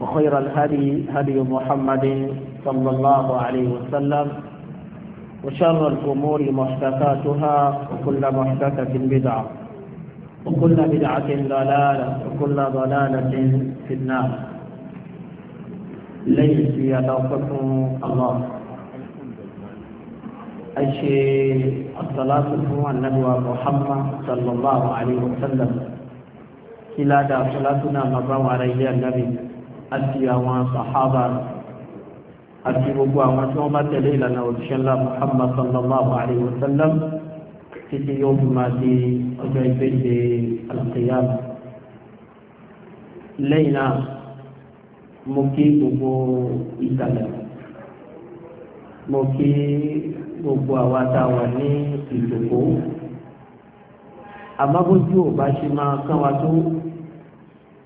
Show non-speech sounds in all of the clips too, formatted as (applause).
وخير الهدي هدي محمد صلى الله عليه وسلم وشر الأمور محدثاتها وكل محدثة بدعة وكل بدعة ضلالة وكل ضلالة في النار ليس يتوقفه الله أي شيء الصلاة هو النبي محمد صلى الله عليه وسلم إلى صلاتنا مضى عليه النبي àti àwọn sàhábà àti gbogbo àwọn tí wọ́n bá tẹ̀lé ìlànà òṣìṣẹ́ ńlá Muhammad sallallahu alayhi wa sallam títí yóò fi máa di ọjọ́ ìgbéǹde alqiyama lẹ́yìn náà mo kí gbogbo ìtàlẹ̀ mo kí gbogbo àwa tá ní ìdòkó àmọ́ bójú ò bá ṣe máa kán wa tó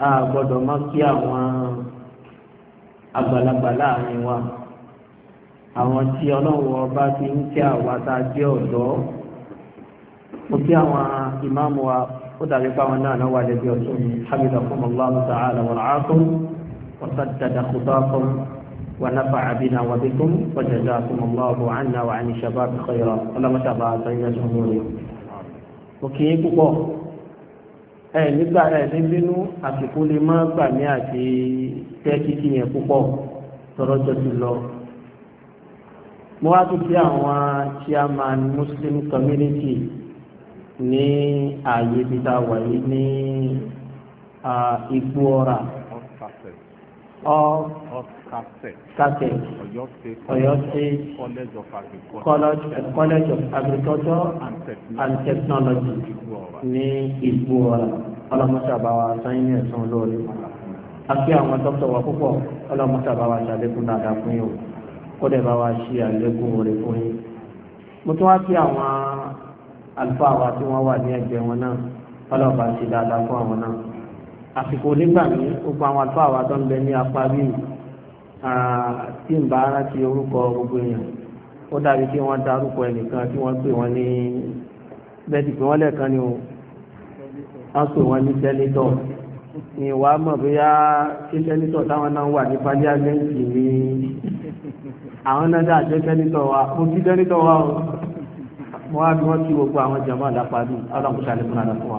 a gbọ́dọ̀ máa kí àwọn àgbàlagbà láàrin wa àwọn tí ọlọ́wọ́ ọba ti ń kí àwa tá a jẹ́ ọ̀dọ́ mo kí àwọn ìmáàmù wa ó dàbí báwọn náà náà wà lẹ́bí ọ̀tún mi hábìlá fún ọlọ́run ta'ala wọn àákùn وسدد خطاكم ونفع بنا وبكم وجزاكم الله عنا وعن الشباب خيرا اللهم تبع سيدنا الأمور òkè púpọ̀ ẹ nígbà ẹ níbínú àsìkò lè má gbà mí àti tẹ́kìtì yẹn púpọ̀ tọ́lọ́jọ́ ti lọ. mo wá tún sí àwọn chairman muslim community ní ààyè títa wáyé ní igbó ọ̀rà or Kase, Oyo State College of Agriculture, College, College of Agriculture and, Technology ní Ìgbòho ọ̀la ọlọ́mọṣẹ́ àbáwá sáyẹ́nì ẹ̀sán olóore àti àwọn dókítà wa púpọ̀ ọlọ́mọta bá wa ṣàlékún dáadáa fún yín o kódà bá wa ṣe àlékún oore fún yín. mo tún wá sí àwọn àlùfáà wa tí wọ́n wà ní ẹgbẹ́ wọn náà ọlọ́ọ̀bá ṣe dáadáa fún àwọn náà. àsìkò nígbà mi gbogbo àwọn àlùfáà wa tó ń bẹ ní apá bíi tí ń bá rántí orúkọ gbogbo èèyàn ó dàbí kí wọ́n darúkọ ẹnìkan tí wọ́n pè wọ́n ní bẹ́ẹ̀ ti pè wọ́n lẹ́ẹ̀kan ni o wọ́n pè wọ́n ní sẹ́lẹ̀tọ̀ọ̀ ni wà á mọ̀ bóyá kí sẹ́nitọ̀ táwọn náà wà ní pálíámẹ́ǹtì ni àwọn náà dá àjọ sẹ́nitọ̀ wa mo kí sẹ́nitọ̀ wa o mo wá bí wọ́n kí gbogbo àwọn jàmbá àdápadù ọlọ́mùsà lẹ́kùn àdá wa.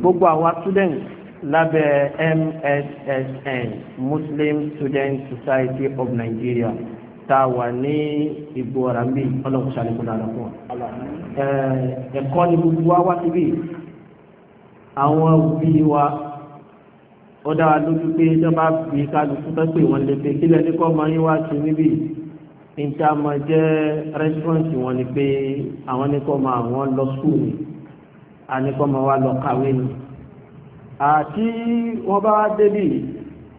gbogbo àwa student lábẹ́ MSSN Muslim Student Society of Nigeria tá a wà ní ìgbò ara ń bí ọlọ́mùsà lẹ́kùn àdá fún ni gbogbo wa wá síbí àwọn òbí wa ó dá wa lójú pé ìjọba fi kálukú tó pè wọ́n lè pe kílẹ̀ ní kọ́ máa ń wá sí níbí níta máa jẹ́ rẹ́sítọ́ǹtì wọn ni pé àwọn ní kọ́ máa wọ́n lọ skul ni a ní kọ́ máa wá lọ kàwé ni. àti wọ́n bá wá débì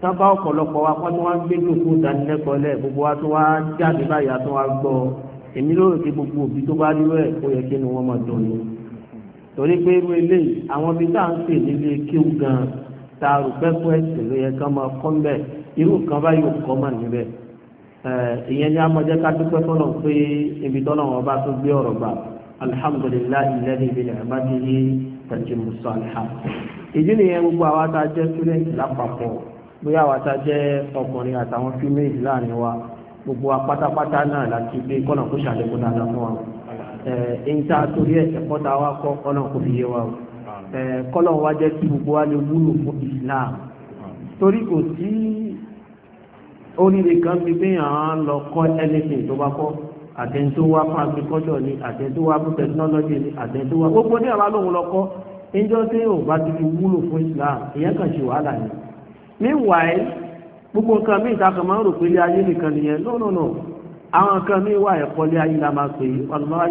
sábà ọ̀pọ̀lọpọ̀ wa kọ́ tó wá gbé lóko ìdánilẹ́kọ̀ọ́ gbogbo wa tó wá jáde báyà tó wá gbọ́ èmi lóòrò pé gbogbo òbí tó bá rírọ ẹ̀ ó yẹ kí ni wọ́n máa dùn ní. torí pé irú eléyìí àwọn ibi tá à ń pè nílé kéwù gan-an tá a rò pẹ́pẹ́ ẹ̀sìn ló yẹ ká máa kọ́ ńbẹ̀ irú kan báyìí ò kọ́ mà níbẹ̀ ìyẹn ní amọ̀jẹ́ ká dúpẹ́ fọlọ́ pé ibi tọ́lọ́ wọn bá tó gbé ọ̀rọ̀ gbà alhamdulillahi alladhi bi ni'matihi tajmu salihat ìdí nìyẹn gbogbo àwa tá a jẹ́ student lápapọ̀ bóyá àwa tá jẹ́ ọkùnrin àtàwọn female láàrin wa gbogbo apátápátá náà láti gbé kọ́nà kó ṣàlékún dáadáa fún wa ẹ̀ẹ́dínta torí ẹ̀sẹ̀ kọ́ta wa kọ́ kọ́nà kó fi yé wa o. Eh, kọ́lọ̀ wá jẹ́ kí gbogbo wa lè wúlò fún Islam torí kò sí oríire kan fi pé lọ kọ́ anything tó bá kọ́ àtẹ̀ntó wá fún agriculture ni àtẹ̀ntó wá fún technology ni àtẹ̀ntó wá gbogbo ní àwọn alóhùn lọ kọ́ ẹjọ́ tí ò bá ti fi wúlò fún Islam ìyẹn kan ṣe wàhálà ni meanwhile gbogbo nǹkan míì ìtàkùn máa ń rò pé ilé ayé nìkan nìyẹn no no no àwọn nǹkan míì wà ẹ̀kọ́ ilé ayé la máa pè é ọ̀nà máa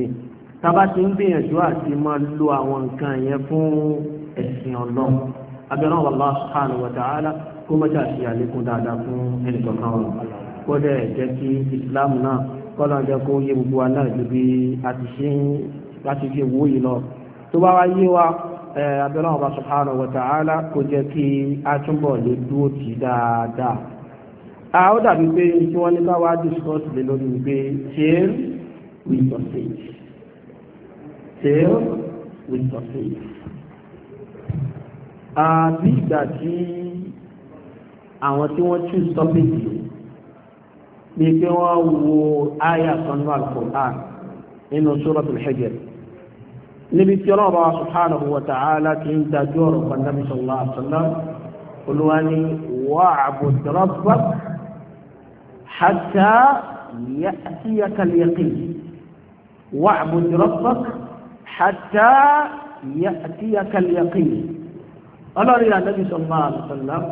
yí tába ti ń gbìyànjú àti máa lo àwọn nǹkan yẹn fún ẹ̀sìn ọlọ́run abẹ́rẹ́ wọn Allah subhanahu wa ta'ala kó mọ́jà sí àlékún dáadáa fún ẹnìkọ̀ọ̀kan wọn kó dẹ̀ jẹ́ kí Islam náà kọ́lá jẹ́ kó yé gbogbo wa náà ju bí a ti ṣe ń láti fi wó yìí lọ tó bá wá yé wa abẹ́rẹ́ wọn subhanahu wa ta'ala kó jẹ́ kí a túnbọ̀ lè dúró tì dáadáa a ó dàbí pé tí wọ́n ní ká wá discuss lé lórí wípé ṣe é wíjọ tell with your faith àbí ìgbà tí àwọn tí wọ́n choose topic yìí bí pé wọ́n wo àyà kan ní al-Qur'an nínú Suratul níbi tí ọlọ́ọ̀bá wa subhanahu wa ta'ala ti ń dájú ọ̀rọ̀ kan Nabi sallallahu olúwa ni wa'bud rabbak hatta ya'tiyaka al-yaqin wa'bud rabbak hatta ya'tiyaka al-yaqin ọlọ́rin ànábì sallallahu alaihi wasallam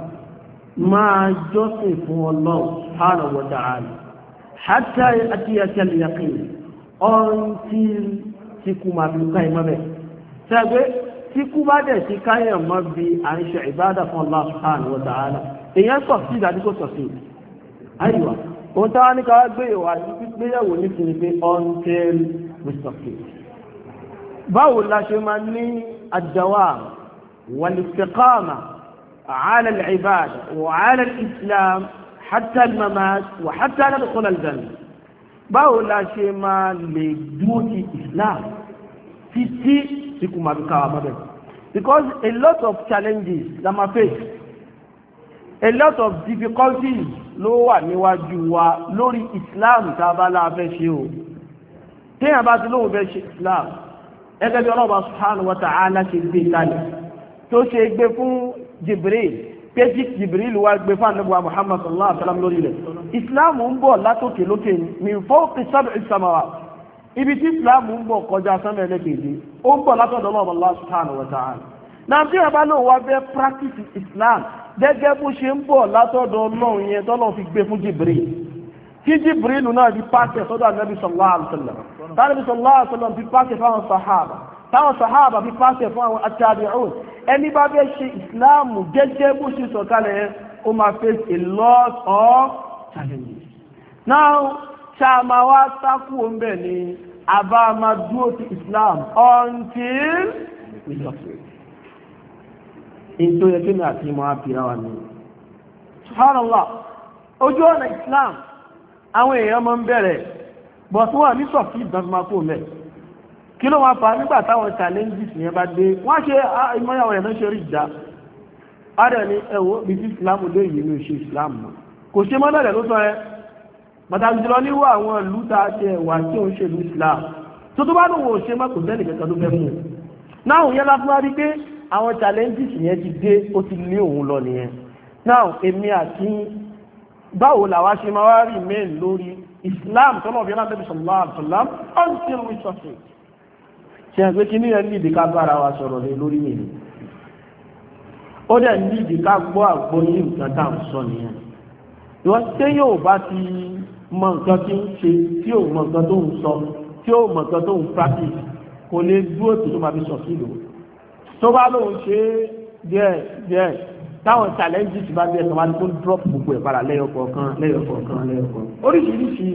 máa jọ́sìn fún ọlọ́run subhanahu wa ta'ala hatta ya'tiyaka al-yaqin ọ̀run tí tí kú máa fi ká ìmọ́ bẹ̀ sẹ́gbẹ́ tí kú bá dẹ̀ sí Allah subhanahu wa ta'ala èèyàn sọ sí ìdájú kò sọ sí àyíwá ohun táwa ní káwá gbé ìwà àti gbígbéyàwó ní kiri pé ọ̀ntẹ́rì we succeed báwo la ṣe máa ní ad-dawam wal-istiqama ala al-ibada wa ala al-islam hatta al-mamat wa hatta nadkhula al báwo la ṣe máa lè dúró ti islam títí tí kò máa fi káwa mọ́ because a lot of challenges la máa face a lot of difficulties ló wà níwájú wa lórí islam tá a bá la fẹ́ ṣe o téèyàn bá ti lóun fẹ́ ṣe islam ẹgbẹ́ bí ọlọ́ọ̀bá subhanahu wa ta'ala ṣe gbé kalẹ̀ tó ṣe gbé fún jibril péjì jibril wa gbé fún anabuwa muhammad sallallahu alaihi wa sallam lórí rẹ̀ islam ń bọ̀ látòkè lókè min fawqi sab'i samawat ibi tí islam ń bọ̀ kọjá sánmà ẹlẹ́kẹ̀ẹ́dẹ́ ó ń bọ̀ látọ̀dọ̀ ọlọ́ọ̀bá subhanahu wa ta'ala náà bí ọba náà wá bẹ́ practice islam gẹ́gẹ́ bó ṣe ń bọ̀ látọ̀dọ̀ ọlọ́run yẹn tọ́lọ́ fi gbé fún jibril kí jibrilu náà di pàṣẹ sọ́dọ̀ anabi sallallahu alaihi wasallam tàbí sallallahu alaihi wasallam fi pàṣẹ fáwọn sahaba táwọn sahaba fi pàṣẹ fún àwọn atabi'un ẹni bá fẹ́ ṣe ìsìláàmù gẹ́gẹ́ bó ṣe sọ̀kalẹ̀ ó máa face a lot of challenges now ṣá máa sákú oúnbẹ̀ ni àbá máa dúró ti islam until we love you ètò yẹ kí ni àti mọ́ àpìrà wa ni subhanallah ojú ọ̀nà islam àwọn èèyàn mọ́ ń bẹ̀rẹ̀ bọ̀ tí wọ́n ní sọ̀kí ìdánimọ́kò mẹ́ kí ló wọ́n fa nígbà táwọn challenges yẹn bá dé wọ́n ṣe ìmọ̀yàwó ẹ̀ náà ṣe rí ìjà ààrẹ ni ẹ̀wọ́ bí sí islam lé yìí ní oṣù islam mọ́ kò ṣe mọ́ lẹ́rẹ̀ ló sọ ẹ pàtàkì jùlọ níwọ̀ àwọn ìlú tá a ṣe wà tí òun ṣèlú islam tó tó bá lóun ò ṣe mọ́ kò sẹ́nì kẹta ló fẹ́ mú un náà òun yẹn láfún wá rí pé àwọn challenges yẹn ti dé ó ti lé òun lọ nìyẹn náà èmi àti báwo làwa ṣe máa wá rí mail lórí islam tọ́lọ̀ bí aláàbẹ̀bí sallallahu alaihi until we succeed ṣe àgbé kí ní ẹni ìdíká bára wa sọ̀rọ̀ rẹ lórí mail ó dẹ̀ ní ìdíká gbọ́ àgbọ́ ní nǹkan tá à ń sọ nìyẹn ìwọ́n ṣé yóò bá ti mọ nǹkan tí ń ṣe tí ò mọ nǹkan tó ń sọ tí ò mọ nǹkan tó ń practice kò lè dúró tó máa fi sọ̀ sílò tó bá lóun ṣe díẹ̀ díẹ̀ táwọn challenges bá bí ẹ̀sán wá tó ń drop gbogbo ẹ̀ padà lẹ́yọ kọ̀ọ̀kan lẹ́yọ kọ̀ọ̀kan lẹ́yọ kọ̀ọ̀kan oríṣiríṣi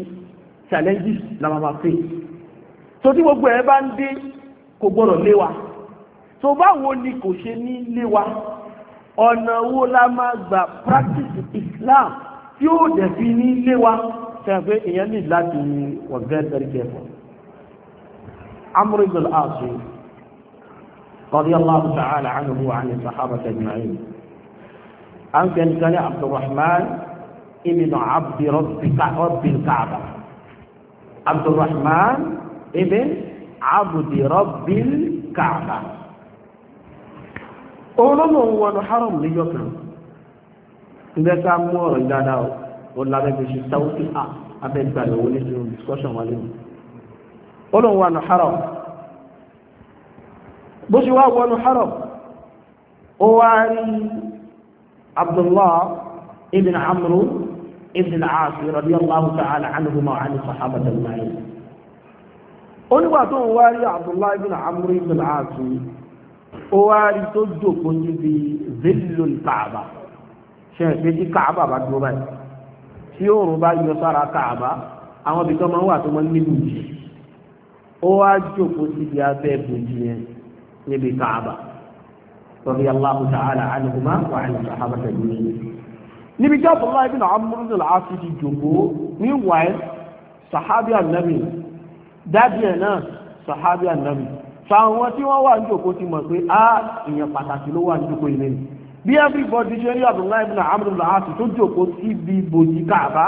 challenges la máa máa face so tí gbogbo ẹ̀ bá ń dé kò gbọ́dọ̀ lé wa so báwo ni kò ṣe ní lé wa ọ̀nà wo la máa gbà practice Islam tí ó dẹ̀ fi ní lé wa sẹ́yìn pé èèyàn ní láti wọ̀ very very careful amúrígbèl àṣù radiyallahu ta'ala anhu wa 'an as-sahaba ajma'in à ń pè nìkan ní abdulrahman ibn abdi rabbil kaaba abdulrahman ibn abdi rabbil kaaba òun ló mọ̀ ń wọnú haram níjọ́ kan nígbà tá a mú ọ̀rọ̀ dáadáa ó lábẹ́ bí ṣe sáwọ́sí à abẹ́gbàlẹ̀ owó nínú discussion wọlé mi ó ló haram bó ṣe wá wọnú haram ó wá rí عبد الله ابن عمرو ابن العاص رضي الله تعالى عنهما وعن الصحابة أجمعين onígbà tó ń wárí abdullahi bin amr ibn al-aasi ó wárí tó jókòó níbi zillul kaaba ṣe kaaba bá dúró báyìí kaaba àwọn ibìkan máa ń wà tó máa rọ̀bí aláàbò sàárà àlùkùmá wà ní sàhábà tẹ̀lé ní. níbi tí abdullahi bin amúrúdù láti ti jòkó ní wàá sàhábì ànábì dábì ẹ̀ náà sàhábì ànábì sàwọn tí wọ́n wà ní jòkó ti mọ̀ pé á ìyẹn pàtàkì ló wà ní jòkó ilé mi bí everybody ṣe rí abdullahi bin amúrúdù láti tó jòkó síbi bòjì káàbá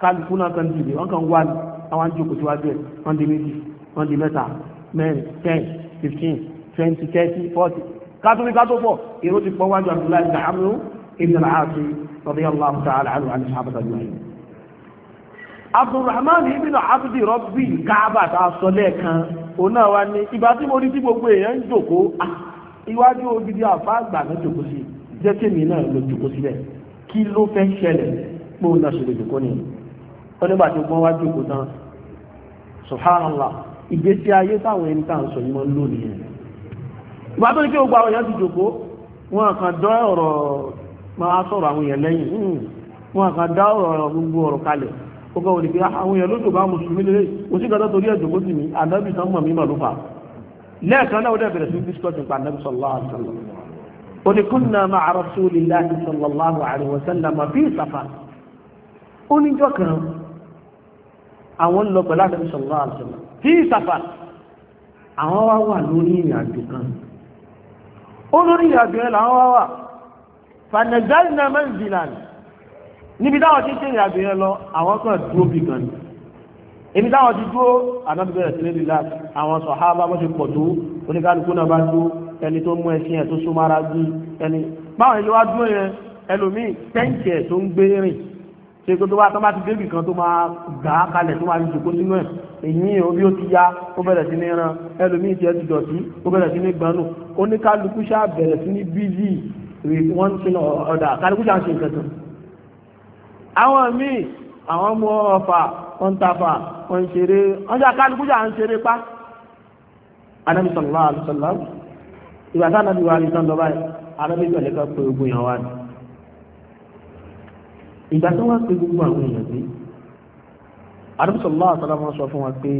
kálukú náà kan dìde wọn kan wà ní àwọn jòkó síwájú ẹ̀ wọ́n di méjì wọ́n di mẹ́ta mẹ́rin ten fifteen twenty thirty forty kátólí kátópọ̀ èrò ti pọ̀ wájú abdullahi ibn amru ibn al-aasi radiyallahu ta'ala anhu àti sábàtà jù ayé abdulrahman ibn abdi rabbi káàbà tá a sọ lẹ́ẹ̀kan òun náà wá ní ìgbà tí mo rí tí gbogbo èèyàn ń jòkó ah, iwájú ògidì àfa àgbà náà jòkó sí jẹ́ tèmi náà ló jòkó sílẹ̀ kí ló fẹ́ ṣẹlẹ̀ pé òun náà ṣe lè jòkó ni wọ́n nígbà tí wọ́n wá jòkó tán subhanallah ìgbésí ayé táwọn ẹni tá à ń sọ yìí máa ń ìgbà tó ní kí gbogbo àwọn èèyàn ti jòkó wọn kàn dọ́ ọ̀rọ̀ máa sọ̀rọ̀ àwọn èèyàn lẹ́yìn hmm. wọn kàn dá ọ̀rọ̀ gbogbo ọ̀rọ̀ kalẹ̀ ó kọ́ wọlé pé ah, àwọn èèyàn lójò bá mùsùlùmí lélẹ̀ kò sí gbàdá torí ẹ̀jọ̀gbó sí mi ànábì tán mọ̀ mí mà ló fà lẹ́ẹ̀kan náà ó dẹ̀ bẹ̀rẹ̀ sí discourse nípa ànábì sallallahu alaihi ó ní kunna ma'a rasulillahi sallallahu alaihi wasallam fi safar ó níjọ́ kan àwọn lọ pẹ̀lú ànábì sallallahu alaihi wasallam fi àwọn wá wà lórí ìrìn àjò kan olórí ìrìnàjò yẹn làwọn wá wà fanẹ̀jáì náà máa ń zìlà ní níbi táwọn ti ṣe ìrìnàjò yẹn lọ àwọn kan dúró bì kan ní èmi táwọn ti dúró ànábi bẹ̀rẹ̀ sílẹ̀ lílá àwọn sọ̀hábà bó ṣe pọ̀ tó oníkálukú náà bá dúró ẹni tó mú ẹṣin ẹ̀ tó súnmọ́ ara gbé ẹni báwọn ẹni wá dúró yẹn ẹlòmíì pẹ́ǹtì ẹ̀ tó ń gbé rìn ṣe kó tó wá tó bá ti débì kan tó máa gbà á kalẹ̀ tó máa ń jòkó sínú ẹ̀ èyí ò bí ó ti ya ó bẹ̀rẹ̀ sí ní ran ẹlòmíì ti ẹ ti dọ̀tí ó bẹ̀rẹ̀ sí ní gbanú oníkálukú ṣáà bẹ̀rẹ̀ sí ní bízì rè wọ́n ti lọ ọ̀dà kálukú ṣáà ṣe nǹkan tán. àwọn míì àwọn mú ọfà wọn tafà wọn ṣeré wọn ṣáà kálukú ṣáà ń ṣeré pa. Ànábì sallallahu alaihi ìgbà táwọn anábì wà ní sàn lọ báyìí anábì sọ̀lẹ́ ìgbà tó wá pé gbogbo àwọn èèyàn pé àdúgbòsọ̀lá àtàlámọ́ sọ fún wa pé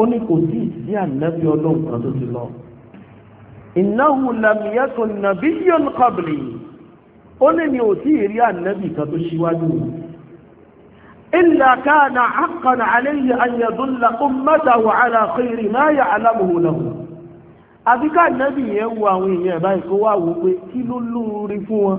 ó ní kò sí sí ànábì ọlọ́run kan tó ti lọ ìnáwó làmìyàtọ̀ nàbí yọ̀n kọ̀bìlì ó ní ni ò tí ì rí kan tó ṣíwájú إلا كان حقا عليه أن يدل أمته على خير ما يعلمه له àbíká nẹ́bì yẹn wo àwọn èèyàn báyìí kó wá wò pé kí ló lóore fún wọn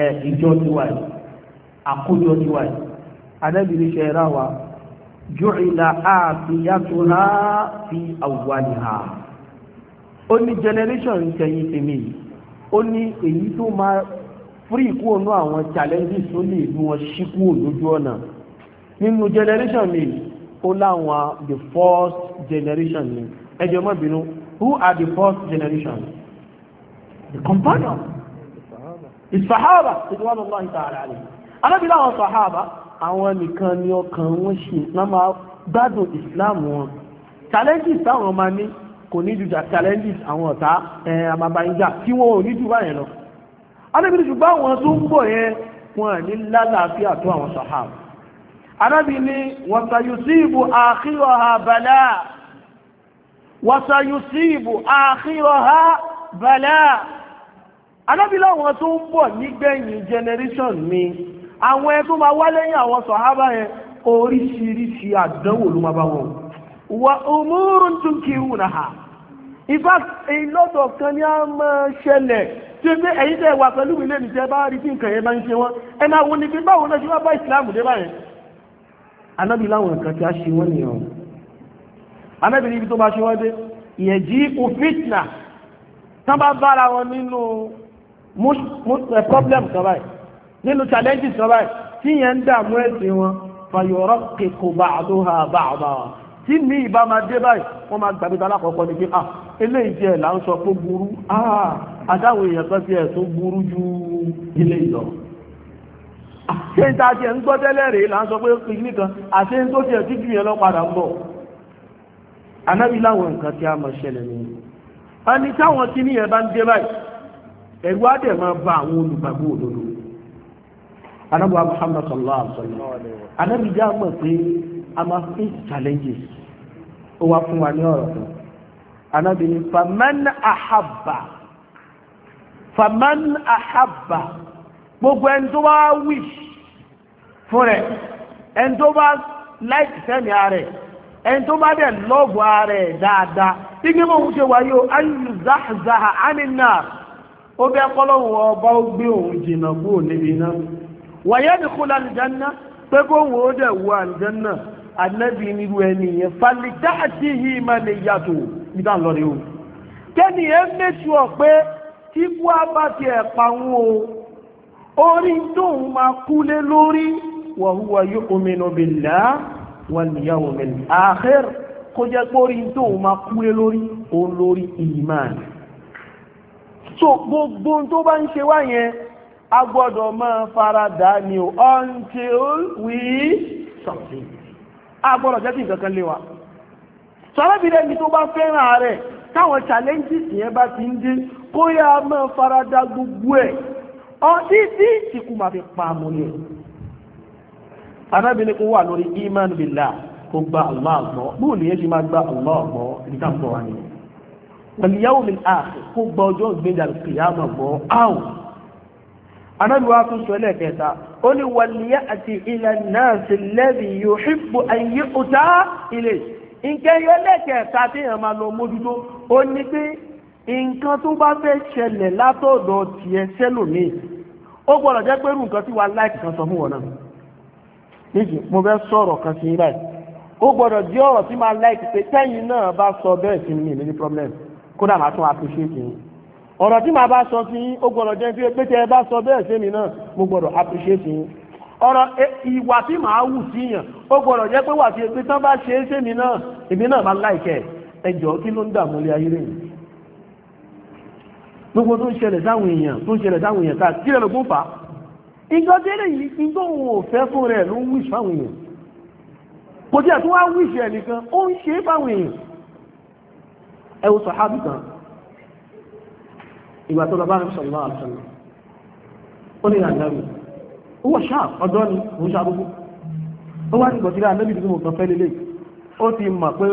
ìjọ ti wà yìí àkójọ ti wà yìí adẹ́bìnrin ṣe ra wa jùlọ àfihàtò ha fi àwùwáni ha ó ní generation kẹyìn tèmi ó ní èyí tó máa free kú ònú àwọn challenges tó lè bí wọn ṣí kú lójú ọ̀nà nínú generation mi ó láwọn the first generation mi ẹ jẹ́ who are the first generation the companions ìsàhábà ìdíwọ́n lọ́wọ́ ìtààrà rẹ̀ alábìlá àwọn sàhábà àwọn nìkan ni ọkàn wọn ṣe máa gbádùn islam wọn challenges táwọn máa ní kò ní jù challenges àwọn ọ̀tá àmàbàyíjà tí wọn ò ní jù báyẹn lọ alábìlá ṣùgbọ́n àwọn tó ń bọ̀ yẹn wọn ní lálàáfíà tó àwọn sàhábà alábìlá wàsàyùsíìbù àkírọ̀ha bàlá wàsàyùsíìbù àkírọ̀ha bàlá anábì láwọn tó ń bọ̀ nígbẹ̀yìn generation mi àwọn ẹ tó máa wá lẹ́yìn àwọn sọ̀hábà yẹn oríṣiríṣi àdánwò ló máa bá wọn wà òmùrùn tún kí wù náà in fact ìlọ́dọ̀ kan ní a máa ṣẹlẹ̀ tí ó pé ẹ̀yin tẹ́ wà pẹ̀lú ilé nìjẹ́ bá rí kí nǹkan yẹn bá ń ṣe wọ́n ẹ máa wo ni pé báwo náà ṣe wá bá ìsìláàmù dé báyẹn anábì láwọn nǹkan tí a ṣe wọ́n nìyẹn anábì níbi tó bá ṣe wọ́n dé ìyẹn jí òfìtìnà tán bá bára wọn nínú Eh, problem kan báyìí nínú challenges kan báyìí tí yẹn ń dààmú ẹ̀sìn wọn fàyọ̀rọ̀ kìkù ba'daha ba'da tí mi ìbá máa dé báyìí wọ́n máa gbàgbé ta lákọ̀ọ́kọ́ ni pé ah eléyìí jẹ́ là ń sọ pé burú ah adáwọ̀ èèyàn kan ti ẹ̀sùn burú ju ilé ìlọ ah, ṣé n ta tiẹ̀ ń gbọ́ tẹ́lẹ̀ rèé là ń sọ pé ìlú kan àti ń tó tiẹ̀ títú yẹn lọ padà ń bọ̀ anábì nǹkan tí a mọ̀ ṣẹlẹ̀ nìyẹn ẹni táwọn kí yẹn bá ń dé báyìí ẹ̀rú adẹ̀ máa bá àwọn olùgbàgbọ́ òdodo anábọ̀ Muhammad sallallahu alaihi wasallam anábì jẹ́ pé a máa face challenges ó wá fún wa ní ọ̀rọ̀ kan anábì ní faman ahabba faman ahabba gbogbo ẹni tó bá wish fún rẹ̀ ẹni tó bá like sẹ́mi ààrẹ ẹni tó bá dẹ̀ lọ́ọ̀bù ààrẹ dáadáa ṣe ó bẹ́ kọ́lọ́wọ́ ọba ó gbé òun jìnnà kúrò níbi iná wàyẹ́ ní kó lálùjáná pé kó wọ́n ó dẹ̀ wọ àlùjáná ànábì nírú ẹni yẹn falidá àti yìí máa lè yàtọ̀ nígbà lọ́rẹ́ o kẹ́ni ẹ mẹ́sù ọ̀ pé kíkú á bá tiẹ̀ pa wọn o orí tóun máa kú lé lórí wàhùwà yu'minu billah wal yawmil akhir kó jẹ́ pé orí tóun máa kú lé lórí òun lórí ìmáàni so gbogbo tó bá ń ṣe wá yẹn a gbọ́dọ̀ máa faradà ni o until we something a gbọ́dọ̀ jẹ́ kí nǹkan kan wa so arábìnrin ẹni tó bá fẹ́ràn rẹ̀ táwọn challenges yẹn bá ti ń dé kó yá máa faradà gbogbo ẹ̀ ọdí tí ìtìkú máa fi pa mú ni arábìnrin kó wà lórí iman kó gba Allah bóòlù yẹn ti máa gba Allah gbọ́ ìdíkà ń pẹ̀lú yàwó mi ààfẹ́ kó gba ọjọ́ ìgbéjà kìyàmà gbọ́ áwò anábìwá tún sọ ẹlẹ́kẹta ó ní wàlíyà àti ilẹ̀ náà sí lẹ́bi yóò ṣípò ayé òtá ilé nǹkan yọ ẹlẹ́kẹta tí èèyàn máa lọ mójútó ó ní pé nǹkan tó bá fẹ́ ṣẹlẹ̀ látọ̀dọ̀ tiẹ̀ sẹ́lòmíì ó gbọ́dọ̀ jẹ́ pé irú nǹkan tí wàá láìkì kan sọ fún wọn náà níjì mo fẹ́ sọ̀rọ̀ kan sí báyìí ó gbọ́dọ̀ jẹ́ ọ̀rọ̀ tí máa láìkì pé tẹ́yìn náà bá sọ bẹ́ẹ̀ sí mi ní problem kódà máa tún appreciate yín ọ̀rọ̀ tí màá bá sọ sí yín ó gbọ́dọ̀ jẹ́ pé pété ẹ bá sọ bẹ́ẹ̀ sẹ́mi náà mo gbọ́dọ̀ appreciate yín ọ̀rọ̀ e, ìwà tí màá wù sí yàn ó gbọ́dọ̀ jẹ́ pé wà sí pé tán bá ṣe é sẹ́mi náà èmi náà máa láìkẹ́ ẹjọ́ kí ló ń dààmú lé ayé rẹ̀ gbogbo tó ń ṣẹlẹ̀ sáwọn èèyàn tó ń ṣẹlẹ̀ sáwọn èèyàn ká kí lẹ́nu kó fà á ìjọ délé yìí ìjọ òun ò fẹ́ fún rẹ̀ ló ń wíṣ fáwọn èèyàn kò tí ẹ̀ wíṣ ẹ̀ nìkan ó ń ṣe é fáwọn èèyàn ẹ wo sọ̀hábì kan ìgbà tó lọ bá rẹ̀ sọ̀rọ̀ láàrín sọ̀rọ̀ ó ní ìrànlẹ́rù ó wọ̀ ṣáà ọ̀dọ́ ni òun ṣáà gbogbo ó wá ní ìgbọ̀tí rẹ̀ ànábì tí mo kàn fẹ́ lélẹ̀ ó ti mọ̀ pé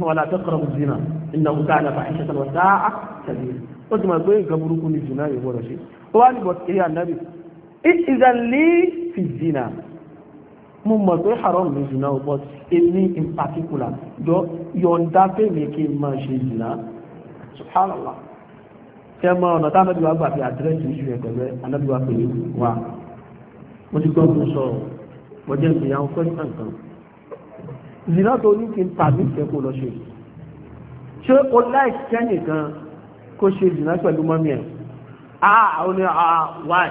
wọn là tó kọ̀rọ̀ zina ìnà òun káàdà bá ẹ̀ṣẹ̀ tọ̀rọ̀ sáà tẹ̀lé ó ti mọ̀ pé nǹkan burúkú ni zina yóò gbọ́dọ̀ ṣe ó wá ní ìgbọ̀tí rẹ̀ ànábì ìzànlí fi zina mo mọ̀ pé haram ni zina o but èmi in particular yọ yọ̀ǹda fèmí kí n máa ṣe zina subhanallah tẹ mọ ọ̀nà tá anábìwá gbà fi àdírẹ́sì ìṣù ẹ̀ pẹ̀lú anábìwá pè é wá mo ti gbọ́ mo sọ mo jẹ́ ìgbéyàwó question kan zina tó ní kí n tàbí ìfẹ́ kó lọ ṣe ṣé o láì kẹ́nìkan kó ṣe zina pẹ̀lú mọ́mí ẹ̀ ah ó ní ah why.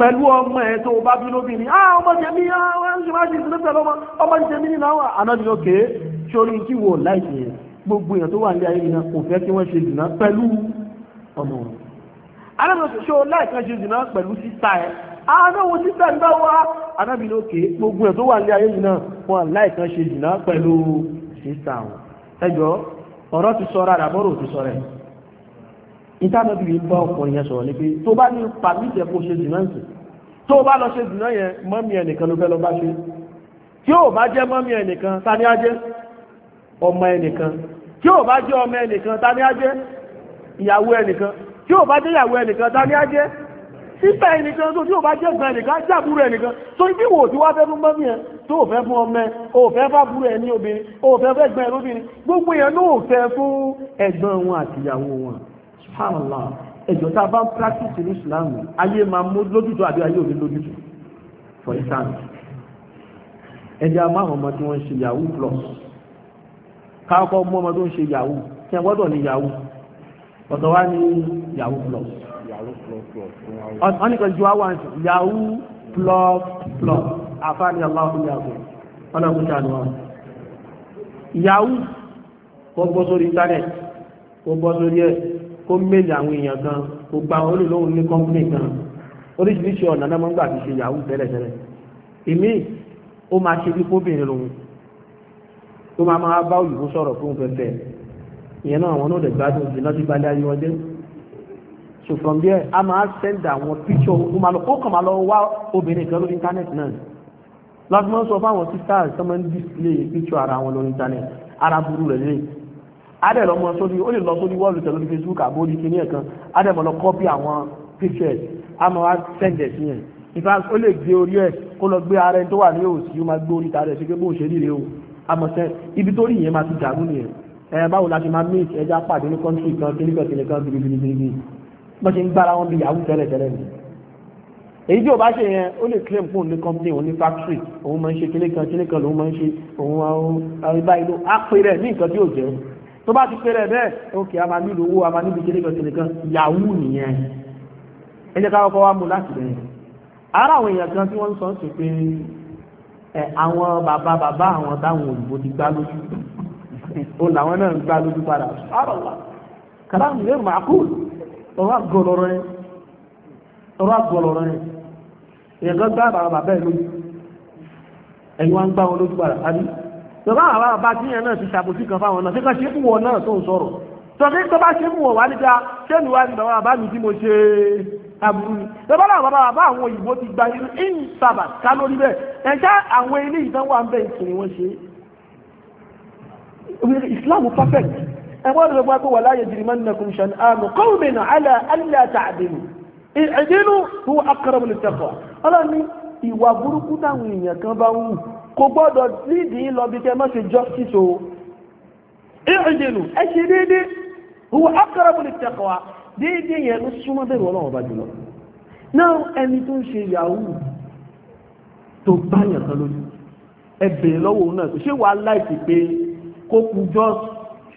pẹ̀lú ọmọ ẹ̀ tó bá bí lóbìnrin ah ọmọ tẹ̀mí ah ṣùgbọ́n ṣe pẹ̀lú ọmọ ọmọ tẹ̀mí nínú àwọn ànábi òkè sórí tí wò láìsí yẹn gbogbo èèyàn tó wà ní ayé nìyẹn kò fẹ́ kí wọ́n ṣe jìnnà pẹ̀lú ọmọ wọn. ànábi òkè ṣó láìsí ṣe jìnnà pẹ̀lú sísá ẹ̀ ah, ànáwó sísá ń bá wa ànábi òkè gbogbo èèyàn tó wà ní ayé nìyẹn wọn láìsí ṣe jìnnà pẹ̀lú sísá wọn. ẹjọ ọ̀rọ̀ ti sọ ìtànàbí yìí bá ọkùnrin yẹn sọ̀rọ̀ ni pé tó bá ní pàmìtẹ̀ kó ṣe jìnnà sí tó bá lọ ṣe jìnnà yẹn mọ́mí ẹnìkan ló fẹ́ lọ bá ṣe tí ò bá jẹ́ mọ́mí ẹnìkan ta ni á jẹ́ ọmọ ẹnìkan tí ò bá jẹ́ ọmọ ẹnìkan ta ni á jẹ́ ìyàwó ẹnìkan tí ò bá jẹ́ ìyàwó ẹnìkan ta ni á jẹ́ sípẹ̀ ẹnìkan tó tí ò bá jẹ́ ẹ̀gbọ́n ẹnìkan jábúrò ẹnìkan tó ibi wò tí wá fẹ́ fún mọ́mí ẹ tó ò fẹ́ fún ọmọ ò fẹ́ fábúrò ẹni obìnrin ò fẹ́ fẹ́ ẹ̀gbọ́n ẹlóbìnrin gbogbo yẹn ló fẹ́ fún ẹ̀gbọ́n wọn àtìyàwó wọn subhanallah ẹjọ́ tá a bá ń practice ní islam ayé máa mú lójútó àbí ayé òní lójútó for instance ẹjẹ́ a máa ọmọ tí wọ́n ń ṣe yahoo plus káàkọ́ mú ọmọ tó ń ṣe yahoo tí a gbọ́dọ̀ ní yahoo ọ̀tọ̀ wá ní yahoo plus wọ́n ní kan ju àwọn àǹtí yahoo plus plus àfáàní aláwọ̀ yahoo wọ́n náà kó àdúrà yahoo kò gbọ́ sórí internet kò gbọ́ sórí ẹ̀ ó mẹ́lẹ̀ àwọn èèyàn kan gbogbo àwọn olùlóhùn ní kọ́mpínì kan oríṣiríṣi ọ̀nà náà máa ń gbà fi ṣe yahoo tẹ́lẹ̀tẹ́lẹ̀ èmi ó máa ṣe bí kóbìnrin lòun tó máa máa bá òyìnbó sọ̀rọ̀ fún pẹ̀pẹ̀ ìyẹn náà àwọn náà lè gbádùn ìdènà tí balẹ̀ ayé wọn dé so from there a máa send àwọn picture ó kàn máa lọ wá obìnrin kan lórí íńtánẹ́ẹ̀tì náà lọ́sọ̀mọ́sọ fáwọn sisters tó ń display picture ara wọn lórí íńtánẹ́ẹ̀tì ara burú rẹ̀ lẹ́yìn adẹ̀ lọ mọ sórí ó lè lọ sórí wọ́ọ̀lù tẹ̀lé Facebook àbó orí kìíní ẹ̀kan adẹ̀ mọ̀ lọ kọ́pì àwọn pictures àmọ́ wá sẹ́ǹdẹ̀ sí yẹn ìfà ó lè gbé orí ẹ̀ kó lọ gbé ara ẹni tó wà ní òsì ó máa gbé orí ta rẹ̀ sí pé bóun ṣe rí rèé o àmọ́ sẹ́ ibi tó rí yẹn máa ti dàrú nìyẹn ẹ báwo la ṣe máa mí ẹja pàdé ní kọ́ńtì kan kíníkọ̀kíní kan bìrìbìrìbìrì bọ́n ṣe ń gbára wọn bí yahoo tẹ́lẹ̀ tẹ́lẹ̀ ni èyí tí o bá ṣe yẹn ó lè claim fún ní company òun ní factory òun máa ń ṣe kíníkan kíníkan lòun máa ń ṣe òun àwọn ibà ìlú á pè rẹ̀ ní nǹkan tí ò jẹun tó bá ti pẹ̀rẹ̀ bẹ́ẹ̀ ókè a máa nílò owó a máa níbi kéré kẹsìlẹ̀ kan yahoo nìyẹn ẹ jẹ́ wá mú láti bẹ̀rẹ̀ ara àwọn èèyàn kan tí wọ́n ń sọ sí pé ẹ àwọn bàbá bàbá àwọn táwọn òyìnbó ti gbá lójú ó (laughs) làwọn náà ń gbá lójú padà sábàlá kàlámù lè máa kú ọ̀rọ̀ àgọ́lọ́rọ́ ẹ ọ̀rọ̀ àgọ́lọ́rọ́ ẹ èèyàn kan gbá bàbá bàbá ẹ lójú ẹ̀yin wá ń gbá wọn lójú padà tọ́lá àwọn àbá tí yẹn náà ti ṣàbòsí kan fáwọn náà síkà ṣe fún wọn náà tó ń sọ̀rọ̀ tọ́lá tó bá ṣe fún wọn wá níta ṣẹ́nu wá ní bàbá bàbá mi tí mo ṣe aburú ni tọ́lá àwọn bàbá bàbá àwọn òyìnbó ti gba irú in sábà ká lórí bẹ́ẹ̀ ẹ̀ṣá àwọn ilé ìtàn wà ń bẹ̀ ìsìn wọn ṣe Islam perfect ẹ̀wọ́n rẹ̀ wá pé wà láyé jirimannakum shan'anu qawmin ala alla ta'dilu i'dilu huwa aqrabu lit-taqwa ọlọ́ni ìwà burúkú táwọn èèyàn kan bá ń wù kò gbọ́dọ̀ lídìí lọ bí kẹ́ má justice o ìrìndìlù ẹ ṣe déédéé huwa aqrabu lit-taqwa déédéé yẹn ló súnmọ́ bẹ̀rù ọlọ́run bá jùlọ náà ẹni tó ń ṣe yahoo tó báyàn kan lójú ẹ bèèrè lọ́wọ́ òun náà ṣé wàá láìsí pé kó kú just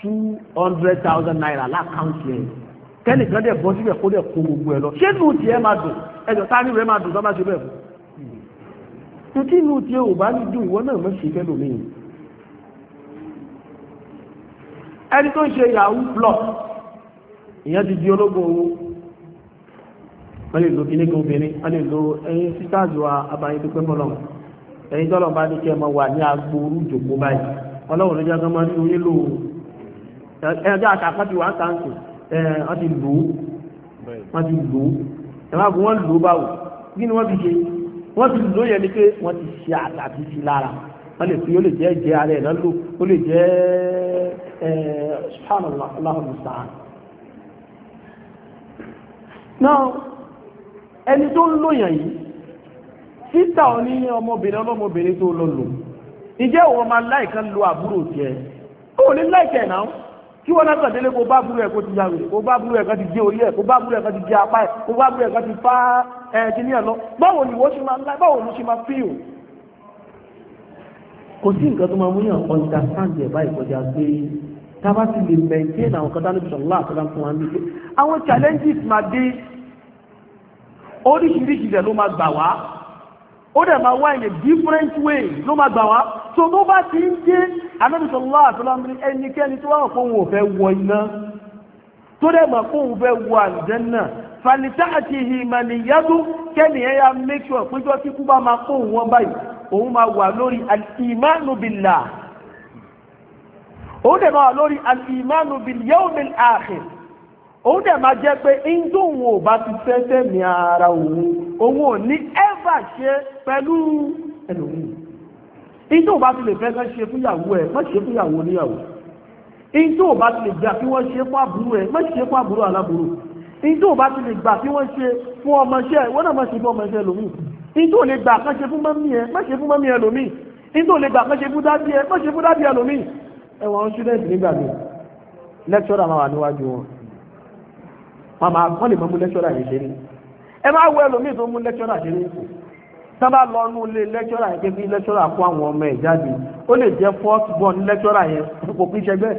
two hundred thousand naira lákàntì ẹ̀ kẹ́nìkan dẹ̀ bọ́ síbẹ̀ kó dẹ̀ kó gbogbo ẹ̀ lọ ṣé nù tiẹ̀ máa dùn ẹ̀jọ̀ tá a títí inú tí ò bá ní dùn ìwọ náà mọ́ ṣe fẹ́lò mí ẹni tó ń ṣe yahoo blog ìyẹn ti di ológun owó wọ́n lè lo kíní kan obìnrin wọ́n lè lo ẹyin sítáàzù abayín tó pẹ́ mọ́lọ́ ẹyin tọ́lọ̀ bá ní kí ẹ máa wà ní agbóoru jòkó báyìí ọlọ́run ló jẹ́ kí wọ́n máa rí oyé lò ó ẹjọ́ àtàkọ́ ti wà á tàǹkì ẹ wọ́n ti lò ó wọ́n ti lò ó ẹ má bọ́ wọ́n lò ó báwò kí ni wọ́n ti ṣe wọ́n ti lò yẹn ni pé wọ́n ti ṣe àtàbí sí lára wọ́n lè fi ó lè jẹ́ ìjẹ́ ara ẹ̀ náà lò ó lè jẹ́ ẹ̀ subhanallah aláhùn mùsàán. náà ẹni tó ń lò yìí títà ọ ní ọmọbìnrin ọlọ́mọbìnrin tó lọ lò ìjẹ́ òun ọmọ aláìka ń lo àbúrò tiẹ̀ ó ní láìkẹ̀ náà kí wọ́n náà kàdélé kó bá àbúrò ẹ̀ kó ti yàwé kó bá àbúrò ẹ̀ kan ti gé orí ẹ̀ kó bá àbúrò ẹ̀ kan ti gé apá ẹ̀ kó bá àbúrò ẹ̀ kan ti fá ẹ̀ẹ́dínlẹ́ lọ báwo ni wọ́n ṣe máa láì báwo ló ṣe máa fíìl kò sí nǹkan tó máa mú yàn understand ẹ̀ báyìí kọjá pé tábà ti lè maintain àwọn kan dánilẹ̀ sọ̀rọ̀ láàkọ́ láti wọn ní àwọn challenges máa dé oríṣiríṣi rẹ̀ ló máa gbà wá ó dẹ̀ máa wá in a different way ló máa gbà wá so tó bá ti ń dé anábìsọ̀lá àtọ́lámi ẹnikẹ́ni tó wà fóun ò fẹ́ wọ iná tó dẹ̀ mọ̀ fóun fẹ́ wọ àlùjànnà fàlìtààtì ìmàlìyàdù kẹ́nìyàn ya make sure péjọ tí kú bá máa kó òun wọn báyìí òun máa wà lórí alìmánubìlà òun dẹ̀ máa wà lórí alìmánubìlìyàwòmìl àkhir òun dẹ̀ máa jẹ́ pé inú òun ò bá ti fẹ́fẹ́ mi ara òun òun ò ní ẹ́fà ṣe pẹ̀lú ẹlòmíì inú ò bá ti lè fẹ́fẹ́ ṣe fúyàwó ẹ̀ má ṣe fúyàwó oníyàwó inú ò bá ti lè gbà kí wọ́n ṣe fún àbúrò ẹ̀ má ṣe fún àbúrò alábùrò ìjọ bá ti lè gbà tí wọ́n ṣe fún ọmọṣẹ́ wọ́n náà máa ṣe fún ọmọṣẹ́ lòmíì ìjọ lè gbà kán ṣe fún mọ́mí ẹ má ṣe fún mọ́mí ẹ lòmíì ìjọ lè gbà kán ṣe fún dádì ẹ má ṣe fún dádì ẹ lòmíì ẹwà àwọn student nígbà mi lecturer máa wà níwájú wọn màmá wọn lè máa mú lecturer yẹn ṣeré ẹ máa wọ ẹlòmíì tó mú lecturer ṣeré tá bá lọ nú ilé lecturer yẹn kébí lecturer kó àwọn ọmọ ẹ jáde ó lè jẹ fourth born lecturer yẹn kò kí ṣẹgbẹ́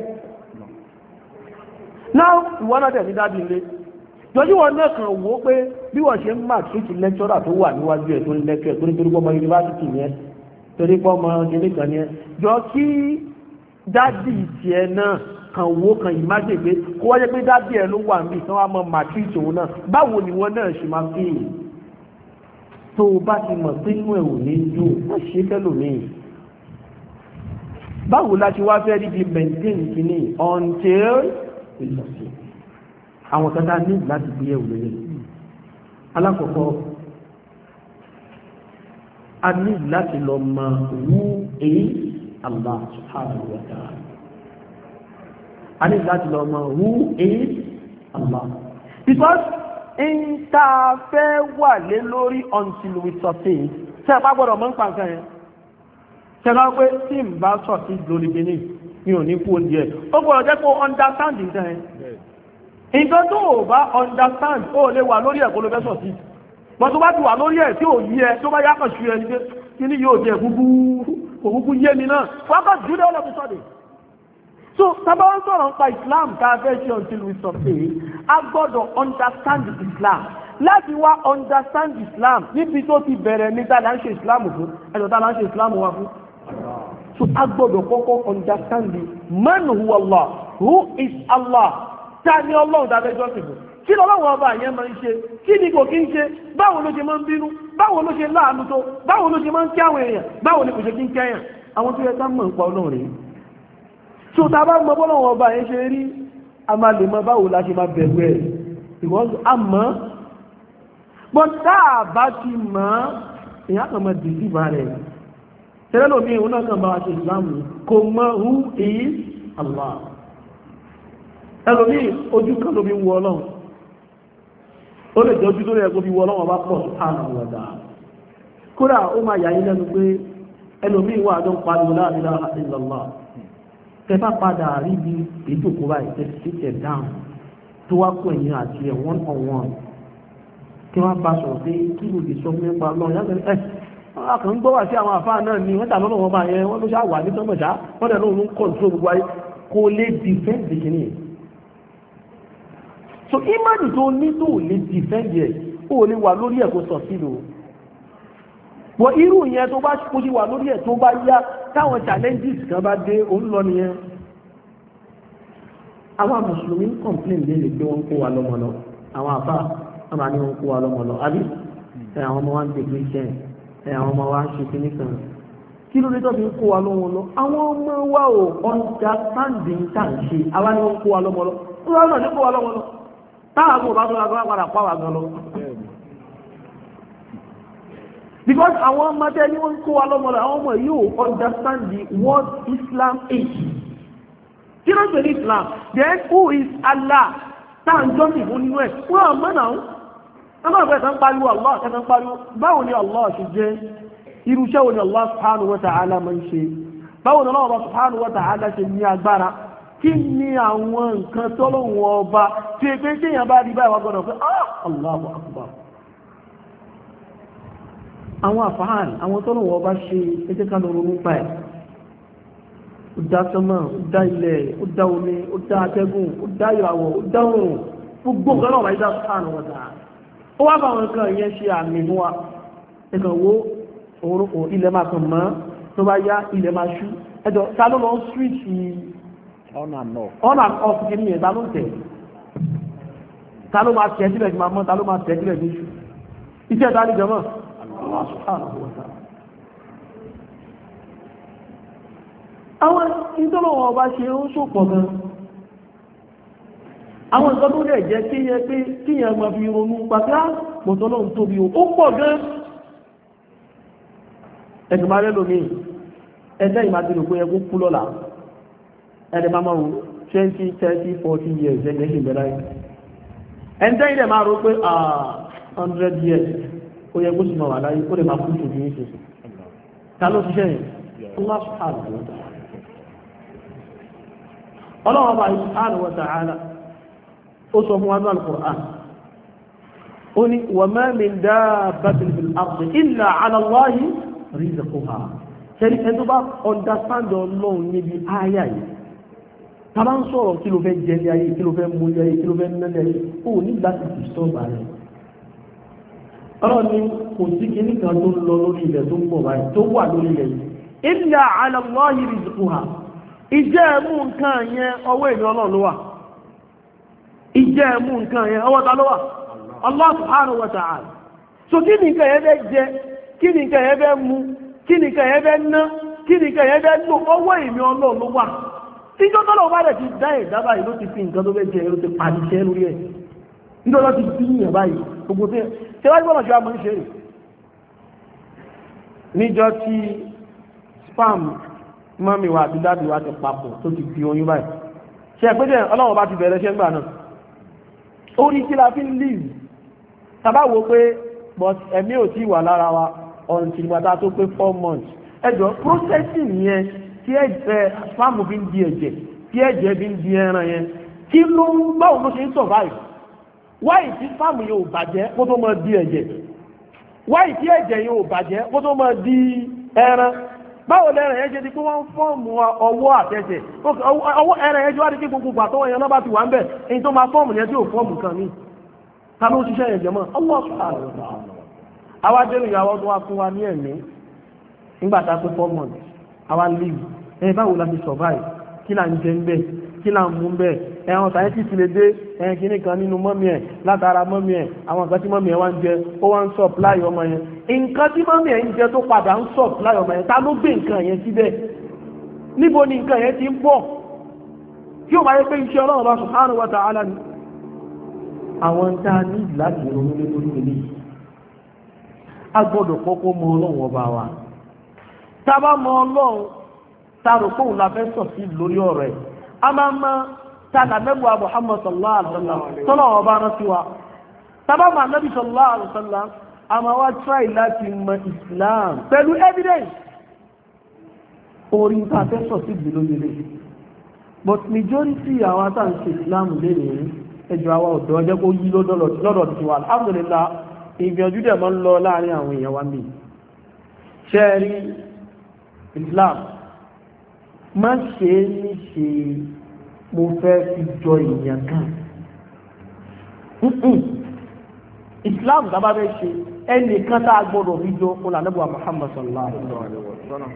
náà ìwọ náà tẹ̀ sí dábìlì yọjú wọn náà kàn wò ó pé bí wọ́n ṣe ń máa tríkì lẹ́kṣọ́rà tó wà níwájú ẹ̀ tó ń lẹ́kṣọ́ ẹ̀ tó nítorí pọ́mọ yunifásitì yẹn torí pọ́mọ ilé kan yẹn jọ kí dádì tiẹ̀ náà kan wo kan ìmájè pé kó wáyé pé dádì ẹ̀ ló wà níbi ìsanwó àmọ́ màtírìtì òun náà báwo ni wọ́n náà ṣe máa fi hàn tó o bá ti mọ̀ pé inú ẹ̀ ò ní dùn wọ́n ṣe fẹ́lòmíì báwo la ṣe wá fẹ́ rí bí maintain kìíní until ìlọsìn àwọn kẹta ní láti gbé ẹ̀wù lélẹ̀ alákọ̀ọ́kọ́ a ní láti lọ mọ wú èyí Allah subhanahu wa a ní láti lọ mọ wú èyí Allah because in ta fẹ́ wà lé lórí until we sustain ṣe pa gbọ́dọ̀ mọ́ ń pa nǹkan yẹn ṣe lọ pé tí n bá sọ sí lórí benin mi ò ní kú oúnjẹ ó gbọ́dọ̀ jẹ́ kó understand nǹkan yẹn nǹkan tó o bá understand ó lè wà lórí ẹ̀ kó ló fẹ́ sọ sí wọn tó bá ti wà lórí ẹ̀ tí ò yí ẹ tó bá yàtọ̀ sí ẹ nígbẹ́ kí ni yóò jẹ gbogbo òkúkú yé mi náà wọn kàn jù lé ọlọ́dún sọ́dẹ̀ so tábà wọn sọ̀rọ̀ nípa Islam tá a fẹ́ ṣe until we sustain a gbọ́dọ̀ understand Islam láti wá understand Islam níbi tó ti bẹ̀rẹ̀ ní tá a Islam fún ẹ̀dọ̀ tá a láń Islam wa fún so a gbọ́dọ̀ kọ́kọ́ understand man huwa Allah who is Allah ta ni ọlọ́run tàbí jọ́sìn fún kí lọ́lọ́run ọba àyẹ́ máa ń ṣe kí ni kò kí ń ṣe báwo ló ṣe máa ń bínú báwo ló ṣe láàánú tó báwo ló ṣe máa ń kí àwọn èèyàn báwo ni kò ṣe kí ń kẹ́yàn àwọn tó yẹ ká mọ̀ ń pa ọlọ́run rèé so ta bá mọ bọ́lọ́run ọba àyẹ́ ṣe rí a máa lè mọ báwo la ṣe máa bẹ̀rù ẹ̀ because a mọ̀ but tá a bá ti mọ̀ èèyàn kan máa dìbò ìbá rẹ̀ tẹ́lẹ̀ lómi ìhun náà kàn bá wa ṣe ìsìlámù kò mọ̀ who is Allah ẹlòmí ojú kan ló fi wọ ọlọ́run ó lè jọ ojú tó yẹ kó fi wọ ọlọ́run ọba pọ̀ àrùwọ̀dà kódà ó máa yà yín lẹ́nu pé ẹlòmí wà jọ ń pariwo láàrin láàrin lọ́lá tẹ bá padà rí bí ìjókòó báyìí tẹ sí tẹ dáhùn tó wá kó ẹ̀yìn àti ẹ̀ wọ́n ọ̀wọ́n kí wọ́n bá sọ̀rọ̀ pé kí ló lè sọ fún nípa lọ́run yàtọ̀ ẹ̀ eh, akàn ń gbọ́ wà sí àwọn àfáà náà ni wọ́n tà lọ́nà wọn yẹn wọ́n ló ṣáà wà ní sọ́mọ̀ṣá wọ́n dẹ̀ lóun ń kọ̀ǹtró gbogbo ayé kó lè dìfẹ́ǹdì kìíní so imani tó ní tó lè dìfẹ́ǹdì ẹ̀ ó lè wà lórí ẹ̀ kó sọ sílò wọ irú yẹn tó bá kó sí wà lórí ẹ̀ tó bá yá táwọn challenges kan bá dé òun lọ nìyẹn àwọn mùsùlùmí ń complain lélẹ̀ pé wọ́n ń kó wa lọ́mọ lọ àwọn àbá wọn máa ní wọn kó wa lọ́mọ lọ àbí ẹ àwọn ọmọ wa ń dègbé jẹ ẹ àwọn ọmọ wa ń ṣe kíní kan kí ló dé tó fi ń kó wa lọ́mọ àwọn ọmọ wa ò understanding tá à ń ṣe àwa ni wọ́n kó wa lọ́mọ lọ wọ́n náà ní kó wa lọ́mọ táwọn àgbọn bá tó lágbára padà pa wà gan lọ. because àwọn ọmọdé ni wọ́n kó wa lọ́mọ rẹ̀ àwọn ọmọ yóò understand the word Islam is. kí ló ń pè ní Islam then who is Allah táà ń jọ́ nìbó nínú ẹ̀ wọ́n àmọ́ náà ẹgbẹ́ ìgbẹ́ ìtàn pariwo Allah ẹ̀tàn pariwo báwo ni Allah ṣe jẹ́ irúṣẹ́ wo ni Allah subhanahu wa ta'ala máa ń ṣe báwo ni Allah subhanahu wa ta'ala ṣe ní agbára kí ni àwọn nǹkan tọ́lọ́wọ́ ọba tí ẹgbẹ́ téèyàn bá rí báyìí wá gbọ́dọ̀ pé ah, Allahu Akbar àwọn àfáàn àwọn tọ́lọ́wọ́ ọba ṣe ẹjẹ́ ká lọ́rọ̀ nípa ẹ̀ ó dá sánmà ó dá ilẹ̀ ó dá omi ó dá atẹ́gùn ó dá ìràwọ̀ ó dá òrùn gbogbo nǹkan náà wáyé dá sánà wọn dáa ó wá bá àwọn nǹkan yẹn ṣe àmì fún wa ẹ̀kan wo òun ilẹ̀ máa kàn mọ́ tó bá yá ilẹ̀ máa ṣú ẹjọ́ ta ló lọ ń ọ̀nà àná ọ̀nà ọ̀sùnkì ní ìta ló ń tẹ̀ ta ló máa tẹ̀ sílẹ̀ máa mọ́ ta ló máa tẹ̀ sílẹ̀ ní iṣu iṣẹ́ ta ní jọmọ́ àwọn ìtọ́lọ́wọ́ ọba ṣe ó ṣòpọ̀ gan àwọn nǹkan tó lè jẹ́ kí yẹ pé kí yẹ máa fi ronú pàtàkì pọ̀tọ́lọ́ ah, ń tóbi ó pọ̀ gan ẹ̀dùnmárẹ́lòmí ẹgbẹ́ ìmájìlò pé ẹgbẹ́ kú lọ́la ẹ̀rẹ̀ máa mọ̀ 20 30 40 years ẹgbẹ́ ṣe bẹ̀rẹ̀ ayé ẹ̀ntẹ́ ilẹ̀ máa rò pé 100 ah, years ó yẹ gbóṣù mọ̀ wà láyé ó lè máa kú ìṣòdì ní ìṣòdì ta ló ṣiṣẹ́ yìí Allah subhanahu wa ta'ala ọlọ́wọ́n bá subhanahu wa ta'ala ó sọ fún wa ní al-Qur'an ó ní wa ma min dabbatin fil ardi illa ala Allahi rizquha ṣe ni ẹni tó bá understand ọlọ́run níbi ááyà yìí tàbá ń sọ̀rọ̀ kí ló fẹ́ jẹ ní ayé kí ló fẹ́ mú ní ayé kí ló fẹ́ mẹ́lẹ̀ ayé ó nígbà tí kì í ni kò sí kíní kan tó ń lọ lórí ilẹ̀ tó ń bọ̀ báyìí tó wà lórí ilẹ̀ yìí ala Allahi rizquha ìjẹ́ ẹ̀mú nǹkan yẹn ọwọ́ ló wà ìjẹ́ ẹ̀mú nǹkan yẹn ọwọ́ ta ló wà tíjọ́ tó lọ́wọ́ bá rẹ̀ ti dá ẹ̀dá báyìí ló ti fi nǹkan tó fẹ́ jẹ ló ti pàdé iṣẹ́ lórí ẹ̀ níjọ́ lọ́ ti bí yàn báyìí gbogbo tí ṣe wájú bọ́lọ̀ ṣe wá mọ́ ń ṣe rè níjọ́ tí spam mọ́mí wa àti dábì wa ti papọ̀ tó ti fi oyún báyìí ṣe pé jẹ́ ọlọ́wọ́ bá ti bẹ̀rẹ̀ ṣẹ́ ńgbà náà ó rí kí la fi ń leave tàbá wo pé but ẹ̀mí ò tí wà lára wa ọ̀rùn tìgbàtà tó pé four months ẹjọ́ processing yẹn tí ẹ̀jẹ̀ fáàmù bí ń di ẹ̀jẹ̀ tí bí ń di ẹran yẹn kí ló ń báwo òun ṣe ń survive wáyì tí fáàmù yẹn ò bàjẹ́ kó tó máa di ẹ̀jẹ̀ wáyì tí ẹ̀jẹ̀ yẹn bàjẹ́ kó tó di ẹran báwo yẹn ṣe pé wọ́n ń fọ́ọ̀mù ọwọ́ àtẹ̀jẹ̀ ọwọ́ ẹran yẹn ẹ báwo la survive kí là ń jẹ ń bẹ kí là ń mú ń bẹ ẹ̀hàn scientist lè dé ẹ̀hàn kìíní kan nínú mọ́mí ẹ̀ látara mọ́mí ẹ̀ àwọn nǹkan tí mọ́mí ẹ̀ wá ń jẹ ó wá ń supply ọmọ yẹn nǹkan tí mọ́mí ẹ̀ ń jẹ tó padà ń supply ọmọ yẹn ta ló gbé nǹkan yẹn síbẹ̀ níbo ni nǹkan yẹn ti ń bọ̀ tí máa yẹ pé iṣẹ́ ọlọ́run bá subhanahu wa ta'ala ni àwọn ń dáa ní láti ronú lórí ilé a gbọ́dọ̀ kọ́kọ́ mọ ọlọ́run ọba wa tá bá mọ ọlọ́run tààrọ̀ kó òun la fẹ́ sọ̀ sí lórí ọ̀rọ̀ ẹ̀ a máa ma tààlà mẹ́bù Muhammad sallallahu alaihi wasallam tọ́lọ̀ ọba rántí wa tábàmù anábì sallallahu alaihi wasallam a máa wá try láti mọ Islam pẹ̀lú evidence orí ta fẹ́ sọ̀ sí ìlú lórí but majority àwọn àtàǹsì Islam lẹ́yìn ẹjọ́ àwọn ọ̀dọ́ ọjọ́ kó yí lọ́dọ̀ tiwa alhamdulillah ìgbìyànjú dẹ̀ máa ń lọ láàrin àwọn èèyàn wa mi ṣe rí Islam má ṣe é ní ṣe mo fẹ́ fi jọ èèyàn kan islam dábàá bẹ́ẹ̀ ṣe ẹnìkan tá a gbọ́dọ̀ fi jọ olànàbùwà muhammad sallallahu alaihi wa sallam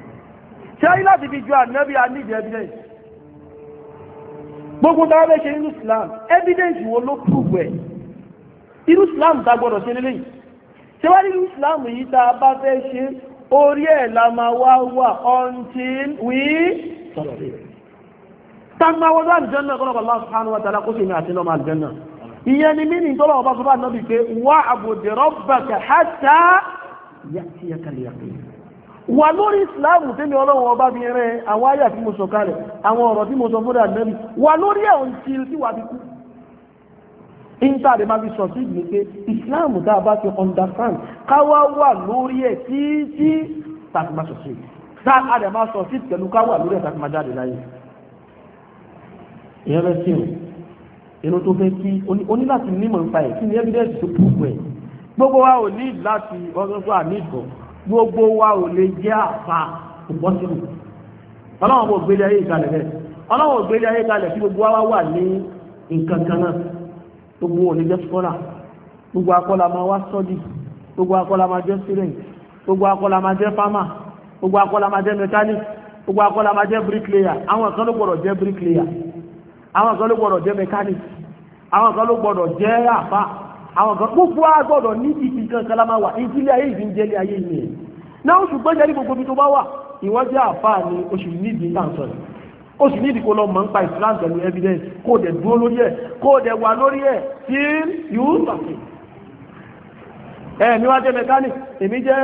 ṣe ayé láti fi jọ ànábì anídìí evidence gbogbo tá a bẹ́ẹ̀ ṣe nínú islam evidence wo ló prove ẹ̀ irú islam tá a gbọ́dọ̀ ṣe lélẹ́yìn ṣé wá nínú islam yìí tá a bá fẹ́ ṣe orí ẹ̀ la máa wá wà until we sọ̀rọ̀ rẹ̀ tagbawodo aljanna kọlọkọ allah subhanahu wa ta'ala kó sì ní àti lọ́mọ aljanna ìyẹn ni mí ní tọ́lọ̀ ọba sọ́bà náà bí pé wà àbòdè rabbaka fi sọ sí ìgbìn pé ìsìláàmù tá bá fi understand káwá wà lórí ẹ̀ tí tí tàbí má sọ sí ìgbìn tá a dẹ̀ máa sọ sí pẹ̀lú káwà lórí ẹ̀ta tí máa jáde láyé ìyẹn fẹ́ sí o inú tó fẹ́ kí o ní láti nímọ̀ nípa ẹ̀ kí ni evidence tó púpọ̀ ẹ̀ gbogbo wa ò ní láti ọgbọ́gbọ́ àníkọ̀ gbogbo wa ò lè jẹ́ àfa ìbọ́sílù ọlọ́run ò gbélé ayé ìkalẹ̀ rẹ̀ ọlọ́run ò gbélé ayé ìkalẹ̀ tí gbogbo wa wà ní nǹkan kan náà gbogbo ò ní jẹ́ skọ́là gbogbo akọ́là máa wá sọ́dì gbogbo akọ́là máa jẹ́ student gbogbo akọ́là máa jẹ́ farmer gbogbo akọ́lá ma jẹ́ mechanic gbogbo akọ́lá ma bricklayer awon kan ló gbọ́dọ̀ bricklayer àwọn kan ló gbọ́dọ̀ mechanic awon kan ló gbọ́dọ̀ jẹ́ àfà àwọn kan gbogbo a gbọ́dọ̀ ní ìdí kan kan láma ìdílé ayé ìdí ń jẹ́ ayé ìní ẹ̀ náà oṣù gbọ́dọ̀ ní gbogbo tó bá wà ni oṣù nídìí oṣù nídìí lọ mọ̀ nípa evidence o dúró lórí ẹ̀mí wá jẹ́ mẹkáník èmi jẹ́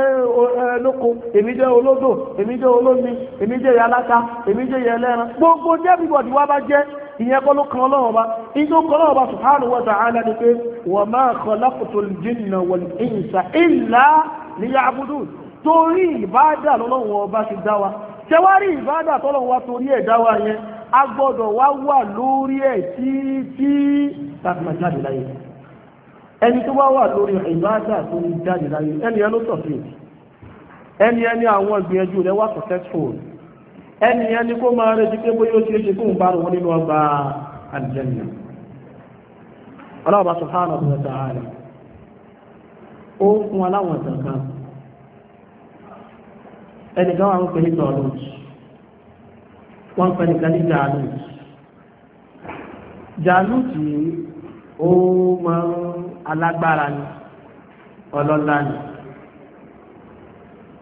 lóko èmi jẹ́ olódò èmi jẹ́ olómi èmi jẹ́ yàláta èmi jẹ́ yẹlẹ́ran gbogbo everybody wá bá jẹ́ ìyẹn kọ́ ló kan ọlọ́run ọba inú kan ọlọ́run ọba subhanahu wa ta'ala ni pé wa ma khalaqtul jinna wal insa illa liya'budun torí ìbádà lọ́lọ́run ọba ti dá wa ṣẹwárí ìbádà tọ́lọ́run wa torí ẹ̀ dá wa yẹn a gbọ́dọ̀ wá wà lórí ẹ̀ títí tàbí máa jáde láyé ẹni tó wá wà lórí ìbáàdà tó ń jáde láyé ẹni ẹ ló sọ̀fíì ẹni ẹni àwọn ìgbìyànjú rẹ̀ wà successful ẹni ẹni kó máa retí pé bóyá ó ṣe é ṣe fún ìbára wọn nínú ọgbà àlùjànnà ọlọ́ọ̀bá subhanahu wa ta'ala ó fún wa láwọn ìtàn kan ẹni kan wà ń pè ní tọ́lọ́t wọ́n ń pè ní kan ní jàlúùtì jàlúùtì ó máa ń alágbára ni ọlọ́lá ni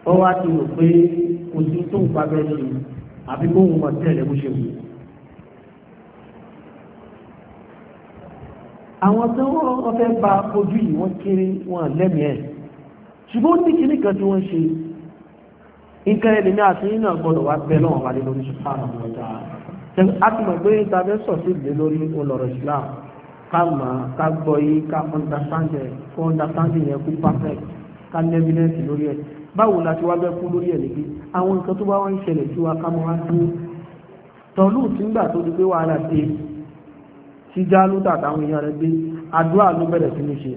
ó wá ti rò pé kò sí tó ń pabẹ́ ṣe àbí kó wọn tẹ̀lé bó ṣe wù. àwọn tó wọ́n fẹ́ ba ojú yìí wọ́n kiri wọn lẹ́mìí ẹ̀ ṣùgbọ́n ó ní kíní kan tí wọ́n ṣe nǹkan ẹni ní àti nínú ọgbọ́dọ̀ wá bẹ́ẹ̀ lọ́wọ́ wà lórí ṣùgbọ́n àwọn ọ̀gá a ti mọ̀ pé tàbí sọ̀tì lé lórí olọ̀rọ̀ ìsìláàmù ká mọ̀ ọ́ understand understand perfect ní evidence lórí báwo la ti wá kú lórí àwọn nǹkan tó bá wá ń ṣẹlẹ̀ sí wa ká mọ́ wá dúró tọ́lú tó di pé wàhálà àtàwọn èèyàn àdúrà ló bẹ̀rẹ̀ sí ní ṣe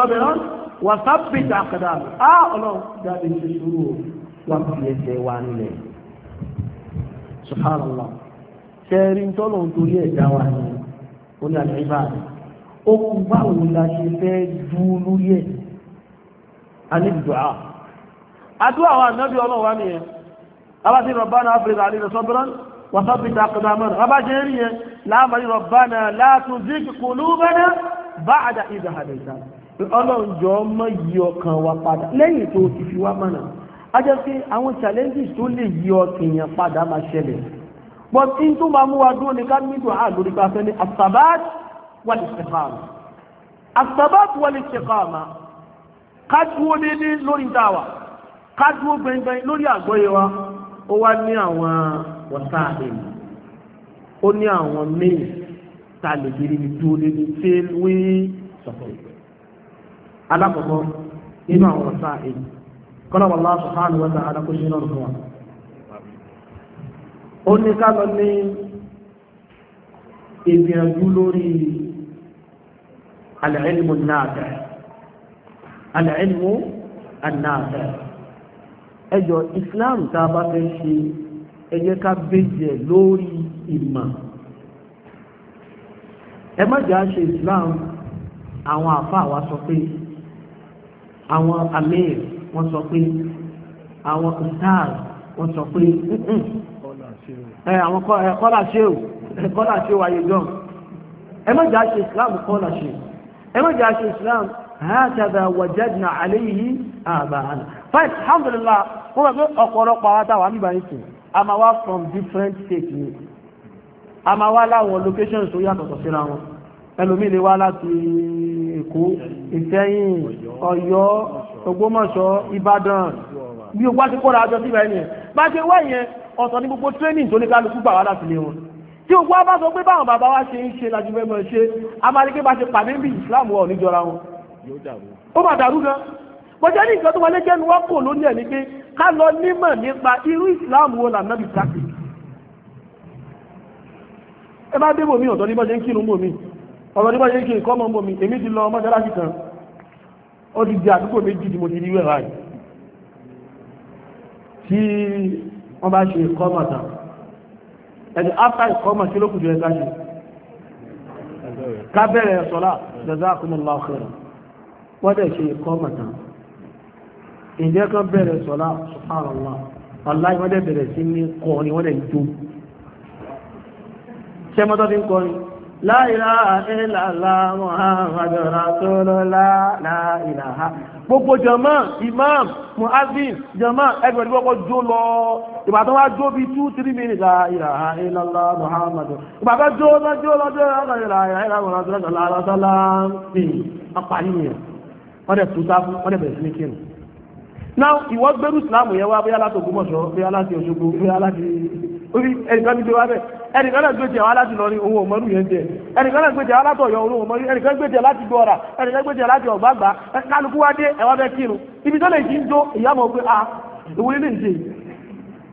bá wà sábìtì àkàdà á ọlọ́run jáde ṣe sùúrù o wà fi ẹsẹ̀ wa nílẹ̀ subhanallah sẹ́ẹ̀rì ń tọ́lọ̀ nítorí ẹ̀dá wa ni ó ní àlẹ́ ibà rẹ̀ ó kú báwo la ṣe fẹ́ dúró lórí ẹ̀ alẹ́dùá àdúrà wa nàbí ọlọ́run wa nìyẹn abáṣe rabbana afrika àlejò sabran wà sábìtì àkàdà mọ́ra abáṣe rí yẹn láàmú rabbana la tuzigh qulubana ba'da idh hadaytana ọlọ́njọ́ mọ́ yí ọkàn wa padà lẹ́yìn tó ti fi wá mọ̀nà a jẹ́ pé àwọn challenges tó lè yí ọkàn yẹn padà máa ṣẹlẹ̀ but in tó máa mú wa dúró ní ká mídùn á lórí pa ní asabat wal istiqama asabat wal istiqama ká dúró déédéé lórí dáwà ká dúró gbẹngbẹng lórí àgbọ́yé wa ó wá ní àwọn wọ́sáàdì ó ní àwọn mail tá a lè gbé níbi dúró déédéé tẹ́lẹ̀ wí alákọ̀ọ́kọ́ nínú àwọn ọ̀sá èyí kọ́lọ́wọ́ Allah subhanahu wa ta'ala náà fún wa. ó ní lọ ní ìgbìyànjú lórí ala ilmu an-nafi' ẹjọ́ Islam tá a bá fẹ́ ṣe ẹjẹ́ ká bèjẹ̀ lórí ìmọ̀ ẹ má jẹ́ àṣẹ Islam àwọn àfa àwa sọ pé àwọn amir wọ́n sọ pé àwọn stars wọ́n sọ pé àwọn kọ́là ṣéwù kọ́là ṣéwù ayéjọ́ ẹ má jà ṣe islam kọ́là ṣéwù ẹ má jà ṣe islam hátàdà wàjẹ́dìnà àléyìí àbáhánà fine alhamdulillah wọ́n bá gbé ọ̀pọ̀lọpọ̀ àwọn àtàwọn àmì ìbáyìí sùn a máa wá from different states ni a máa wá láwọn locations tó yàtọ̀ síra wọn ẹlòmíì lè wá láti èkó ìfẹ́yìn ọ̀yọ́ ògbómọ̀ṣọ́ ìbàdàn bí o wá ti kóra àjọ síbẹ̀ yẹn bá ṣe wá yẹn ọ̀sán ní gbogbo training tó ní kálukú gbà wá láti lé wọn tí o wá bá sọ pé báwọn bàbá wa ṣe ń ṣe lájú fẹ́ mọ̀ ṣe amáríké bá ṣe pàdé bí Islam wọ̀ níjọra wọn ó bà dàrú gan bọ́jẹ́ ní nǹkan tó wọlé jẹ́nu wọ́n kò lónìí ẹ̀ ní pé ká lọ nímọ̀ nípa irú Islam wo làná bí sáàkì ẹ bá débò mí ọ̀dọ́ ní bọ́jẹ́ ń kírun mò mí ọ̀rọ̀ nípa yẹ́ kí n kọ́ mọ́ mọ́ mi èmi ti lọ mọ́sálásí kan ó ti di àdúgbò méjì tí mo ti rí wẹ̀rọ àyè tí wọ́n bá ṣe kọ́ mọ̀ tán ẹni after ìkọ́ mọ̀ sí lókùnjẹ́ ẹ̀ká ṣe ká bẹ̀rẹ̀ sọ́lá jazakumullahu khairan wọ́n dẹ̀ ṣe ìkọ́ mọ̀ tán ìjẹ́ kan bẹ̀rẹ̀ ṣẹ́mọ́tọ́ ti ń kọrin La ilaha illallah Muhammadur Rasulullah la ilaha gbogbo jama imam muazzin jama ẹgbẹ̀rún gbogbo jó lọ ìbátan wá jó bí two three minutes la ilaha illallah Muhammadur ìbátan jó lọ jó lọ jó lọ la ilaha illallah Rasulullah lọ́sọ́lá ní apáyé yẹn wọ́n dẹ̀ tó sáfún wọ́n dẹ̀ bẹ̀rẹ̀ sí ní kírun. náà ìwọ gbẹrù islam yẹn wá bóyá láti Ògbómọ̀ṣọ́ bóyá láti Òṣogbo bóyá láti orí ẹ̀ka níbi wá bẹ́ẹ̀ ẹnìkan náà gbèjì àwọn aláti lọrin ohun òmọrú yẹn jẹ ẹnìkan náà gbèjì àwọn alátọ̀yọ̀ ohun òmọrú ẹnìkan gbèjì láti gbọ́ra ẹnìkan gbèjì láti ọ̀gbàgbà kálukú wá dé ẹ̀wá bẹ́ kírun ibi tó lè jí ń jó ìyá mọ̀ pé ah ìwé ilé ìṣe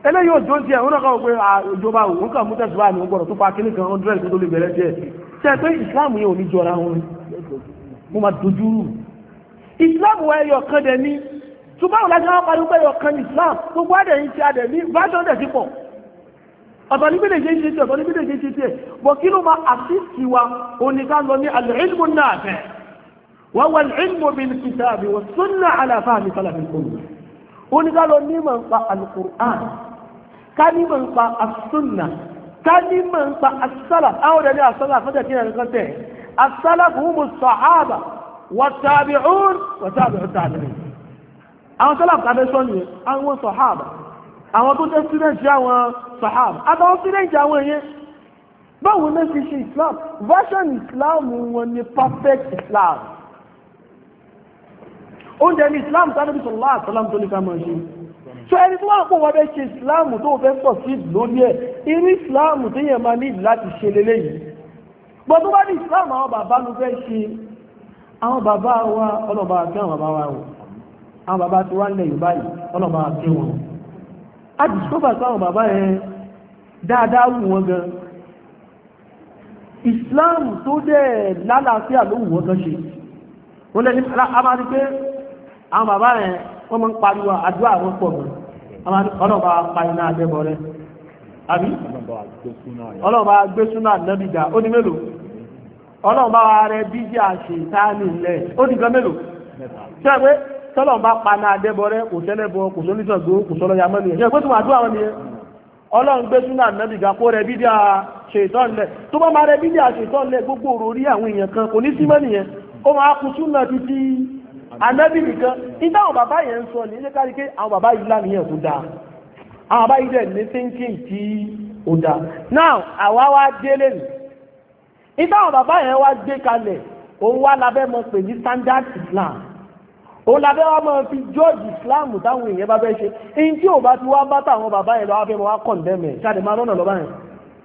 eléyìí òjò ń tiẹ̀ òun náà kọ́ pé ìjọba òun kàn mú tẹ̀síwá ni òun gbọ́dọ̀ tó pa kíní kan hundred tó tó lè bẹ̀rẹ̀ tiẹ̀ ṣe pé ìsìláàmù yẹn ò ní jọra wọn mo máa dojú rú ìsìláàmù ẹyọ kan dẹ̀ ní ṣùgbọ́n àwọn ọ̀làjọ́ wọn pariwo pé ẹyọ kan ní ìsìláàmù gbogbo àdẹ̀yìn ti àdẹ̀ ní bájọ́ dẹ̀ sí pọ̀ ọ̀tọ̀ ní bídè jẹ́ ṣe ọ̀tọ̀ ní bídè jẹ́ ṣe bọ̀ kí ló máa àṣìṣì wa oníká lọ ní al-ilmu nafi' wa wal-ilmu bil-kitabi wa sunna ala fahmi salafi al-ummah oníká lọ ní mọ̀ nípa al-Qur'an ká ní mọ̀ nípa as-sunna ká ní mọ̀ nípa as-salaf àwọn ọ̀dẹ̀ ní as-salaf fẹ́tẹ̀ kí ẹ̀rọ kan tẹ̀ as-salaf humu sahaba tàbí sọ́ni sahaba àtàwọn student àwọn èèyàn báwo ló fi ṣe islam version islam wọn ni perfect islam oúnjẹ ni islam tí Ànábì sallallahu alaihi wasallam tó ní ká so ẹni tí wọ́n pọ̀ wọ́n fẹ́ ṣe islam tó fẹ́ sọ sí lórí ẹ̀ irú islam tí yẹn máa ní láti ṣe lélẹ́yìí bọ́ tó bá ní islam àwọn bàbá ló fẹ́ ṣe àwọn bàbá wa ọlọ́ba àti àwọn bàbá wa wò àwọn bàbá tí wọ́n ń lẹ̀ Yorùbá yìí ọlọ́ba àti wọn a discover sáwọn bàbá ẹ dáadáa wù wọn gan islam tó dẹ̀ lálàáfíà ló wù wọn gan ṣe wọ́n lẹ́ni a máa rí pé àwọn bàbá yẹn wọ́n máa ń pariwo àdúrà àwọn pọ̀ mọ́ ọlọ́ba pa iná àbí ọlọ́ba tọ́lọ̀ bá paná kò sẹ́lẹ̀bọ kò sólítọ̀gbó kò sọlọ́yà mọ́lẹ̀ ẹ̀ṣẹ́ pé àdúrà nìyẹn ọlọ́run gbé súnà nẹ́bì ga kó rẹ bí díà ṣètọ́n lẹ̀ gbogbo àwọn kan kò ní nìyẹn ó máa kú súnà títí nìkan nígbà yẹn ń sọ ní ilé àwọn bàbá yìí dáa àwọn bàbá yìí dẹ̀ ní thinking tí ó dáa now àwa wá nígbà yẹn wá gbé kalẹ̀ òun wá òun labẹ́ wa máa fi george islam táwọn èèyàn bá fẹ́ ṣe in tí ò bá ti wá bá táwọn bàbá yẹn lọ́wọ́ fẹ́ mọ́ wá kọ̀ǹdẹ́mẹ̀ ṣáàdì máa rọ́nà lọ́bàá yẹn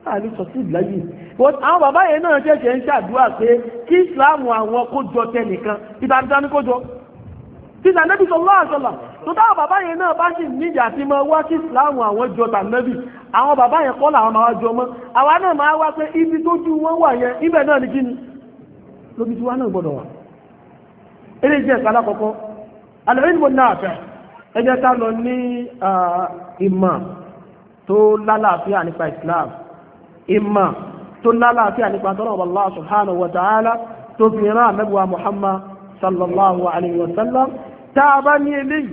láàrin sọ sí ìdíláyé àwọn bàbá yẹn náà ṣẹ̀ṣẹ̀ ń ṣàdúrà pé kí islam àwọn kó jọ tẹnìkan ìtàdídání kó jọ títà nẹ́bí sọlá àṣọlá tó táwọn bàbá yẹn náà bá sì níjà sí mọ wá sí islam àwọn jọ tànẹ́bì àwọn bàbá yẹn kọ́ làwọn máa jọ mọ́ àwa náà máa wá pé ibi tójú wọn wà yẹn ibẹ̀ náà ni kí ni lóbi tí wa náà gbọ́dọ̀ wà. eré jẹ́ ìkàlá kọ̀ọ̀kan alẹ́rìnmọ̀ náà fẹ́ ẹ jẹ́ ká lọ ní ìmọ̀ tó lálàáfíà nípa Islam ìmọ̀ tó lálàáfíà nípa tọ́lọ̀ Allah subhanahu wa ta'ala tó fi rán àmẹ́bùwà Muhammad sallallahu alayhi wa sallam tá a bá ní eléyìí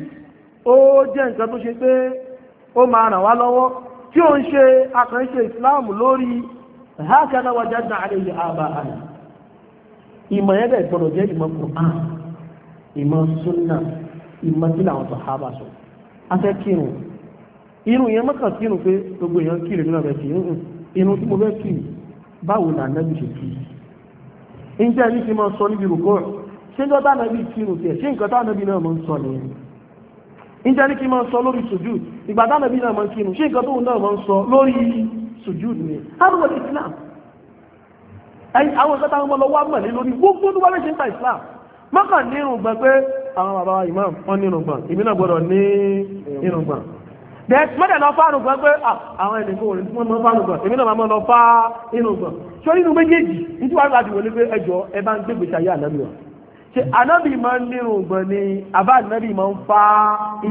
ó jẹ́ nǹkan tó ṣe pé ó máa ràn wá lọ́wọ́ tí ìmọ̀ súnà ìmọ̀ tí làwọn sàhábà sọ afẹ́ kírun irun yẹn mọ́kàn kírun pé gbogbo èèyàn kírun nínú ọ̀rẹ́ kì í irun tí mo fẹ́ kì í báwo là nábì ṣe kì í ǹjẹ́ ẹni tí máa sọ níbi rògbò ṣé ń dọ́tà nábì kírun tiẹ̀ ṣé nǹkan tá nábì náà máa ń sọ nìyẹn ǹjẹ́ ẹni tí máa sọ lórí sùjú ìgbà tá nábì náà máa ń kírun ṣé nǹkan tóun náà máa ń sọ lórí sùjú nìyẹn hàn wọ́n àwọn ìgbà táwọn ọmọ lọ wá mọ̀ Islam mọ́kàn ní irùngbọ̀n pé àwọn bàbá imam wọ́n ní irùngbọ̀n ìbí náà gbọ́dọ̀ ní irùngbọ̀n mọ́dẹ̀ lọ fá irùngbọ̀n pé àwọn ènìyàn kò rí tí wọ́n mọ́ fá irùngbọ̀n ìbí náà máa lọ fá irùngbọ̀n ṣó nínú méjèèjì nítorí wàá láti wọlé pé ẹjọ ẹ bá ń gbé gbèsè ayé ànábì wọn ṣe ànábì máa ń ní irùngbọ̀n ni àbá ànábì máa ń fá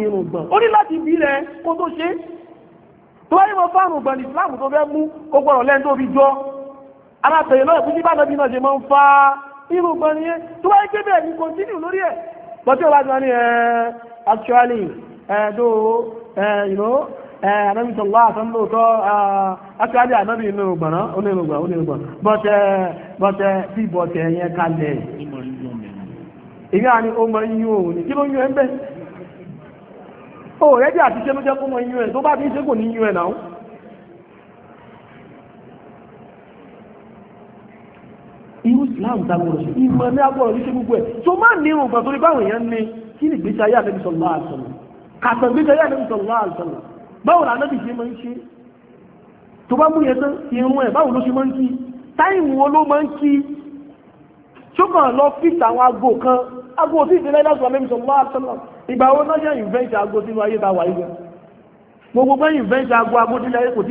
irùngbọ̀n wáyé bá ànábì náà ṣe máa ń irú gan ni ihe tó wáyé pé bẹ́ẹ̀ ni continue lórí ẹ̀ bọ́tí o bá ti wá ní actually ẹ̀ẹ́dó ìlú ànábì sọ̀lá àtọ́lóòtọ́ actually ànábì inú gbọ̀nà onírùgbà onírùgbà bọ́tẹ̀ bọ́tẹ̀ tí bọ́tẹ̀ yẹn kalẹ̀ ìgbà ni ó mọ iyún òun ni kí ló yún ẹ ń bẹ́ ó rẹ́dí àti ṣe ló jẹ́ kó mọ iyún ẹ tó bá fi ń ṣe kò ní iyún ẹ náà irú islam ta gbọ́dọ̀ ṣe ìmọ̀ ní agbọ́dọ̀ ní ṣe gbogbo ẹ̀ tó má ní irun gbà torí báwọn èèyàn ní kí ni ìgbésí ayé ànábì sallallahu alaihi wasallam kàtàn ìgbésí ayé ànábì sallallahu alaihi wasallam báwo la ànábì ṣe máa ń ṣe tó bá mú yẹn tán irun ẹ̀ báwo ló ṣe máa ń kí táìmù wo ló máa ń kí ṣùgbọ́n lọ fìtà àwọn aago kan aago òsì ìdílé láti wà lẹ́mìí sallallahu alaihi wasallam ìgbà wo náà yẹ five hundred years kò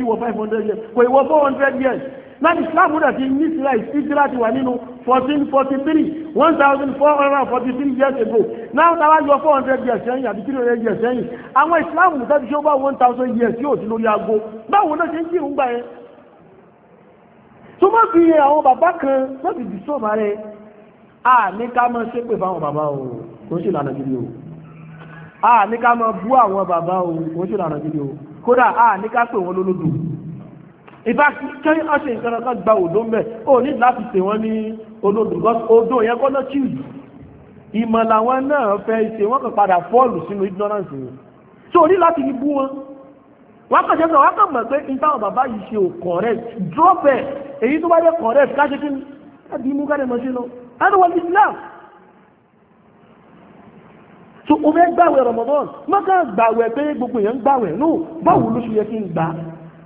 ì four hundred years láti islamu náà ti ní ìsìlá ti wà nínú 1443 1443 years ago náà tàbá yọ 400 years sẹ́yìn àbí 300 years sẹ́yìn àwọn islamu tàbí ṣe ó bá 1000 years yóò sí lórí ago báwo náà ṣe ń kírun gbà yẹn tó má fi àwọn bàbá kan má fi dì sọ́ọ̀bà rẹ̀ a ní ká mọ́ ṣépè fáwọn bàbá o kò ń ṣe ìlànà gidi o a ní ká mọ́ bú àwọn bàbá o kò ń ṣe ìlànà gidi o kódà a ní ká pè wọ́n lólódò ìbá kí a ṣe nǹkan kan gba odò mẹ́ ò ní láti pè wọ́n ní olódò odò yẹn kọ́ lọ́tì ìmọ̀ làwọn náà fẹ́ ṣe wọ́n kàn padà fọ́ọ̀lù sínú ignorance yẹn so ní láti fi bú wọn wọ́n kàn ṣẹ́gbẹ̀ wọ́n kàn mọ̀ pé ìtàwọn bàbá yìí ṣe ò correct drop ẹ̀ èyí tó bá dé correct ká ṣe kí ni láti imú káde mọ̀ sí lọ ẹni wọ́n Islam so o fẹ́ gbàwẹ̀ Ramadan mọ́kàn gbàwẹ̀ pé gbogbo èèyàn gbàwẹ̀ no báwo ló ṣe yẹ kí n gbà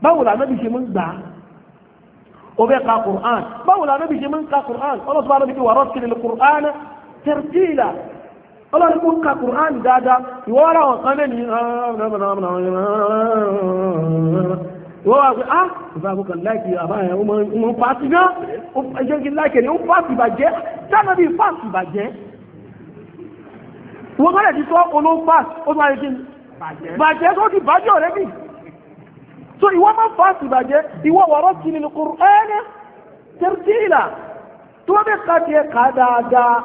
báwo la Ànábì ṣe mú gbà á o bẹ ka Qur'an báwo la Ànábì ṣe mú ka Qur'an ọlọ́run tó bá lọ́bi kí wàá rọ́ọ̀kì lè Qur'an tẹ̀rẹ̀tìlà ọlọ́run kò ka Qur'an dáadáa ìwọ́ ara wọn kan lẹ́nu ah, ìwọ́ wa pé ah ìfẹ́ àbúkọ̀ láìkì àbáyẹn mo ń pàtì náà ẹjẹ́ kí láìkì ni ó ń pàtì bàjẹ́ sáà bí pàtì bàjẹ́ wọ́n ti tọ́ olóńgbà ó máa ń ṣe bàjẹ́ tó ti bàjẹ́ ọ̀rẹ́bì so ìwọ ma fà á sì bàjẹ́ ìwọ wọ̀rọ̀ sí nínú Kùránì tẹ̀rìtìlà tó bẹ́ ká tiẹ̀ ká dáadáa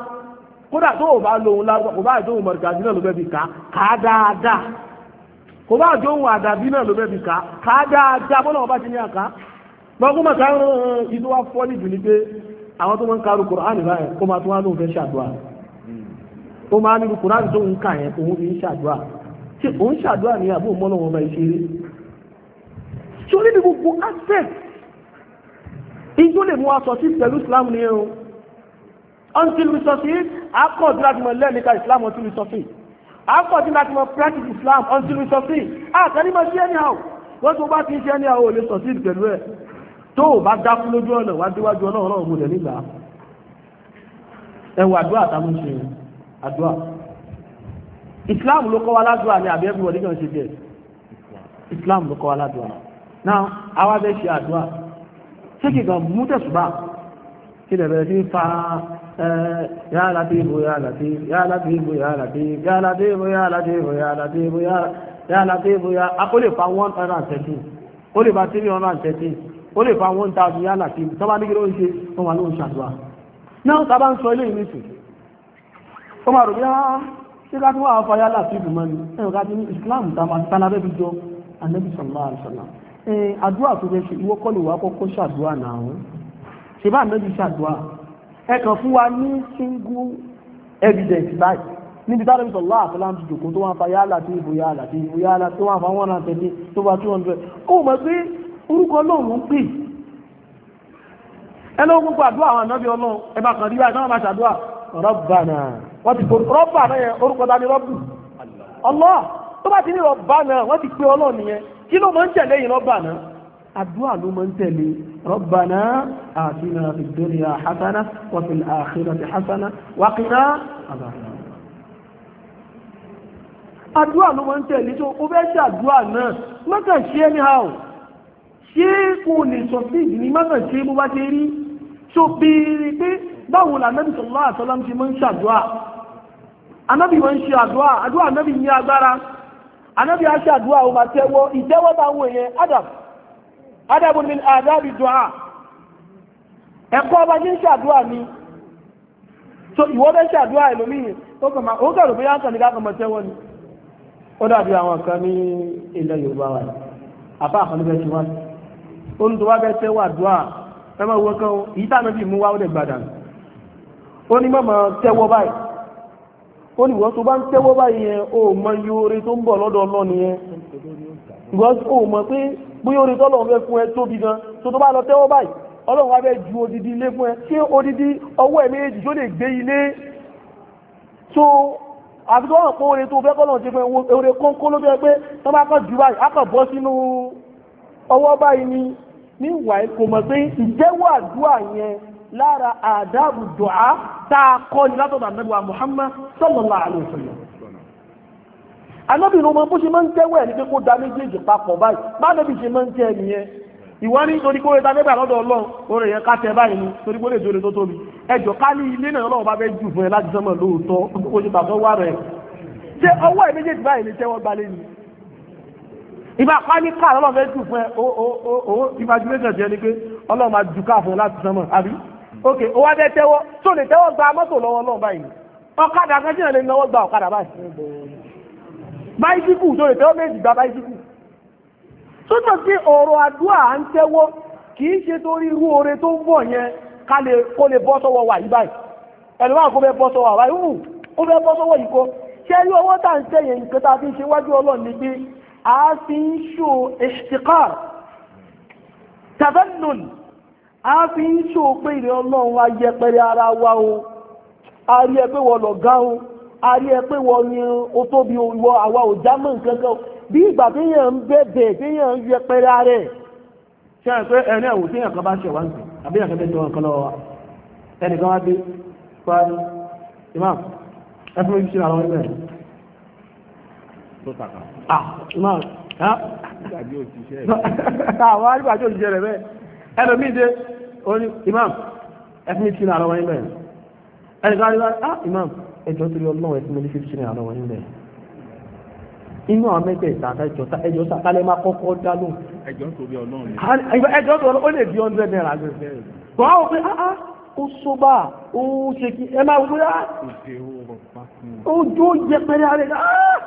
kódà tó o bá lo òun lárúbá kò bá àjọ òun mọ̀rìgàdì náà ló bẹ́ fi ká ká dáadáa kò bá àjọ òun àdàbí náà ló bẹ́ fi ká ká dáadáa bọ́lá wọn bá ti ní àká gbọ́ngún mọ̀ ká ń ìdó wa fọ́ níjù ni pé àwọn tó máa ń ka Kùránì báyẹn kó máa tó wá lóun fẹ́ ṣàdúrà ó máa ń lu Kùránì tó ń kà yẹn òun fi ń ṣàdúrà ṣe òun ṣàdúrà ní àbúrò mọ́lọ́wọ́n ọmọ ìṣeré tó níbi gbogbo aspect ìjó lè mú aṣọ sí pẹ̀lú islam ní ẹ̀rọ until we succeed akọ̀dí láti mọ lẹ́ẹ̀mẹ́ta islam until we succeed akọ̀dí láti mọ practice islam until we succeed àkàní mọ sí anyhow wọ́n tó bá ti ń ṣe anyhow ò lè succeed pẹ̀lú ẹ̀ tó o bá dákú lójú ọ̀nà wá déwájú ọlọ́run náà mo lẹ̀ nígbà ẹ wà àdúrà táwọn ṣe àdúrà islam ló kọ́ wa ládùúrà ni àbí ẹ̀fọ́ ìwọ̀n nígbà ń ṣe bẹ́ẹ̀ islam ló kọ́ wa ládùúrà náà awábẹ́ ṣe àdúrà tí kì kan mú tẹ̀sùbá kí lẹ̀bẹ̀ sí fa ya latif ya latif ya latif ya latif ya latif ya latif ya latif ya latif ya ó lè fa 130 ó lè fa 330 ó lè fa 1000 ya latif tọ́bá ní kí ló ń ṣe wọ́n wà ló ń ṣàdúrà náà tàbá ń sọ ilé ìrìnsì ó máa rò bí á ṣe ká tí wọ́n àwọn fa ya latif mọ́ ni ẹ̀rọ ká tí ní Islam tàbá tánabẹ́bí jọ Eh, àdúrà tó fẹ́ ṣe ìwọ kọ́ lè wá kọ́kọ́ ṣàdúrà náà ṣe bá ànábì ṣàdúrà ẹ kàn fún wa ní single evidence báyìí níbi tá a lọ́wọ́ sọ̀rọ̀ láàfin láti jòkó tó wá fa yálà tí ìbò yálà tí ìbò yálà tó wá fa one hundred and ten tó wá two hundred ó mọ̀ pé orúkọ lóun ń pè ẹni ó gbogbo àdúrà àwọn ànábì ọlọ́run ẹ bá kàn rí báyìí táwọn bá ṣàdúrà rọ́bànà wọ́n ti pò rọ́bànà yẹn orúkọ dání rọ́bù ọlọ́ tó bá ti ní rọ́bànà wọ́n ti pé ọlọ́run nìyẹn kí ló máa ń tẹ̀lé yìí Rabbana àdúrà ló máa ń tẹ̀lé Rabbana àfihàn ìdóríyà hasana wàfin àkhirati hasana wàkìrá àbàrà àdúrà ló máa ń tẹ̀lé tó o fẹ́ ṣe àdúrà náà mọ́kàn ṣe anyhow ṣé kò lè sọ sí ìdíní mọ́kàn ṣe bó bá ṣe rí tó béèrè pé báwo la Nabi sallallahu alaihi ti máa ń ṣàdúrà anábì máa ń ṣe àdúrà àdúrà anábì ní agbára anábì aṣàdúrà ó máa tẹ́wọ́ ìtẹ́wọ́ bá wọ yẹn adam adam ni adábì dùn ẹ̀kọ́ ọba ní ṣàdúrà ni so ìwọ bẹ́ ṣàdúrà ẹlòmíì ó kàn máa ó kàn rò bóyá ń kàn ní kákan mọ tẹ́wọ́ ni ó dàbí àwọn kan ní ilẹ̀ Yorùbá wa àbá àkànní bẹ́ẹ̀ ti wá ó ń tó wá bẹ́ẹ̀ tẹ́wọ́ àdúrà ẹ máa wọ kán o ìyí tá àná bíi mú wá ó dẹ̀ gbàdàn ó ní mọ̀mọ́ tẹ́wọ́ báyìí ó ní wọ́n tó bá ń tẹ́wọ́ báyìí yẹn o mọ iye oore tó ń bọ̀ lọ́dọ̀ ọlọ́ nìyẹn because o mọ̀ pé bóyá oore tó lọ́wọ́ fẹ́ fún ẹ tóbi gan tó tó bá lọ tẹ́wọ́ báyìí ọlọ́run wa fẹ́ ju odidi ilé fún ẹ ṣé odidi ọwọ́ ẹ̀ méjèèjì tó lè gbé ilé tó àfi tó hàn pé oore tó fẹ́ kọ́ lọ́run ti fún ẹ oore kónkó ló fẹ́ pé tó bá kọ́ ju báyìí á kàn bọ́ sínú ọwọ́ báyìí ni níwàá kò mọ̀ pé ìjẹ́wọ́ àdúrà yẹn lára àdáàbù dùá tá a kọ́ ni látọ̀dọ̀ àdàbùwà Muhammad sallallahu alaihi wasallam anábìnrin ọmọ bó ṣe máa ń tẹ́wọ́ ẹ̀ ní pé kó da méjèèjì papọ̀ báyìí bá níbi ṣe máa ń tẹ́ ẹni yẹn ìwọ ní torí kó ta nígbà lọ́dọ̀ Ọlọ́run orin yẹn ká tẹ báyìí ni torí kó lè dóore tó tóbi ẹjọ́ ká ní ilé náà Ọlọ́run bá fẹ́ jù fún ẹ láti sọ́mọ̀ ẹ̀ méjèèjì báyìí ni tẹ́wọ́ gbalẹ̀ ni ní pé Ọlọ́run jù ká fún ẹ láti sọ́mọ̀ àbí ok ó wá bẹ́ tẹ́wọ́ tó lè tẹ́wọ́ gba mọ́tò lọ́wọ́ náà báyìí ọ̀kadà kan jìnnà lè lọ́wọ́ gba ọ̀kadà báyìí báyìsíkù tó lè tẹ́wọ́ méjì gba báyìsíkù tó sí ọ̀rọ̀ àdúrà à ń tẹ́wọ́ kì í ṣe torí irú oore tó ń bọ̀ yẹn ká lè kó lè bọ́ sọ́wọ́ wà yí báyìí ẹlòmíràn kó fẹ́ bọ́ sọ́wọ́ wà yí ó fẹ́ bọ́ sọ́wọ́ yìí kó ṣé rí owó tá à ń tẹ̀yẹ̀ nǹkan tá a fi ń ṣe wájú ọlọ́run ni pé a fi ń ṣò ìṣtìkọ́ tàbẹ́nùn a fi ń ṣò pé ìrẹ́ ọlọ́run a yẹpẹrẹ ara wa o a rí ẹ pé wọ́n lọ̀gá o a rí ẹ pé wọ́n ni o tóbi ìwọ àwa ò já mọ́ nǹkan kan bí ìgbà téèyàn ń bẹ̀bẹ̀ téèyàn ń yẹpẹrẹ ara ẹ̀ ṣe é pé ẹni ẹ̀wò téèyàn kan bá ṣẹ̀ wá nǹkan àbí ẹ̀kan bẹ́ẹ̀ tó wọn kan lọ́wọ́ wa ẹnìkan wá dé pa imam ẹ fún mi ṣe àwọn ẹgbẹ́ rẹ̀ tó tàkà ah imam ha (laughs) àwọn àríwájú òṣìṣẹ́ rẹ̀ bẹ́ẹ̀ ẹlòmíì ó ní imam ẹfún ìtìlẹ̀ àrọ wọn ilẹ̀ ẹni ká rí wá ah imam ẹjọ́ torí ọlọ́run ẹfún mi fífi àrọ wọn ilẹ̀ inú àwọn mẹ́tẹ̀ ìtàkà ìjọta ẹjọ́ sàkálẹ̀ máa kọ́kọ́ dá lóhùn ẹjọ́ torí ọlọ́run ẹjọ́ torí ó lè di hundred naira gbẹ̀rẹ̀ gbọ́n ó pé ah ah ó sóbà ó ṣe kí ẹ máa wúra ah, ó jó jẹ pẹ́rẹ́ àrẹ ah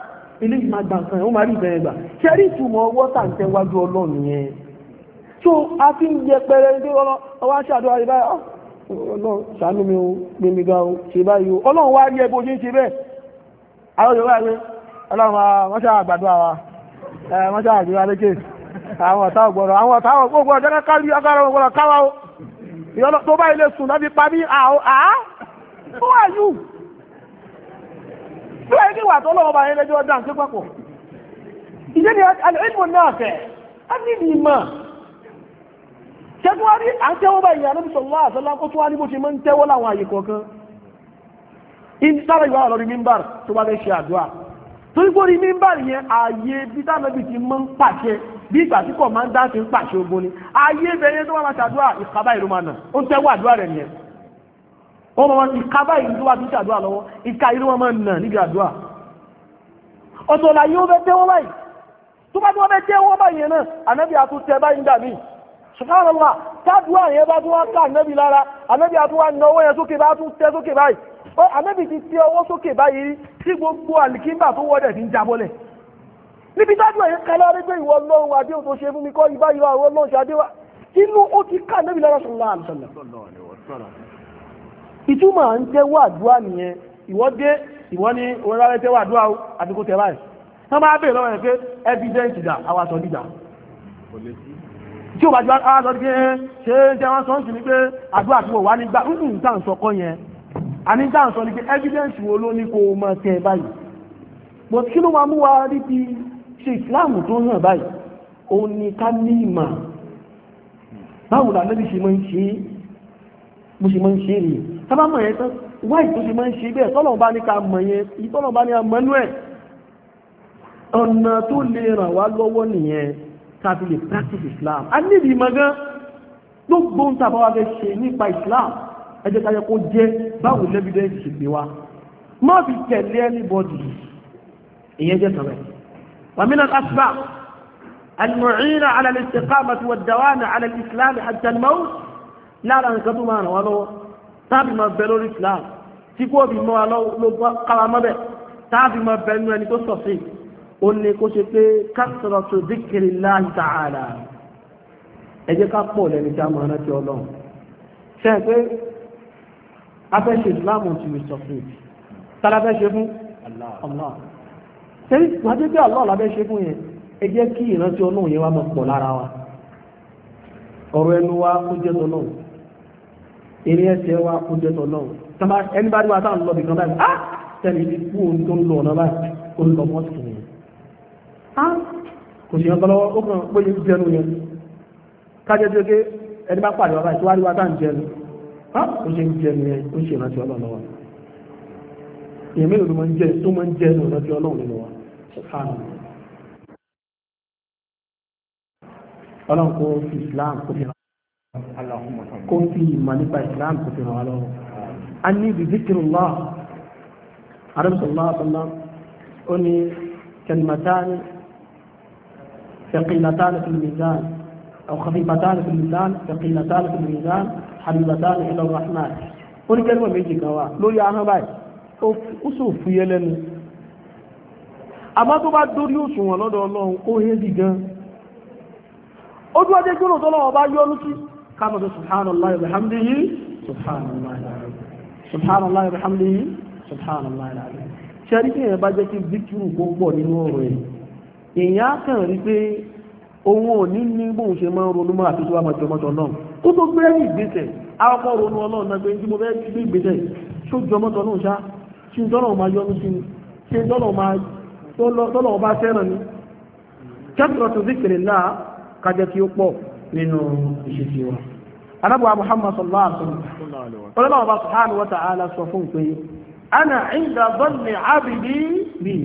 ilé ìmàgbà kan ó máa rí ìbẹ̀rẹ̀ gbà ṣẹ́rí ìtumọ̀ ọwọ́ tàǹtẹ̀wájú ọlọ́run yẹn tó a fi ń yẹ pẹrẹ ní ọlọ́ ọwá ń ṣàdúrà rí báyìí ah, mi ò gbé ga o ṣe báyìí o ọlọ́run wá rí ẹbí ojú ń ṣe bẹ́ẹ̀ àwọn yorùbá rẹ ọlọ́run wọn ṣe àgbàdo àwa wọn ṣe àgbàdo àlékè àwọn ọ̀tá ògbọ̀rọ̀ àwọn ọ̀tá ògbọ̀rọ̀ ọ̀jọ́ kárí agbára ògbọ̀rọ̀ káwá o ìyọ́nà tó báyìí lè sùn láti pa ní àá ó wà yù bí wàá ní tó lọ́wọ́ bá yẹn lẹ́jọ́ ìyẹn ni ìmọ̀ náà fẹ́ á ní ìmọ̀ tẹ́tún wá rí à ń tẹ́wọ́ báyìí ànábì sallallahu alaihi wasallam kó tún wá ní bó ṣe máa ń tẹ́wọ́ láwọn àyè kọ̀ọ̀kan ìtara ìwà ọ̀rọ̀ rí mímbàr tó bá fẹ́ ṣe àdúrà torí pé rí mímbàr yẹn ààyè bí tánàbì ti máa ń pàṣẹ bí ìgbà tí kò máa ń dá sí ń pàṣẹ ogun ni ààyè ibẹ̀ yẹn tó bá máa ṣàdúrà ìkábà ìlú máa nà ó ń tẹ́wọ́ àdúrà rẹ̀ nìyẹn ó máa ìkábà ìlú tó bá ti ṣàdúrà lọ́wọ́ ìka ìlú wọn máa nà níbi àdúrà ọ̀tọ̀ làyè ó fẹ́ tẹ́wọ́ báyìí tó bá tí wọ́n fẹ́ tẹ́wọ́ báyìí náà ànábì àtúntẹ báyìí dàbí subhanallah tádùá yẹn bá tún wá ká ànábì lára ànábì àtúwá náwó yẹn sókè bá tún tẹ sókè báyìí ó ànábì ti tẹ ọwọ́ sókè báyìí tí gbogbo àlìkímbà tó wọ́dẹ̀ ti ń jábọ́lẹ̀ níbi tádùá yẹn kan lára pé ìwọ lọ́run àdéhùn tó ṣe fún mi kọ́ ibà ìwà àwọn ọlọ́run ṣe àdéhùn inú ó ti ká ànábì lára sallallahu alaihi wasallam ìtumọ̀ à ń tẹ́wọ́ àdúrà nìyẹn ìwọ dé ìwọ ní òun rárá tẹ́wọ́ àdúrà o àti kò tẹ́ báyìí wọ́n máa bèèrè lọ́wọ́ rẹ̀ pé evidence dà àwọn àtọ̀ dídà tí ó bá jọ á lọ gbé ṣe ń jẹ́ wọ́n sọ ń sì ní pé àdúrà tí mo wà nígbà ń ń tà ń sọ kọ́ yẹn àní tà ń sọ ní pé evidence wo ló ní kó o máa tẹ báyìí bó kí ló máa mú wa rí bí ṣe Islam tó hàn báyìí òun ni ká ní ìmọ̀ báwo la lẹ́bi ṣe máa ń ṣe é bó ṣe máa ń ṣe é rèé sábà mọ̀ yẹn tán wáyé tó ṣe máa ń ṣe bẹ́ẹ̀ tọ́lọ̀ bá ní ká mọ̀ yẹn ìtọ́lọ̀ bá ní ká mọ̀ ọ̀nà tó lè ràn wá lọ́wọ́ nìyẹn tàbí lè practice Islam a níbi ìmọ̀ gan gbogbo ń tàbá wa fẹ́ ṣe nípa Islam ẹ jẹ́ ká yẹ kó jẹ́ báwo lẹ́bídẹ́ǹsì ṣe gbé wa má fi tẹ̀lé anybody ìyẹn jẹ́ sọ̀rọ̀ ومن الأسباب المعينة على الاستقامة والدوام على الإسلام حتى الموت لا لا نكتب معنا ولو tàbí máa bẹ lórí Islam tí kò bí mọ́ wa lọ́wọ́ káwa mọ́ bẹ̀ tàbí máa bẹ nínú ẹni tó sọ̀fẹ́ ó ní kó ṣe pé kásìrọ̀tù díkìrì láàyè tààlà ẹ jẹ́ ká pọ̀ lẹ́ni tí a máa rántí ọlọ́run ṣe pé afẹ́ṣe ìsìláàmù ti rí sọ̀fún tàbí afẹ́ṣe fún Allah ṣẹ́rí wọ́n jẹ́ pé Allah lábẹ́ṣe fún yẹn ẹ jẹ́ kí ìrántí ọlọ́run yẹn wá máa pọ̀ lára wa ọ̀rọ̀ ẹnu wa kó jẹ́ tọ́lọ́run eré ẹsẹ̀ wa kó jẹ́ tọ́lọ́run ẹni bá rí wa táwọn lọ́bì kan báyìí ah! Ah, kò sí ọ̀tọ́ lọ́wọ́ ó kàn pé jẹnu yẹn kájẹ́ tí ó ké ẹni bá pàdé ọba ìtúwárí wa táà ń jẹnu ah, ó ṣe ń jẹnu yẹn ó ṣe ìrántí ọlọ́run lọ́wọ́ èèyàn mélòó ló máa ń jẹ tó máa ń jẹnu ìrántí ọlọ́run nínú wa sọ̀tánù ọlọ́run kò fi Islam kò fi kò fi ìmọ̀ nípa Islam kò fi ràn wá lọ́wọ́ a ní ibi zikrullah àdàbùsọ̀lá àbọ̀lá ó ثقيلتان في الميزان أو خفيفتان في الميزان ثقيلتان في الميزان حبيبتان إلى الرحمن قل كلمة méjì kan wà lórí ahọ́n báyìí ó sì fúyẹ́ lẹ́nu àmọ́ tó bá dórí òṣùwọ̀n lọ́dọ̀ Ọlọ́run ó hé sí gan ó dúró dé gbónà tọ́lọ́wọ́ bá yọ́ lútí káàmọ̀ tó subhanallah ibihamdihi subhanallah subhanallah ibihamdihi subhanallah ṣe àríkìyàn bá jẹ́ kí zikiru kó pọ̀ nínú ọ̀rọ̀ yìí èèyàn á kàn rí pé òun ò ní ní bóun ṣe máa ń ronú mọ́ àti tó wà mọ́tò mọ́tò náà kó tó gbé ìgbésẹ̀ àkọ́kọ́ ronú ọlọ́run náà pé tí mo fẹ́ gbé ìgbésẹ̀ tó jọ mọ́tò náà ṣá ṣe tọ́lọ̀ máa yọnu sí ni ṣe tọ́lọ̀ máa tọ́lọ̀ bá fẹ́ràn ni kẹ́tọ̀rọ̀ tó zikiri náà kájẹ́ kí ó pọ̀ nínú ìṣesí wa anábọ̀ Muhammad sallallahu alaihi wa ta'ala sọ fún pé ana inda dhanni abidi bi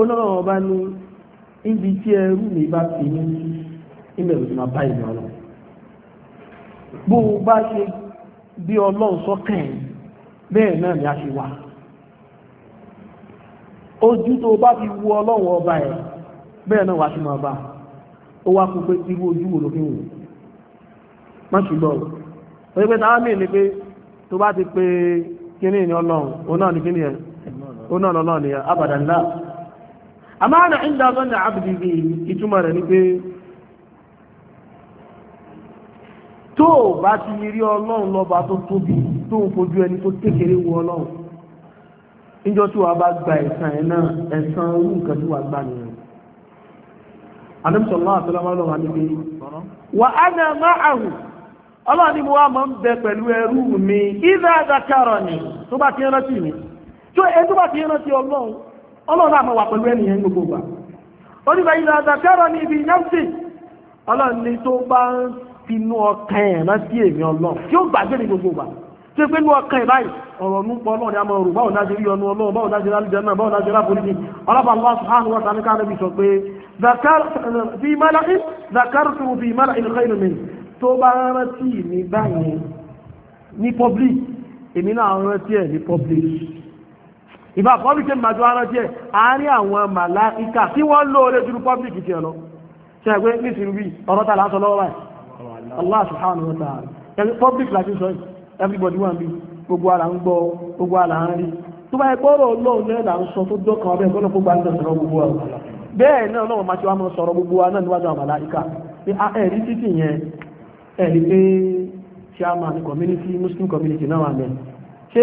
ọlọ́run ọba ibi tí ẹrú na bá fi ní ilẹ̀ òjò máa bá ìlú ọlọ́run bó o bá ṣe bí ọlọ́run sọ́kàn bẹ́ẹ̀ náà ni a ṣe wà ojú tó bá fi wo ọlọ́run ọba ẹ̀ bẹ́ẹ̀ náà wà á ṣe máa bá o wá kó pé irú ojú wo ló fi má ṣe lọ òye ti pe kíní ọlọ́run òun náà ni kíní ẹ̀ òun náà àmánà ìdá zọ́nà àbìdì bí ìtumọ̀ rẹ̀ ni pé tó o bá ti rí ọlọ́run lọ́ba tó tóbi tó ń fojú ẹni tó kékeré wo ọlọ́run níjọ́ tí wàá bá gba ẹ̀san ẹ̀ náà ẹ̀san orú nǹkan tí wàá gbà nìyẹn àdébùsọ̀lá àtọ́lámọ́ lọ́wọ́ níbi wà á nà má àrùn ọlọ́run ni mo wá máa ń bẹ pẹ̀lú ẹrú mi ìdá àdàkàrọ̀ ni tó bá ti rántí mi tó ẹ tó bá ti rántí ọlọ́run ọlọ́run àmọ́ wà pẹ̀lú ẹnìyẹn gbogbo gbà ó ní báyìí láti àkẹ́rọ̀ ní ibi yẹ́mùsì ọlọ́run ní tó bá ń finú ọkàn ẹ̀ rántí èmi ọlọ́run tí ó gbàgbé ní gbogbo gbà tí ó pé ní ọkàn ẹ̀ báyìí ọ̀rọ̀ ní pọ̀ ọlọ́run àmọ́ òrùn báwo láti rí ọnu ọlọ́run báwo láti rí alìjẹ náà báwo láti rí àforíjì ọlọ́pàá Allah subhanahu wa ta'ala káàdé bí sọ pé fi mẹ́lẹ́kì zakartu fi mẹ́lẹ́kì khairun min tó bá rántí mi báyìí ní public èmi náà rántí ìbá pọ́blìkì màjú ara jẹ́ àárín àwọn màláìkà tí wọ́n lóore dúró pọ́blìkì jẹ́ lọ ṣe ẹgbẹ́ nísìnyí bí ọ̀rọ̀ tà lásán lọ́wọ́ báyìí Allah subhanahu wa ta'ala ẹni public láti sọ yìí everybody wà ń bí gbogbo ara ń gbọ́ gbogbo ara ń rí tó bá ẹgbọ́ ọ̀rọ̀ ọlọ́run náà là ń sọ tó dọ́kan ọbẹ̀ ẹ̀kọ́ náà gbogbo àti sọ̀rọ̀ gbogbo wa bẹ́ẹ̀ náà náà máa wa náà níwájú àwọn màláìkà pé ẹ̀rí títì yẹn ẹ̀rí community muslim community náà wà mẹ́ ṣé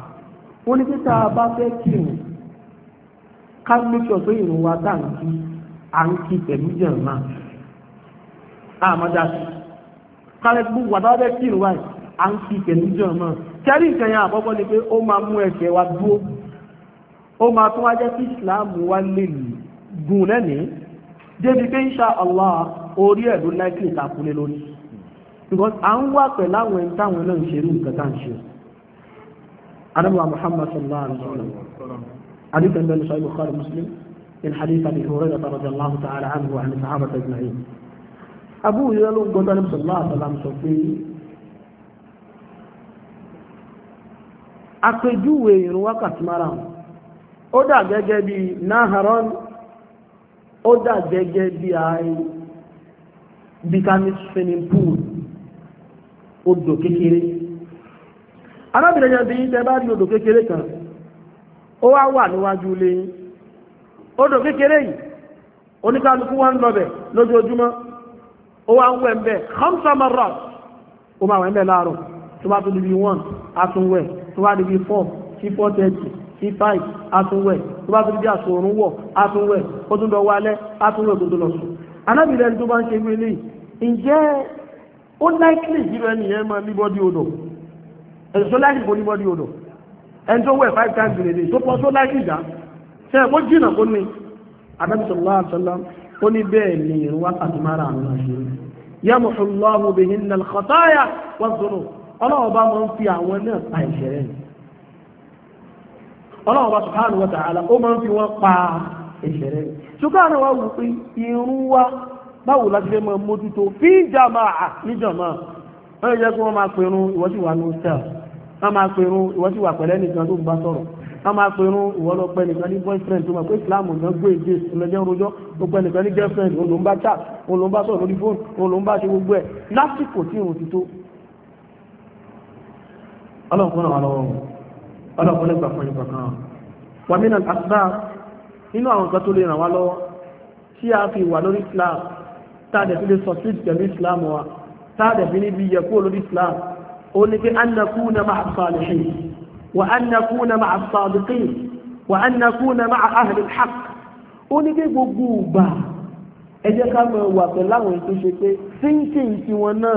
wọ́n ní títà bá fẹ́ kírun ká mẹ́kọ̀ tó ìrùn wa tá à ń kí à ń kí pẹ̀lú jẹ̀mọ́ àmọ́dá sí kálẹ̀ gbogbo wà bá fẹ́ kírun wa à ń kí pẹ̀lú jẹ̀mọ́ kẹ́rì nǹkan yẹn àkọ́kọ́ ni pé ó máa mú ẹsẹ̀ wa dúró ó máa tún wá jẹ́ kí ìsìláàmù wa lè gùn lẹ́nìí débi pé insha Allah orí ẹ̀ ló láìpẹ́ ìtàkùnlé lórí because à ń wà pẹ̀lú àwọn ẹni táwọn náà ń ṣerú nǹkan tá à ń ṣe anabuwa muhammad sallallahu alaihi wasallam hadisan bẹni sọ ibùkọ́ muslim in hadith abi hurairah radiyallahu ta'ala anhu wa an sahaba tajma'in abu hurairah ló gbọ́dọ̀ ní sallallahu alaihi wasallam sọ pé àpèjúwe ìrun wákàtí mara ó dà gẹ́gẹ́ bí náhàrán ó dà gẹ́gẹ́ bí ààyè bí ká ní swimming pool odò kékeré arábìnrin yẹn bí tẹ bá rí odò kékeré kan ó wá wà níwájú ilé yín odò kékeré yìí oníkálukú wá ń lójoojúmọ́ ó wá ń wẹ̀ ń bẹ̀ mara ó máa wẹ̀ ń bẹ̀ láàárọ̀ tó bá tún dibi one atúnwẹ̀ tó bá dibi four sí four thirty sí five atúnwẹ̀ tó bá tún dibi àsòrún wọ̀ atúnwẹ̀ ó tún lọ wálẹ̀ atúnwẹ̀ gbogbo lọ sùn arábìnrin tó bá ń ṣe wí lè ǹjẹ́ ó láìkìlì jírò ẹnìyẹn máa ní bọ́dí odò ẹ̀sùn tó láti kò ní bọ́dí odò ẹni tó wẹ̀ five times in a day tó pọ̀ tó láti ìdá ṣe ẹ̀kọ́ jìnà kó ní adábísọ̀lá àtọ́lá ó ní bẹ́ẹ̀ ni ìrún wákàtí mara àwọn àṣírí yamhu Allahu bihinna al-khataya waz-zunub ọlọ́wọ́ bá máa ń fi àwọn náà pa ìṣẹ̀rẹ̀ báwo láti fẹ́ máa mójútó fi jàmáà ní kí wọ́n máa pinnu ìwọ́sí wa ní hòtẹ́ẹ̀lì wọ́n máa pe irun ìwọ sì wà pẹ̀lẹ́ nìkan tó ń bá sọ̀rọ̀ wọ́n máa pe irun ìwọ lọ pẹ́ nìkan ní boyfriend tó mọ̀ pé Islam gan gbé èdè ìlẹ́jẹ́ rojọ́ tó pẹ́ nìkan ní girlfriend òun ló ń bá chat òun ló ń bá sọ̀rọ̀ lórí fóònù òun ló ń bá ṣe gbogbo ẹ̀ lásìkò tí irun ti tó. ọlọ́kùnrin kan wàmínà àtúbà lọ́wọ́ tí a fi wà Islam táàdẹ̀ fi lè sọ sí ìtẹ̀lú Islam wa táàdẹ̀ fi Islam ó ní pé annakuna ma'a salihin wa annakuna ma'a sadiqin wa annakuna ma'a ahli al-haq ó ní pé gbogbo ìgbà ẹ jẹ́ ká mọ̀ wà pẹ̀lú àwọn ètò ṣe pé thinking ti wọn náà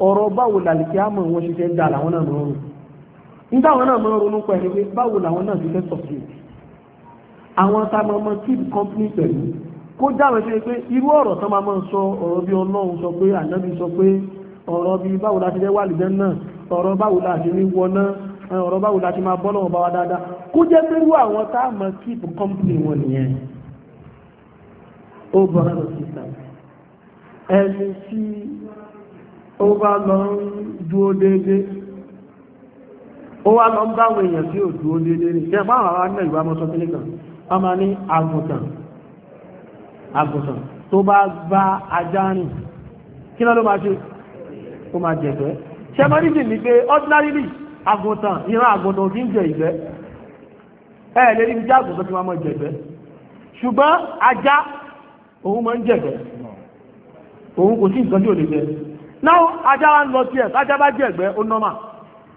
ọ̀rọ̀ báwo làlìkí àmọ̀ wọn ṣe fẹ́ dà làwọn náà mọ̀ ọ́rùn nígbà wọn náà mọ̀ ronú pa ẹni pé báwo làwọn náà ti fẹ́ sọ̀tì àwọn tá máa mọ keep company pẹ̀lú kó dáwọn ṣe pé irú ọ̀rọ̀ tán máa máa sọ ọ̀rọ̀ bí ọlọ́run sọ pé ànábì sọ pé ọ̀rọ̀ bí báwo la ti fẹ́ wà lùdẹ́ náà ọ̀rọ̀ báwo la ṣe ní wọná ọ̀rọ̀ báwo la ṣe máa bọ́ lọ́wọ́ bá wa dáadáa kó jẹ́ pẹ̀lú àwọn tá a mọ̀ keep company wọn nìyẹn ó bọ́ra lọ sí ìta ẹni tí ó bá lọ ń dúó déédéé ó wá lọ ń bá àwọn èèyàn tí ò dúó déédéé ní ṣe fáwọn ará náà ìwà mọ́sán sílé kan wọ́n máa ní àgùntàn àgùntàn tó bá bá ajá rìn kí ló máa ṣe ó máa jẹ̀gbẹ́ ṣẹmọ́rìsì ni ordinarily àgùntàn ìran àgùntàn ò kí ń jẹ ìgbẹ́ ẹ lè rí ibi àgùntàn tí wọ́n máa jẹ̀gbẹ́ ṣùgbọ́n ajá òun máa ń jẹ̀gbẹ́ òun kò sí nǹkan tí ò lè jẹ náà ajá wa ń lọ bá ó nọ́mà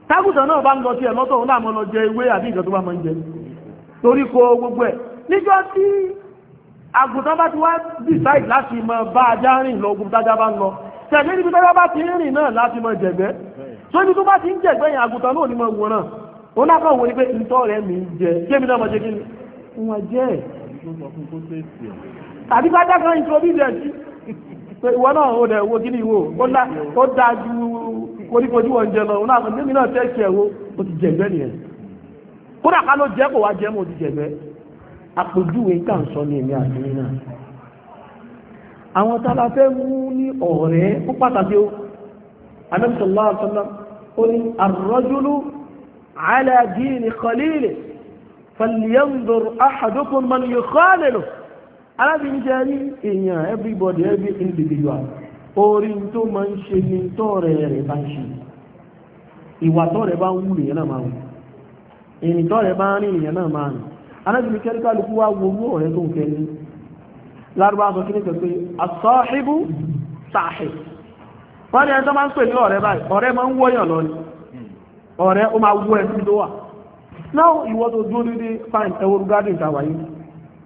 tágùntàn náà bá ń lọ lọ́tọ̀ òun lọ jẹ ewé àbí nǹkan tó bá máa ń gbogbo tí àgùntàn bá ti wá láti máa bá ajá rìn lọ tájá bá tẹ̀lé níbi tọ́jọ́ bá ti ń rìn náà láti mọ jẹ̀gbẹ́ tó ibi tó bá ti ń jẹ̀gbẹ́ yẹn àgùntàn náà ní mọ wò náà ó lápá wo ni pé ntọ́ rẹ̀ mi ń jẹ kémi náà mọ jẹ kí ni wọ́n jẹ́ ẹ̀. àbí bá dákan introduce ẹ̀ sí ìwọ náà ó dẹ̀ wo kí ni ìwò ó dáa ju koríkojú wọn jẹ lọ ó náà kémi náà tẹ́ kí ẹ̀ ó ti jẹ̀gbẹ́ nìyẹn kódà ká ló jẹ́ kó wá jẹ́ mọ́ ó ti jẹ̀gbẹ́ àpèjúwe tá ń sọ ní èmi àti ní náà àwọn tàbí fẹ́ mú ní ọ̀rẹ́ ó pàtàkì ó anẹ́bìsọ̀lá àtọ́lá ó ní àrọ́júlú aláàjí ní kọlílẹ̀ fàlìyàndòr àhàdókùn mọ̀ ní kọlẹ̀lò ní èèyàn everybody every individual orí tó máa ń ṣe ní tọ́ọ̀rẹ́ rẹ̀ bá ń ṣe ìwà tọ́ọ̀rẹ́ bá ń wù nìyẹn náà máa wù ìrìn tọ́ọ̀rẹ́ bá lárúbá sọ kí ní pẹ̀pẹ́ asọ́hìbú sàáhì wọ́n ni ẹjọ́ máa ń pè ní ọ̀rẹ́ báyìí ọ̀rẹ́ máa ń wọ́yàn lọ ni ọ̀rẹ́ ó máa wọ́ ẹni tó wà náà ìwọ tó dúró ní ní fine ẹwọ́rú gádùn ìtawà yìí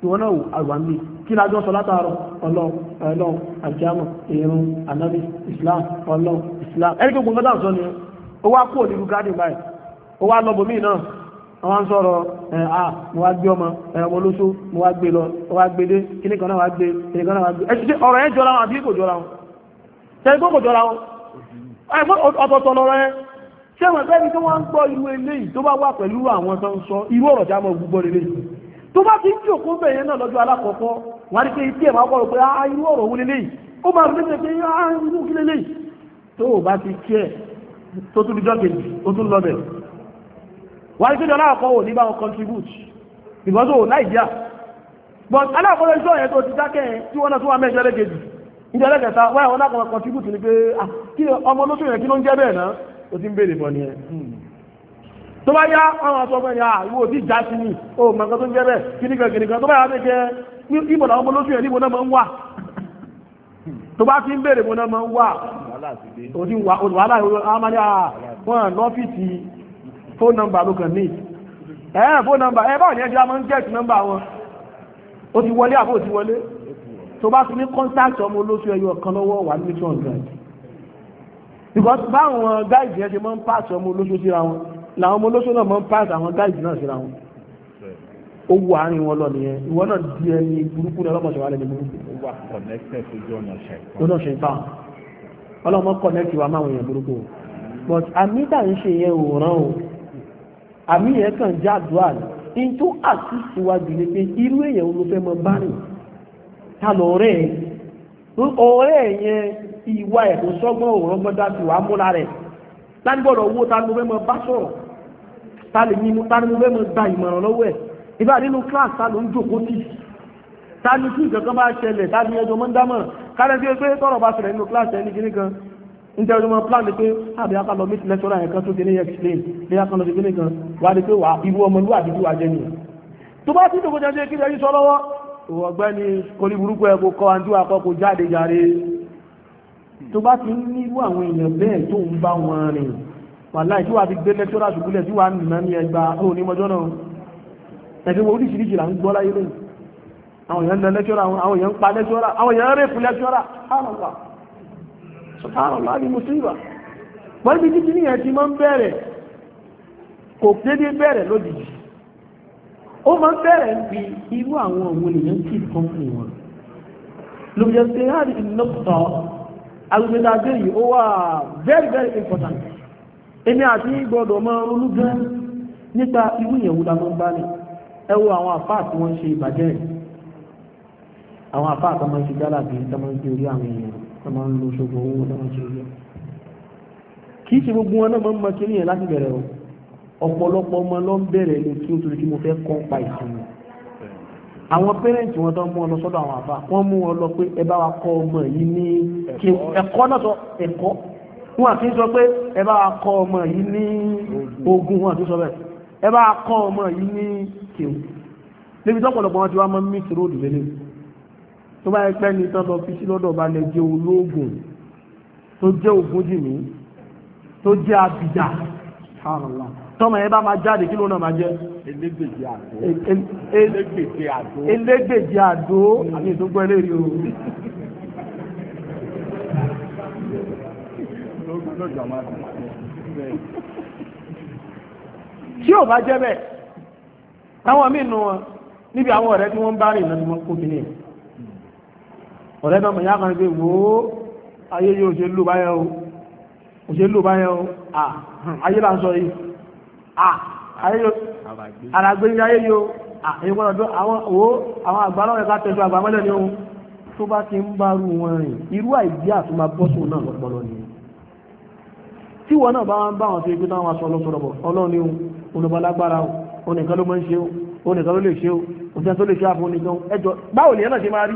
ìwọ náà àgbà mi kí lájọ́ sọ látàárọ̀ ọlọ́ ẹ̀lọ́ àjámọ̀ ìrun àwọn ń sọ̀rọ̀ à mo wá gbé ọmọ ẹ̀wọ̀n olóṣó mo wá gbé lọ mo wá gbé dé kíní kan náà wá gbé kíní kan náà wá gbé ẹ ṣiṣẹ́ ọ̀rọ̀ yẹn jọra wọn àbí kò jọra wọn tẹ́lẹ̀ pé kò jọra wọn ọ̀tọ̀ọ̀tọ̀ lọ́rọ̀ yẹn ṣé wọn fẹ́ni tí wọ́n ń gbọ́ irú eléyìí tó bá wà pẹ̀lú àwọn tó ń sọ irú ọ̀rọ̀ jámọ̀ gbogbo eléyìí tó bá ti ń jòkó bẹ̀yẹn náà lọ́jọ́ alákọ̀ọ́kọ́ wọ́n á rí pé ìtí ẹ̀ máa kọ́ pé á irú ọ̀rọ̀ wo leléyìí ó máa rí pé á irú kí leléyìí tó o bá ti kí ẹ̀ tó tún dijọ́ kejì tún lọ bẹ̀rẹ̀ wà ní kíjọ láàpọ̀ ò ní bá wọn contribute because ó Nàìjíríà but aláàpọ̀lọ́ iṣẹ́ ọ̀yẹ́ tó ti dákẹ́ tí wọ́n náà tún wà mẹ́jọ lẹ́gẹ̀ẹ́jì ìjọ lẹ́gẹ̀ẹ́ta wáyà wọn láàpọ̀ contribute ni pé ah, kí ọmọ olóṣù yẹn kí ló ń jẹ́ bẹ́ẹ̀ náà ó ti ń béèrè bọ̀ nìyẹn hmm. tó bá yá àwọn aṣọ ọgbẹ́ni àìwò ah, tí já sí ní o mọ̀kan tó ń jẹ́ bẹ́ẹ̀ kìnnìkan kìnnìkan tó bá yá bẹ́ẹ̀ jẹ́ ìbò làwọn ọmọ olóṣù yẹn níbo náà máa ń wà (laughs) tó bá ti ń béèrè mo náà máa ń wà òdì wàhálà àwọn amáyà ah, wọn lọ́fíìsì phone number ló kàn ní ẹ̀ phone number ẹ báwọn ní ẹjọ́ máa ń get number wọn ó ti wọlé àbó ti wọlé tó bá ti ní contact ọmọ olóṣù ẹyọ kan lọ́wọ́ wà ní two hundred because báwọn guys yẹn ṣe máa ń pass ọmọ olóṣù síra wọn làwọn ọmọ olóṣù náà máa ń pass àwọn guys náà síra wọn ó wù àárín wọn lọ nìyẹn ìwọ náà di ẹni burúkú ní ọlọ́mọṣẹ́ wa lẹ́nu burúkú. ó wà connected ojú ọ̀nà ṣẹ̀fà. ọ̀nà ọlọ́mọ connect wa máa wọ̀nyẹn burúkú but àmì tà ń ṣe yẹn òòràn o àmì yẹn kàn já àdúrà ni in tó àti síwájú ni pé irú èèyàn ló fẹ́ mọ bá rìn ta lọ ọ̀rẹ́ ẹ̀ ọ̀rẹ́ ẹ̀ yẹn ìwà ẹ̀ kò sọ́gbọ́n òun ọgbọ́n dá sí wàá múra rẹ̀ láti gbọ́dọ̀ owó ta ló fẹ́ mọ bá sọ̀rọ̀ ta lè ní ta ló fẹ́ mọ gba ìmọ̀ràn lọ́wọ́ ẹ̀ ìbá nínú kíláàsì ta ló ń jòkó tì ta ni tí ìjọ̀kan bá ṣẹlẹ̀ ta ni ẹjọ́ mọ́ ń dámọ̀ràn níta ọdún máa plan pé àbí ah, aká lọ meet lecturer yẹn kan tó ti ní explain bí aká lọ sí kíní kan wà á di pé wà ibú ọmọlúwàbí tí wà jẹ́ nìyẹn tó bá sí ìdòkò jẹ́ kí ẹyí sọ lọ́wọ́ ìwọ̀ ọ̀gbẹ́ni kọlí burúkú ẹ̀kọ́ kọ́ àjú àkọ́ kò jáde jàre tó bá ti ń níwú àwọn èèyàn bẹ́ẹ̀ tó ń bá wọn rìn wàláì tí wà fi gbé lẹ́tọ́rà ṣùgbúlẹ̀ tí wà nìmọ́ ní ẹgbà ó ní náà pa lẹ́tọ́rà àwọn èèyàn ń rèé fún lẹ́tọ́rà sọ̀tàrọ̀ láàrin mùsùlùmí wọ́n ibi títí níyẹn ti máa ń bẹ̀rẹ̀ kò dédé bẹ̀rẹ̀ lójijì ó máa ń bẹ̀rẹ̀ bí irú àwọn òun ènìyàn kì kan fún wọn lóbi ẹsẹ láàrin ìnáfọ̀ agbègbèdàgbé yìí ó wà very very important èmi àti gbọdọ̀ máa ronú gan nípa irú ìyẹ̀wò la máa ń bá ní ẹ wo àwọn àfáà tí wọ́n ń ṣe ìbàjẹ́ àwọn àfáà tó máa ń ṣe gálàbí tó máa ń gbé orí àwọn èèyàn ọmọ ń lo ṣogbo owó lọ́wọ́ ṣe yọ kìí ṣe gbogbo wọn náà máa ń mọ kí nìyẹn láti bẹ̀rẹ̀ o ọ̀pọ̀lọpọ̀ ọmọ ló ń bẹ̀rẹ̀ ní kí n torí kí mo fẹ́ kọ́ pa ìsinmi àwọn pẹ́rẹ́ǹtì wọn tó mú ọ lọ sọ́dọ̀ àwọn àbá wọ́n mú ọ lọ pé ẹ bá wa kọ́ ọmọ yìí ní ẹ̀kọ́ náà sọ ẹ̀kọ́ wọn àti sọ pé ẹ bá wa kọ́ ọmọ yìí ní ogun wọn àti sọ bẹ́ẹ̀ ẹ bá wa kọ́ ọmọ yìí ní kéwù níbi tọ́pọ̀lọpọ̀ wọn ti wá mọ́ mí tó bá yẹ pé ní tán lọ fi sí lọ́dọ̀ bá lè jẹ́ olóògùn tó jẹ́ ògùn jì mí tó jẹ́ abìjà sàrànlá tọ́mọ yẹn bá máa jáde kí ló náà máa jẹ́. elégbèjì àdó e, e, e, elégbèjì àdó elégbèjì àdó àmì ìdógbò eléyìí o. tí ò bá jẹ́ bẹ́ẹ̀ táwọn míì nù wọn níbi àwọn ọ̀rẹ́ tí wọ́n ń bá rìn lọ́dún wọn kó kínní yẹn ọ̀rẹ́ náà mọ̀yá kan pé wò ayé yóò ṣe lù báyẹ̀ o òṣèlú báyẹ̀ o ayé là ń sọ yìí àràgbé ní ayé yóò èyí gbọ́dọ̀ tó àwọn òwò àwọn àgbàlọ́ ẹ̀ká tẹ̀sù àgbàmọ́lẹ̀ ni ohun tó bá ti ń bá rú wọn rìn irú àìdí àtúmà bọ́sùn náà lọ́pọ̀lọ́ ni tí wọn náà bá wọn bá wọn tó ibi náà wọn sọ lọ́sọ̀rọ̀ bọ̀ ọlọ́run ni ohun olùbọ́lágbára ohun ló máa ń ṣe ohun ló lè ṣe òṣìṣẹ́ tó lè ṣe àfún nìkan ẹjọ́ báwo ni ẹ náà ṣe máa rí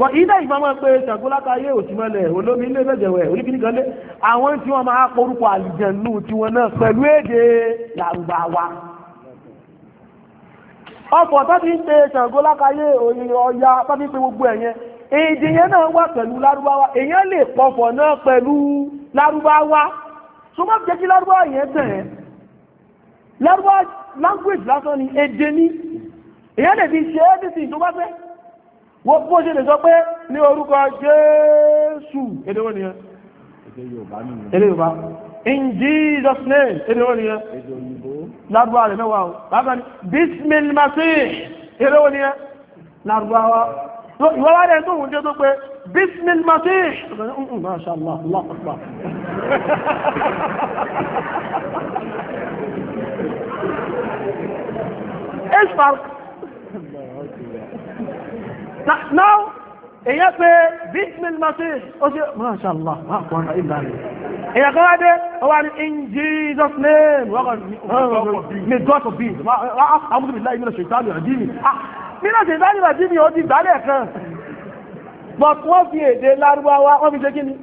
bọ̀ ilé ìfọmọ́ pé ṣàgúlákà ayé òsìmọ́lẹ̀ olómi ilé mẹ́jẹ̀wẹ̀ oníkìníkanlé àwọn tí wọ́n máa porúkọ àlìjẹ̀nù tí wọ́n náà pẹ̀lú èdè làrúbáwá ọ̀pọ̀ tó ti ń pe ṣàgúlákà ayé òyìn ọya tó ti ń pe gbogbo ẹ̀yẹn èdè yẹn náà wà pẹ̀lú lárúbáwá èyàn lè pọ̀fọ̀ náà pẹ̀lú lárúbáwá tó má jẹ́ kí lárúbáwá yẹn tẹ̀ lárúbáwá language lásán ni èdè ni èyàn lè fi ṣe everything tó bá fẹ́ bó ṣe lè sọ pé ní orúkọ jésù èdè wọn nìyẹn in jesus name èdè wọn nìyẹn lárúbáwá rẹ mẹwàá o bàbá ni bismil masih èdè wọn nìyẹn lárúbáwá ìwọ wá tó wùn jẹ tó pé bismil masih Now, èyẹ́ pé bismil masih ó sì mashallah máa kọ́ ọ̀nà ìlà rẹ̀ èyẹ́ kan wáde ó wá ní in jesus name wọ́n kọ́ oh, may god forbid àwọn ọmọdé láì nínú ṣètàlù àdínì nínú ṣètàlù àdínì ó ti gbálẹ̀ kan but wọ́n fi èdè lárúbáwá wọ́n fi ṣe kí ni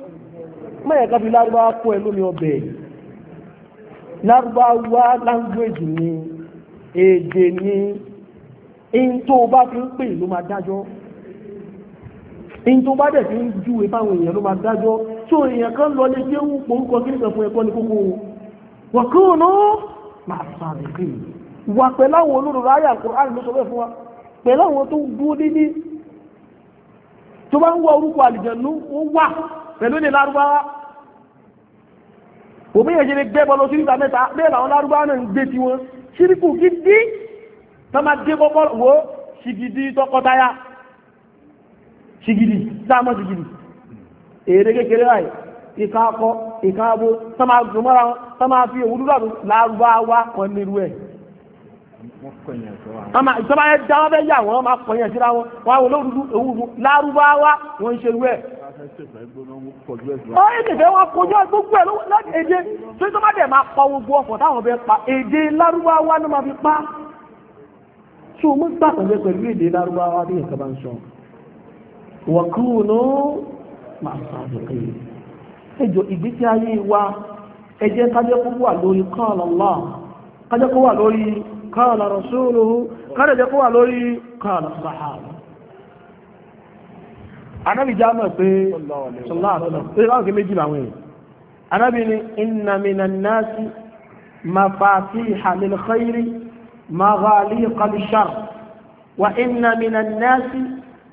mẹ́yẹ̀ kan fi lárúbáwá kó ẹ lómi ọbẹ̀ lárúbáwá language ni èdè ni in tó bá fi ń pè ló máa dájọ́ in tó bá dẹ̀ fi ń ju ìfáwọn èèyàn ló máa dájọ́ tó èèyàn kan lọ lé jẹ́ wù pòrúkọ kí nìkan fún ẹ̀kọ́ ní kókó wọ̀kúrùnú máa sàrẹ̀ kí wà pẹ̀láwọn olóró ayà Kùránì ló sọ bẹ́ẹ̀ fún wa pẹ̀láwọn tó dúró dídí tó bá ń wọ orúkọ àlìjẹ̀nú ó wà pẹ̀lú ní lárúbáwá òbí yẹn ṣe lè gbẹ́ bọ́ lọ sí ìgbà mẹ́ta bẹ́ẹ̀ làwọn lárúbáwá náà ń gbé tiwọn ṣíríkù gidi tó máa dé kọ́kọ́ wo ṣìgìdì tọkọtaya sigidi dáàmọ́ sigidi èrè kékeré láì ìka akọ ìka abo sọ́mà gbọmọ́ra wọn sọ́mà fi òwú dúdú lárúbáwá wọn nírú ẹ̀ ìjọba yẹn dá wọn fẹ́ yà wọn máa kọ̀yìn síra wọn wọn àwọn olóòdúdú òwú lárúbáwá wọn ń ṣe rú ẹ̀ ọ̀rẹ́ ìdèfẹ́ wọn kojú gbogbo ẹ̀ láti èdè tó tó má dẹ̀ máa pa gbogbo ọ̀fọ̀ táwọn bẹ pa èdè lárúbáwá ló máa fi pa ṣùgbọ́n gbàgbọ́ pẹ̀lú èdè lárúbáwá bí nǹkan bá ń sọ wọ̀kúrúnú máa sàdùkì ẹjọ́ ìgbésí ayé wa ẹjẹ́ kájẹ́kú wà lórí qala Allah kájẹ́kú wà lórí qala rasuluhu kájẹ́kú wà lórí qala sahaba anábì já mọ̀ pé sọláàtọ̀ anábì ni inna minan nasi mafatiha lil khairi maghaliqa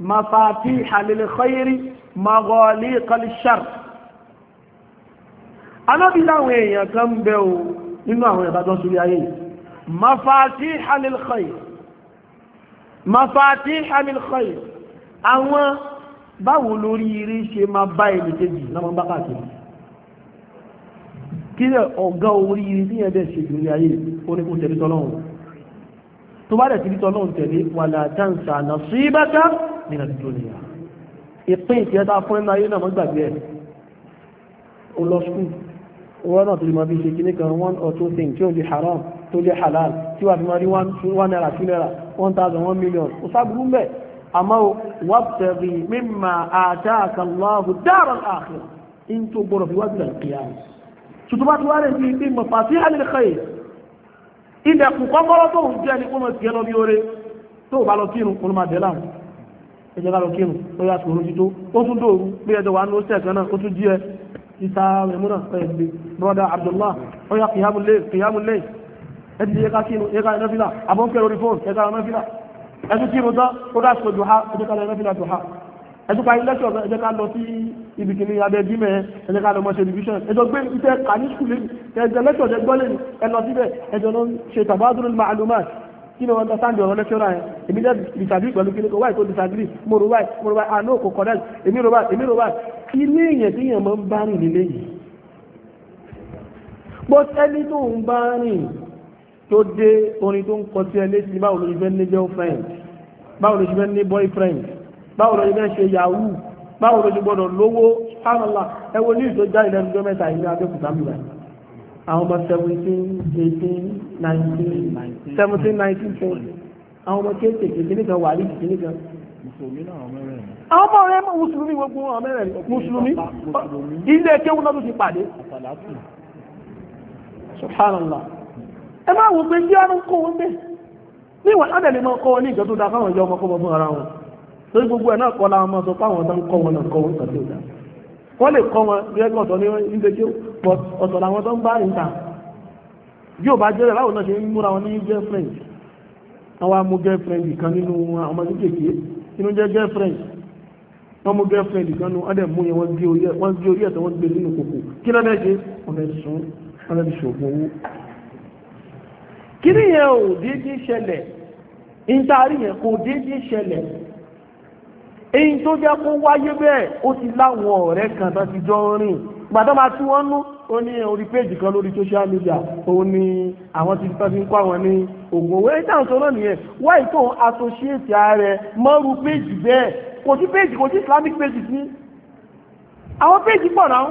مفاتيح للخير مغاليق للشر انا بلا وين كان بيو nínú àwọn ìbájọ́ sórí ayé مفاتيح للخير مفاتيح للخير àwọn báwo lórí ire ṣe máa bá ẹni kejì náà máa bá káàkiri kí lẹ ọ̀gá orí ire tí ẹ̀dẹ̀ ṣe lórí ní kó tẹ̀lé tọ́lọ́run tó bá dẹ̀ ti rítọ́ náà tẹ̀lé wàlá tansa nasibaka nínú dunya ìpín ìtẹ́ta fún ẹ̀nà ayé náà mọ́ gbàgbé ẹ̀ ó lọ skul wọ́n náà tó lè máa fi ṣe kíní kan one or two things tí ó lè haram tó lè halal tí wàá fi máa rí one naira two naira one thousand one million ó sábúrú mẹ́ àmọ́ wàbtẹ̀rì mimma ataka Allahu daral akhirah ń tó gbọ́dọ̀ fi wá ilẹ̀kùn kọ́kọ́rọ́ tó ń jẹ́ ní kó mọ̀ sí ẹlọ bí oore tó bá lọ kírun kó máa dẹ̀lá ẹjẹ́ bá lọ kírun tó yá sòrò tító ó tún dòru bí ẹjọ́ wa ní oṣù ẹ̀kan náà ó tún jí ẹ ìta mẹ́múnà ẹ̀gbẹ́ brọ́dà Abdullah ó yá kìyàmúlé kìyàmúlé ẹ ti yẹka kírun yẹka ẹnẹ́fìlà àbọ̀nkẹ́ lórí fóònù yẹka ẹnẹ́fìlà ẹ tún kírun tán ó dá sọ dùhá ẹjẹ́ ká lọ ẹnẹ́fìlà dùhá ẹ tún ka ilé ibi kìíní abẹ́ bímẹ ẹ̀jẹ̀ ká lọ mọ tẹlifíṣàn ẹjọ́ gbé iṣẹ́ kà ní sùkúl lẹ́nu ẹjọ́ lẹ́tọ̀ ọ̀dẹ́ gbọ́ lẹ́nu ẹ lọ síbẹ̀ ẹjọ́ lọ ṣe tàbádùn màálùmáà kí ni wọ́n gbọ́ sáǹdì ọ̀rọ̀ lẹ́kṣọ́rà yẹn èmi jẹ́ disagree pẹ̀lú kíní kan wáyé tó disagree mo ro wáyé mo ro wáyé àná kò kọ̀dá èmi ro wáyé èmi ro wáyé ilé yẹn tí yẹn máa ń bá rìn nílé yìí but ẹni tó ń bá rìn tó dé orin tó ń kọ sí ẹ létí báwo ló ṣe fẹ́ ní girlfriend báwo ló ṣe fẹ́ ní boyfriend báwo ló ṣe fẹ́ ṣe yahoo báwo ló ti gbọ́dọ̀ lówó sánàlá ẹwọ ní ìtọ́já ilẹ̀ ẹgbẹ́ mẹ́ta ìlú abẹ́kúta mìíràn àwọn ọmọ seventeen eighteen nineteen seventeen nineteen twenty àwọn ọmọ kéékèèké kìnnìkan wà ní kìnnìkan àwọn ọmọ rẹ mùsùlùmí gbogbo ọmọ rẹ mùsùlùmí ilé kéwú náà tó ti pàdé subhanallah ẹ máa wò pé bí wọn kó wọn bẹ níwọ̀n adẹ̀lẹ̀ máa kọ́ ní ìjọ tó da káwọn ìjọ ọmọ kọ́ wọn fún ara wọn lórí gbogbo ẹ̀ náà kọ́ la máa sọ fáwọn ọ̀tá ń kọ́ wọn náà kọ́ wọn kàtí òdà wọ́n lè kọ́ wọn gẹ́gẹ́ ọ̀tọ̀ ní ìdẹ́jọ́ but ọ̀tọ̀ làwọn tó ń bá ìta yóò bá jẹ́rẹ̀ báwọn náà ṣe ń múra wọn ní girlfriend àwọn amú girlfriend kan nínú àwọn ọmọdé kéèké inú jẹ́ girlfriend wọ́n mú girlfriend kan nínú ọdẹ mú yẹn wọ́n gbé orí ẹ̀tọ́ wọ́n gbé nínú kòkò kí ló dẹ́ ṣe wọ́n fẹ́ sùn wọ́n fẹ́ ṣòfò owó kí ni yẹn ò déédéé ṣẹlẹ̀ ń taari yẹn kò déédéé ṣẹlẹ̀ èyí tó jẹ́ kó wáyé bẹ́ẹ̀ ó ti láwọn ọ̀rẹ́ kan tó ti jọ rìn gbàdọ́ máa tú wọ́n nú ó ní orí péjì kan lórí social media ó ní àwọn ti tọ́ fi ń kọ́ àwọn ní ògùn owó èyí táwọn sọ̀rọ̀ nìyẹn wáyé tó ń asosiéètì ààrẹ mọ́rú péjì bẹ́ẹ̀ kò sí péjì kò sí islamic péjì sí àwọn péjì pọ̀ náà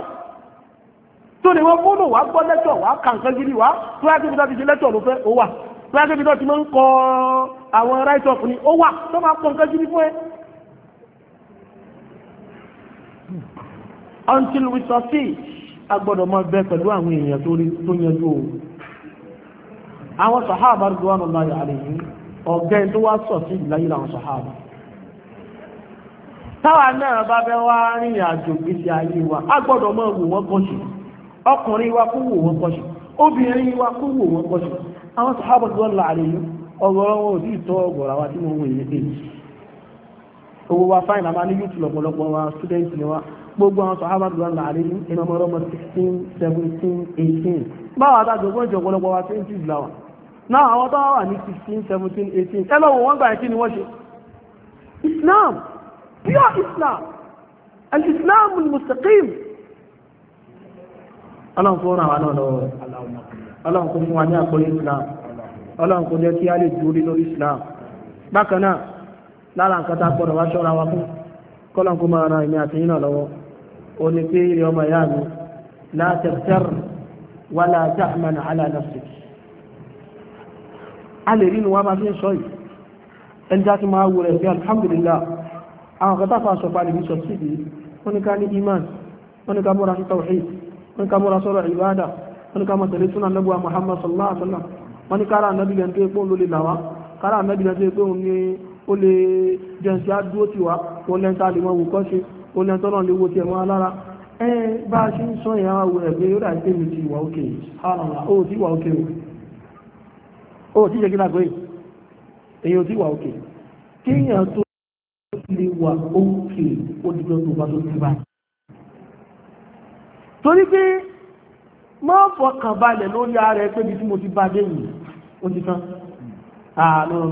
tó lè wọ́n fóònù wá gbọ́ lẹ́tọ̀ wá kàǹkan gidi wá tó yá kébí tó ti ṣe lẹ́tọ̀ ló fẹ́ ó wà tó yá kébí tó ti máa ń kọ àwọn right up ni ó wà tó máa kọ nǹkan gidi fún ẹ until we succeed a agbọdọ máa bẹ pẹ̀lú àwọn èèyàn tó yanjú o àwọn sàhábà rẹ̀ wà lọ́la yàrá yìí ọ̀gẹ́ tó wá succeed láyé làwọn sàhábà táwa náà bá fẹ́ wá rìnrìn àjò gbèsè ayé wa a gbọ́dọ̀ máa wò wọ́n kọ́ṣù ọkùnrin wa wò wọ́n kọ́ṣù obìnrin wa wò wọ́n kọ́ṣù àwọn owó wa fáìn àmà ní yúùtù lọ́pọ̀lọpọ̀ wa student ni wa gbogbo àwọn sọ̀hábà tó lọ́nà àrí ní ẹnu ọmọ ọmọ sixteen seventeen eighteen báwa àtàjọ fún ìjọ ọ̀pọ̀lọpọ̀ wa twenty là wà náà àwọn tó wà ní sixteen seventeen eighteen ẹ lọ́wọ́ wọ́n gbà kí ni wọ́n ṣe Islam pure Islam al-Islam al-mustaqim ọlọ́run fún ọ̀rọ̀ àwọn ọlọ́rọ̀ ọlọ́run kò fún wa ní àpọ̀lẹ̀ Islam ọlọ́run kò jẹ́ kí a lè dúró lórí Islam bákan náà lára nǹkan tá gbọ́dọ̀ wá ṣọ́ra wa fún kọ́lọ̀ kó máa ran èmi àti yín náà lọ́wọ́ ó ní pé ilé ọmọ ìyá mi la tabtar wala tahman ala nafsik a lè rí ni wọ́n máa fi ń sọ yìí ẹni já ti máa wo rẹ̀ sí alhamdulillah àwọn kan táfà sọ pa níbi sọ̀tìdì wọ́n ní ká ní iman wọ́n ní ká múra sí tawhid wọ́n ní ká múra sọ̀rọ̀ ìbádà wọ́n ní ká mọ̀ tẹ̀lé súnà nẹ́bùwà Muhammad sallallahu alaihi wa sallam wọ́n ní kára ànábìyàn tó epo ń lólè làwá kára ànábìyàn tó epo ń ní ó lè jẹun tí a dúró ti wá ó lẹ́n tá a lè mọ òun kọ́ ṣe ó lẹ́n tọ́lọ́ lè wo ti ẹ̀wọ̀n alára ẹ bá a ṣe ń sọ ìyá wa ẹ̀gbẹ́ yóò dà pé mi ti wà òkè àrànlá ó ti wà òkè o ó ti ṣe kí lágbé èyàn ti wà òkè kéèyàn tó lè wà òkè ó ti jọ tó bá tó ti ó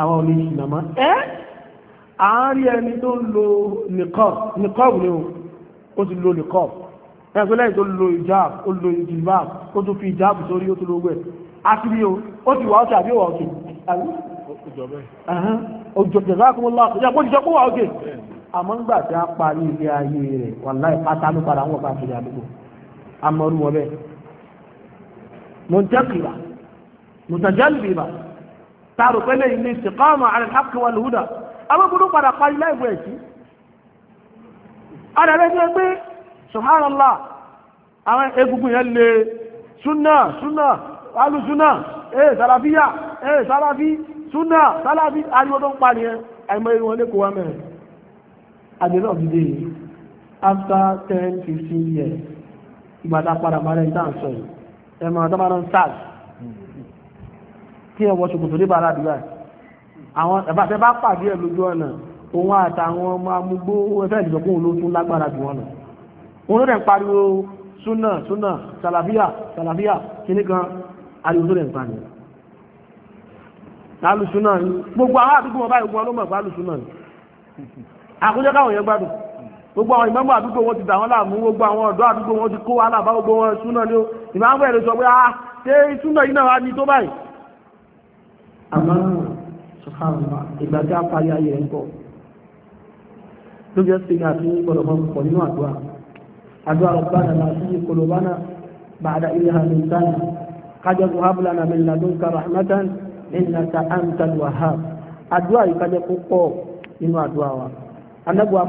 àwọn olè ṣìnà mọ́ ẹ́ àárín ẹni tó ń lo nìkọ́ọ̀bù ni ó ti lo nìkọ́ọ̀bù ẹgbẹ́ lẹ́yìn tó lo ìjáàb ó lo ìjìnbáàb ó tún fi ìjáàb sórí ó tún lóògbé àti bí o ó ti wà ọ́kẹ́ àbí wà ọ́kẹ́ òjòjò bá kún lọ́wọ́ àkójọ kó jíjọ kó wà ọ́kẹ́ àmọ́ ń gbà táàrò pé lè ní ìsìnkọ́ọ̀mù àrẹ àkíwà lòúdà agbógunú padà pa ilé ìwé ẹ̀sí adàlẹ́ ní ẹgbẹ́ subhanallah àwọn egungun yẹn lè súnà súnà alù súnà ee sàlàfíà ee sàlàfí súnà sàlàfí ariwo tó ń pa nìyẹn àìmọ irun wọn lẹ́kọ̀ọ́ wa mẹ́rin àdéhùn ọ̀dídé after ten fifteen years ìgbà tá a padà máa rẹ̀ ń tàn sọ yìí kí ẹ wọ ṣòkòtò dé bàrà àdúrà àwọn ẹ̀fẹ́ bá pàdé ẹ̀ lójú ọ̀nà òun àtàwọn ọmọ amúgbó ẹ̀fẹ́ ìjọkún òun ló tún lágbára jù wọn lọ òun ló dẹ̀ ń pariwo súnà súnà sàlàfíà sàlàfíà kíní kan ariwo tó dẹ̀ ń pariwo lálùsúnà ni gbogbo àwọn àdúgbò wọn báyìí gbogbo wọn ló mọ̀ lálùsúnà ni àkójọ káwọn yẹn gbádùn gbogbo àwọn ìmọ̀mọ́ àdúgbò wọn ti dà wọ́n láàmú gbogbo àwọn ọ̀dọ́ àdúgbò wọn ti kó aláàbá gbogbo wọn súnà ni ó ìmọ̀ àwọn ẹ̀rọ sọ pé ah ṣé súnà yìí náà wá ní tó báyìí àmọ́ sọ̀hánà ìgbà tí a parí ayé rẹ̀ ń bọ̀ ló jẹ́ sí náà tí gbọ́dọ̀ mọ́ pọ̀ nínú àdúrà àdúrà ọ̀bánà náà sí ìkọlọ̀bánà bàdà ilé ha ní sáà kájọ́ tó hábùlà náà min ladunka rahmatan innaka antal pọ̀ nínú àdúrà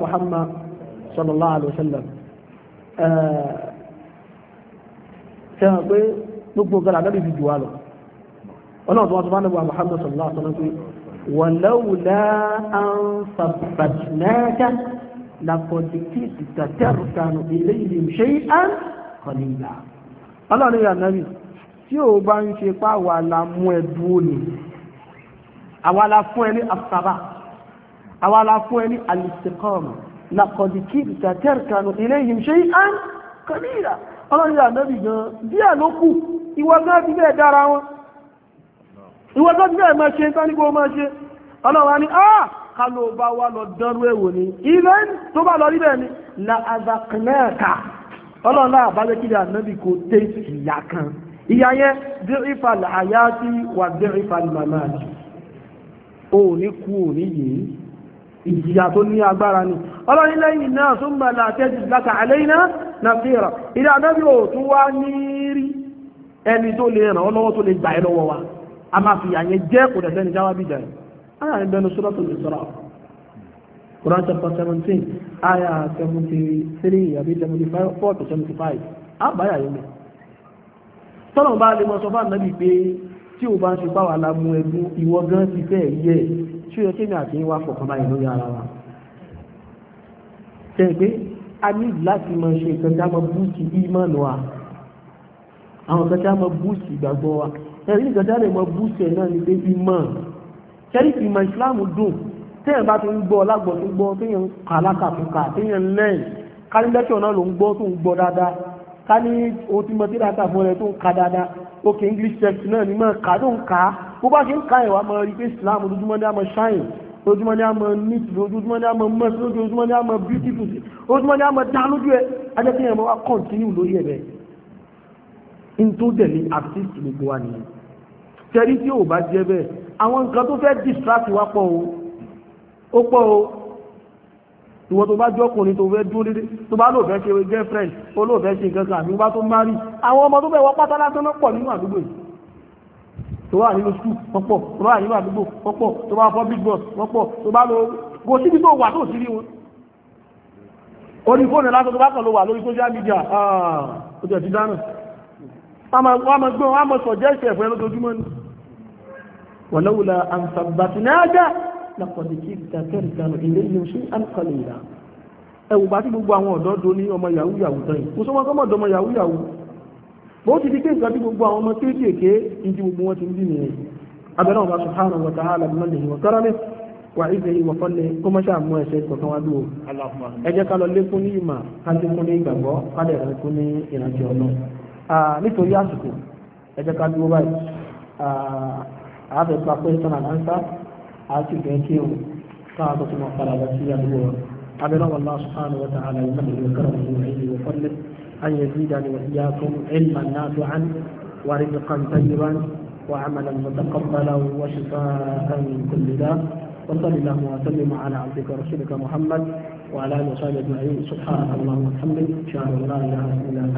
eh, gbogbo nǹkan àdábì fi lọ ọlọ́run tó wá tó bá níbo Muhammad sallallahu alaihi wasallam pé wàlọ́wùlá an sàbàtìnáàjà làkọ̀dìkì ìtàtẹ́rùkànù ilé ìlú ṣe án kọ̀nìyà ọlọ́run yà nàbì tí ò bá ń ṣe pa wà la mú ẹ dúró ni àwa la fún ẹ ní asaba àwa la fún ilé ìlú ṣe án kọ̀nìyà ọlọ́run yà nàbì gan díẹ̀ ló kù ìwọ ti bẹ́ẹ̀ dára wọn. ìwọ tó ti bẹ́ẹ̀ ṣe tán ní kó máa ṣe ọlọ́wà ni ah kálọ̀ bá wà lọ dánrú ẹ̀wò ni ilẹ̀ tó bá lọ níbẹ̀ ni la azakunẹ́ẹ̀ka ọlọ́lá àbájẹ́kiri ànábì kò tẹ́ ìyá kan ìyá yẹn dé ìfàlẹ̀ àyá sí wà dé ìfàlẹ̀ màmá o ní kú ò ní ìjìyà tó ní agbára ni ọlọ́run náà tó ń na fi rà ànábì ò tún wá ní rí ẹni tó lè ràn ọ́ lọ́wọ́ tó lè gbà ẹ́ lọ́wọ́ wa. a máa fi àyẹn jẹ́ òdẹ̀lẹ́ni jáwá bí jẹ́ àyà ń bẹnu Suratul Isra Quran chapter seventeen àyà seventy three àbí seventy five four to seventy five àbáyà yẹn mi tọ́lọ̀ bá lè mọ sọ fún ànábì pé tí o bá ń ṣe báwa la mú ẹgbú ìwọ gan ti fẹ́ yẹ tí ó yẹ kémi àti wá fọkàn báyìí lórí ara wa tẹ́ pé a ní láti mọ ṣe nǹkan tí a mọ búùsì wa àwọn nǹkan tí búùsì ìgbàgbọ́ wa ẹ̀rí ìgbàjáde mọ búṣẹ̀ náà ni pé ìmọ̀ ṣẹ́rí ìmọ̀ ìsìláàmù dùn téèyàn bá ti ń gbọ́ lágbọ̀ tó ń gbọ́ téèyàn ń kà lákàtúnkà téèyàn ń lẹ́yìn ká ní lẹ́kṣọ̀ náà ló ń gbọ́ tó ń gbọ́ dáadáa ká ní o ti mọ sí dáadáa fún rẹ tó ń ka dáadáa òkè english text náà ni máa kà tó ń kà bó bá ṣe ń ka ìwà máa rí pé islam lójúmọ́ ní àmọ́ shine lójúmọ́ ní àmọ́ neat lójúmọ́ ní àmọ́ mercy lójúmọ́ ní àmọ́ beautiful lójúmọ́ ní àmọ́ dá lójú ẹ ajẹ́ kí ẹ̀rọ wa continue lórí ẹ̀ bẹ́ẹ̀ tó dẹ̀ ní artist gbogbo wa nìyẹn tẹ́rí tí ò bá jẹ́ bẹ́ẹ̀ àwọn nǹkan tó fẹ́ distract wá pọ̀ o ó pọ̀ o ìwọ tó bá jọ́kùnrin tó fẹ́ dúró dédé tó bá lò fẹ́ ṣe girlfriend ó lò fẹ́ ṣe nǹkan kan àbí bá tó márì àwọn ọmọ tó fẹ́ wọ pátá lásán náà pọ̀ nínú àdúgbò yìí tó wà nínú skul wọ́n pọ̀ tó wà nínú àdúgbò wọ́n pọ̀ tó bá public bus wọ́n pọ̀ tó bá lọ kò síbi tó wà tó sí rí wọn orí fóònù lásán tó bá kàn ló wà lórí social media ah, ó tẹ̀ ti dáná wọ́n mọ̀ gbọ́n wọ́n mọ̀ sọ̀jẹ́sì ẹ̀fún ẹ lójoojúmọ́ ni wọ́n lọ́wọ́lá àǹfààbàtì náà dá lápọ̀dìkì ìtàkẹ́rìkà ilé yìí ṣe àǹkọlẹ̀ ìlà ẹ̀wù bá tí gbogbo àwọn ọmọ tí gbogbo àwọn ọmọ gbogbo wọn ti ń bí nìyẹn abẹ́rẹ́ wọn bá subhanahu wa ta'ala lè wọ́n kọ́ra wà ìfẹ́ yìí fọ́lẹ̀ kó mọ́ ṣàmú ẹ̀ṣẹ̀ kọ̀ọ̀kan wá Ah, nítorí àsìkò ẹ jẹ́ ká dúró báyìí àbẹ̀pá question and answer àti ìgbẹ́ kí o káà tó tún padà lọ sí àdúgbò rẹ̀ أبلغ الله سبحانه وتعالى بمنه وكرمه وعلمه وفضله أن يزيدني وإياكم علما نافعا ورزقا طيبا وعملا متقبلا وشفاء من كل داء وصل اللهم وسلم على عبدك ورسولك محمد وعلى اله وصحبه اجمعين سبحانك اللهم وبحمدك اشهد ان لا اله الا انت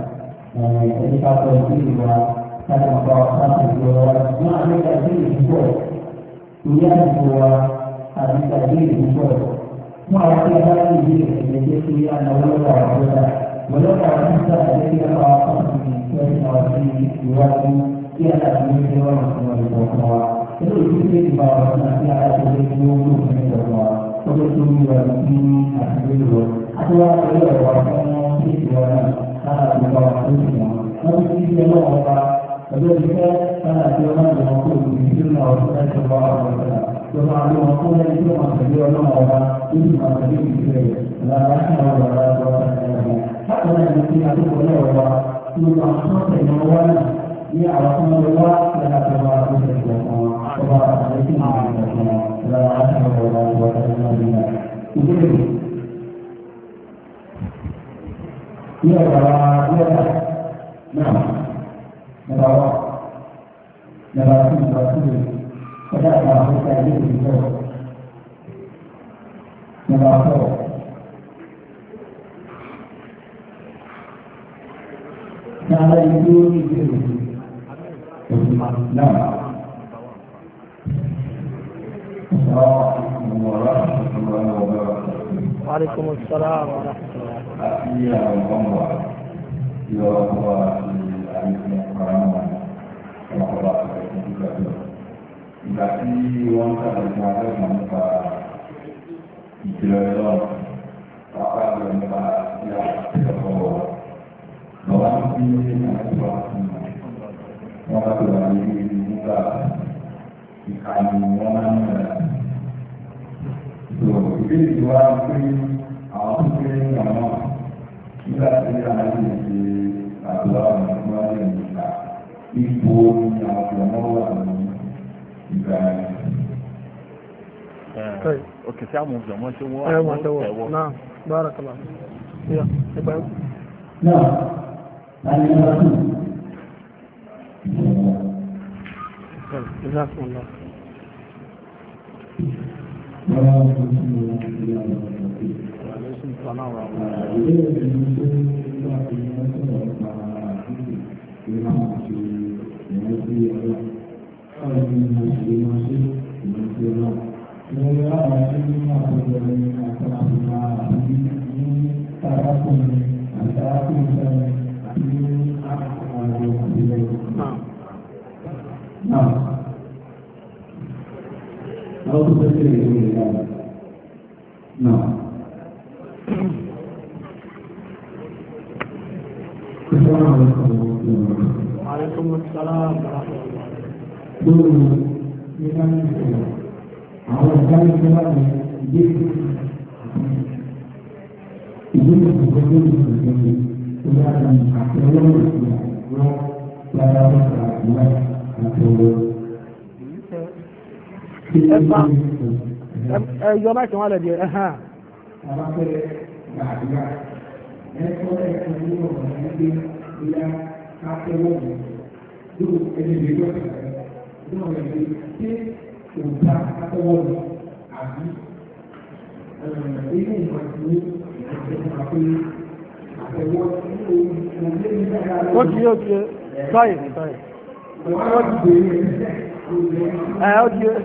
indikator jiwa dan membawakan jiwa ma'rifat diri jiwa ia jiwa hadirkan diri jiwa ma'rifat diri menjadi dia nolola jiwa nolola kita jadi dia bawakan dari nawasi jiwa dia tak boleh jiwa semua jiwa itu juga dibawa nanti ada jadi jiwa jiwa untuk jiwa ini ada jiwa atau ada jiwa yang jiwa sára ti ọba wà tó sì wọn wọn ti fi ṣe lọ́wọ́ ọba ọjọ́ ìfẹ́ sára ti ọba ìwọ̀n tó ti fi ṣe lọ́wọ́ ọ̀sẹ̀ tó bá wà lọ́wọ́ tó bá lé wọn fún ẹni tó máa tẹ̀lé ọlọ́wọ́ ọba tó sì máa tẹ̀lé ìfẹ́ lára sára wà lọ́wọ́ ọba bákan náà ni kí a tó ọba tó máa tó tẹ̀lé ọwọ́ náà ní àwọn tó máa wá lára tó bá tó tẹ̀lé ọba ọba àti ìfẹ́ ìgbà kan lára sára wà lọ́wọ́ ọba tó máa Dia adalah dia adalah nah, membawa membawa membawa sini. Kita adalah kita ini itu membawa Cara itu itu Nah, Waalaikumsalam warahmatullahi wabarakatuh. Tapi ya Allah, ya Allah di ayatnya peramal, kalau Allah seperti juga tuh. Tapi uang tak berjalan tanpa hijrah, apa tanpa ya Allah. Bahwa ini sangat berlaku. Maka Tuhan ini dibuka di kain wangan dua puluh awal puluh lama nígbà tí a lè ṣe àdúrà nípa lè nípa ipò ní àwọn ọmọ wà ní ìgbà yẹn. Òkè tí a mọ̀ jọ̀mọ́ ṣe wọ́n àwọn ọ̀tẹ̀wọ̀. Náà bára kàlà. Náà, a ní bá tù. Ìjọba ìlú. Wọ́n á ń bọ̀ sí ọ̀rọ̀ ìlú àwọn ọ̀tẹ̀wọ̀ sí ìsàlá wa. Now, السلام عليكم ورحمة الله وعليكم السلام ورحمة الله. دور مثال على ذلك جسم جسم جسم جسم ولكن أكثرهم لا يعرفون لا يعرفون اسمع جماعتكم على دي اها Thank you. bóyá ká tẹ́wọ́ ẹni lè lọ sí náà rẹ̀ lè ṣe òǹtà ká tẹ́wọ́ mọ̀ àbí ilé ìmọ̀ ní ìjọba pé àtẹ̀wọ́ sí orí ìṣẹ̀lẹ̀ ní ìgbà yàrá. ó ti yóò ṣe báyìí báyìí. Eh, wọ́n ti bèèrè ẹ̀ ẹ̀ ó ti yóò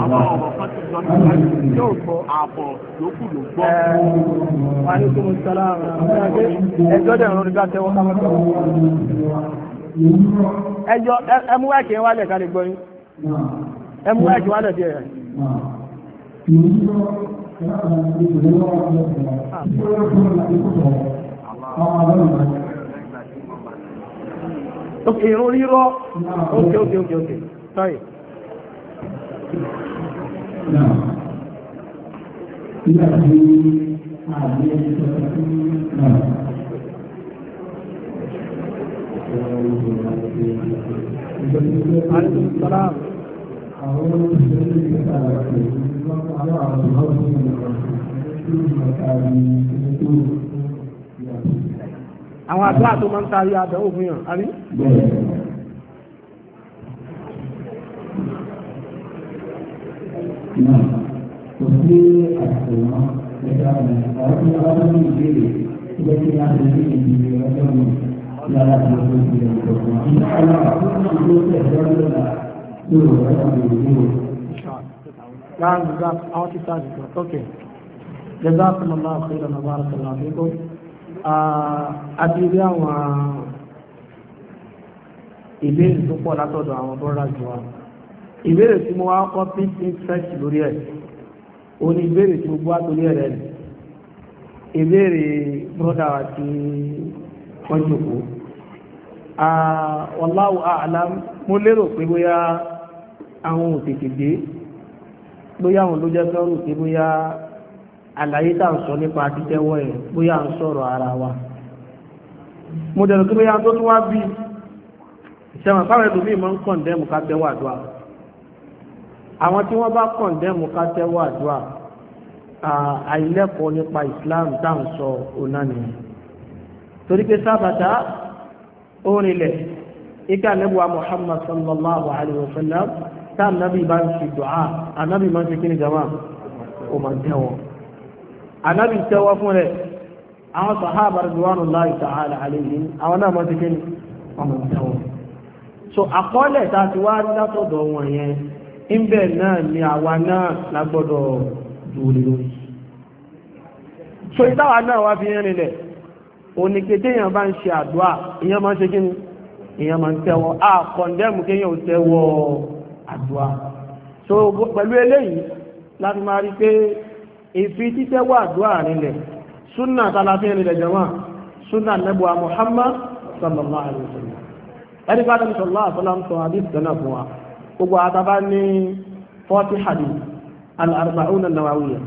àwọn ọ̀rọ̀ kan ti sọ nípa yóò gbọ́ ààbọ̀ yòókù ló gbọ́. aleykum salaam ẹjọ́ dẹ̀ rọrí bá tẹ́wọ́ káwọn sọ̀rọ̀. ẹjọ́ ẹmú wáìkì wálẹ̀ ká lè gbọ́ yín ẹmú wáìkì wálẹ̀ díẹ̀ rẹ̀. Okay, irun rírọ́. Okay, okay, okay, okay. Sorry. Náà, nígbà tí àbí ẹni sọ sí náà. Àwọn olùsọ̀rọ̀ ìgbésà àti ìgbésà àwọn àwọn ọ̀dọ́ ní ìgbà tí ó ń bá a ní ìgbésà àwọn àdúrà tó máa ń taari àdánwò fún yàn àrí náà kò sí àsìkò mọ́ ẹ̀ka ọ̀nà ọ̀rọ̀ tí wọ́n bá ní ìbéèrè tó bẹ́ kí wọ́n ti ní ìdílé ọjọ́ mi lára tí wọ́n ti lè sọ fún wọn. ìṣàlá àkókò tó tẹ̀ lọ́dọ̀ là ló rọ̀ ọ́ láti lè wò. láàrin ìgbà àwọn ti sáà jùlọ tókè jẹ́dá tó mọ̀ máa fi ìrànlọ́wọ́ àrùsọ̀lá àdúgbò àti ilé àwọn ìbéèrè tó pọ̀ látọ̀dọ̀ àwọn bọ́ra jù wọn ìbéèrè tí mo wá kọ́ pínpín fẹ́ẹ̀sì lórí ẹ̀ o ní ìbéèrè tí mo gbọ́ àtòrí ẹ̀rẹ́ ni ìbéèrè brọ́dà àti ọjọ́kó wallahu a'lam mo lérò pé bóyá àwọn òtètè dé bóyá àwọn ló jẹ́ fẹ́rù pé bóyá àlàyé tá à ń sọ nípa àtijẹ́wọ́ ẹ̀ bóyá à ń sọ̀rọ̀ ara wa mo dẹ̀rù pé bóyá tó tún wá bí ìṣẹ̀wọ̀n fáwọn ẹlòmíì máa ń kàn dẹ́mù ká bẹ́wà dùn àwọn àwọn tí wọ́n bá kọ̀ndẹ́mù ká tẹ́wọ́ àdúrà àìlẹ́kọ̀ọ́ nípa Islam dáhùn sọ ọ̀nà nìyẹn torí pé sábàtà orinlẹ̀ ika nẹ́bùwà Muhammad sallallahu alayhi wa sallam tá ànábì bá ń fi dùá ànábì máa ń fi kíni jama ó máa tẹ́wọ́ ànábì tẹ́wọ́ fún rẹ̀ àwọn sàhábà radwanullahi ta'ala alayhim àwọn náà máa ń fi kíni ọmọ tẹ́wọ́ so àkọọ́lẹ̀ tá a ti wá látọ̀dọ̀ wọn yẹn níbẹ̀ náà ni àwa náà lágbọ́dọ̀ dúró so ìtawà náà wá fi rìnlẹ̀ òní kété èèyàn bá ń ṣe àdúrà èèyàn máa ń ṣe kíni èèyàn máa ń tẹ́wọ́ a kọ̀ndẹ́mù kéèyàn ò tẹ́wọ́ àdúrà so pẹ̀lú eléyìí láti máa rí pé ìfi títẹ́wọ́ àdúrà rìnlẹ̀ súnà tàlàfíà rìnlẹ̀ jẹ̀wọ́n súnà nẹ́bùwà Muhammad sallallahu alaihi wasallam ẹni bá dẹ́nu sọ̀rọ̀ àfọlá ń sọ àdìsí gbogbo àtàbá ní forty hadith al-arba'un an-nawawiyya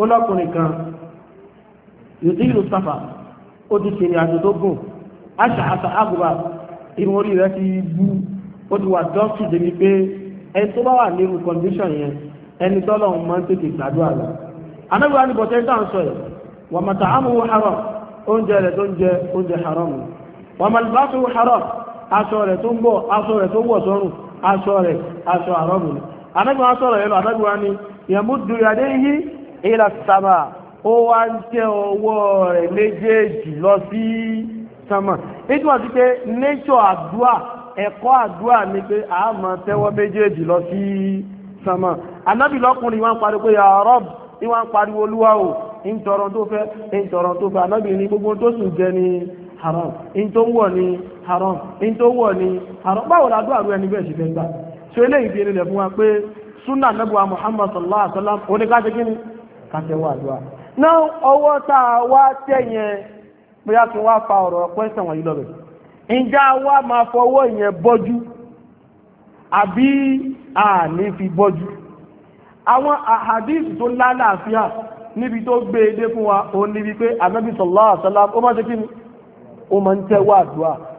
ó kan yòdìrú sáfà ó ti ṣe ìrìn àjò tó àṣà àṣà irun orí rẹ̀ ti bú ó ti wà dọ́ọ̀tì débi pé ẹni tó bá wà ní condition yẹn ẹni tọ́lọ̀ ń ń tètè gbàdúrà rẹ̀ anábìwá ni bọ̀tẹ́ tá sọ wà màtà haram oúnjẹ rẹ̀ tó ń jẹ oúnjẹ haram wà haram aṣọ rẹ̀ tó ń bọ̀ aṣọ rẹ̀ aṣọ àrọ́bù ni anábì wọn sọ̀rọ̀ yẹn lọ anábì wọn ni yẹmúdu yàdé yí ìlà sàmà ó wá ń tẹ ọwọ́ rẹ̀ méjèèjì lọ sí sàmà nítorí wọn ti pé nature àdúà ẹ̀kọ́ àdúà ni pé a máa tẹ́wọ́ méjèèjì lọ sí sàmà anábì lọ́kùnrin wọn pariwo pé àrọ́bù ni wọn pariwo olúwa o ń tọrọ tó fẹ́ ń tọrọ tó fẹ́ anábì ni gbogbo tó sì jẹ ni haram ń tó ń wọ̀ ni haram ní to wọ̀ ni haram báwo la dúró àrùn ẹni bẹ́ẹ̀ ṣe fẹ́ gbà so eléyìí fi rinlẹ̀ fún wa pé sunna nabuwa muhammad sallallahu alaihi wa sallam oníkàṣe kí ni ka yẹn ya wa fa wa máa fọwọ́ yẹn bọ́jú àbí àní fi ahadith níbi tó gbé edé fún wa òun ó máa ń tẹ́wọ́ àdúrà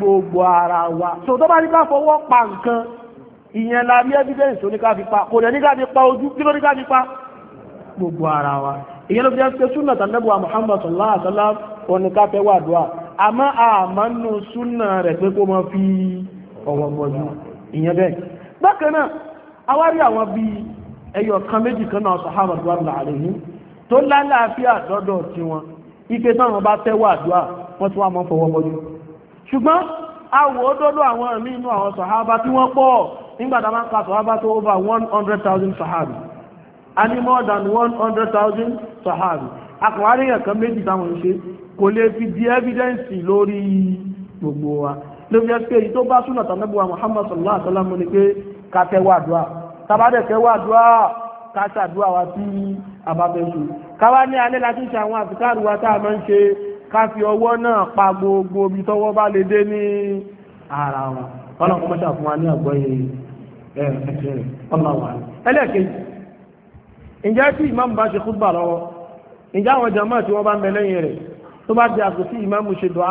gbogbo ara wa so tó bá ní ká fọwọ́ pa nǹkan ìyẹn la rí evidence oníká fi pa kò dẹ̀ níká fi pa ojú kí ló níká fi pa gbogbo ara wa ìyẹn ló fi jẹ́ súnà tàbí Muhammad sallallahu alaihi wasallam oníká fẹ́ wà dùà àmọ́ àmọ́ nù súnà fi ọwọ́ mọ́jú ìyẹn bẹ́ẹ̀ bákan náà awárí àwọn bíi ẹyọ kan méjì kan náà sàhábà dùà nà àlẹ́yìn tó ike táwọn bá fẹ́ wà dùà wọ́n tún wà mọ́ fọwọ́ ṣùgbọ́n àwọ̀ ọdọ́dọ́ àwọn ẹ̀mí inú àwọn sàhábà tí wọ́n pọ̀ nígbàtà máa ń ka sàhábà tó over 100,000 sàhábì a ní more than 100,000 sàhábì akọ̀wárí ẹ̀kan méjì táwọn ṣe kò lè fi di evidence lórí gbogbo wa ló fi ẹ́ pé èyí tó bá súnà tàbíwá Muhammad sallallahu alaihi wasallam ni pé ká tẹ́wà dùá tàbádẹ̀ tẹ́wà dùá ká ṣàdúrà wa tí a bá fẹ́ ní alẹ́ láti ṣe àwọn àfikáàrù wa tá a máa ń ṣe ká fi ọwọ́ náà pa gbogbo ibi tọ́wọ́ bá lè dé ní ara wọn ọlọ́run mọ́ṣà fún wa ní àgbọ́yé ẹ̀ẹ́dẹ̀ẹ́dẹ̀ ọlọ́wà ẹlẹ́ẹ̀kejì ǹjẹ́ tí ìmáàmù bá ṣe kútbà lọ́wọ́ ǹjẹ́ àwọn jàmáà tí wọ́n bá ń bẹ lẹ́yìn rẹ̀ tó bá di àkókò tí ìmáàmù ṣe dùá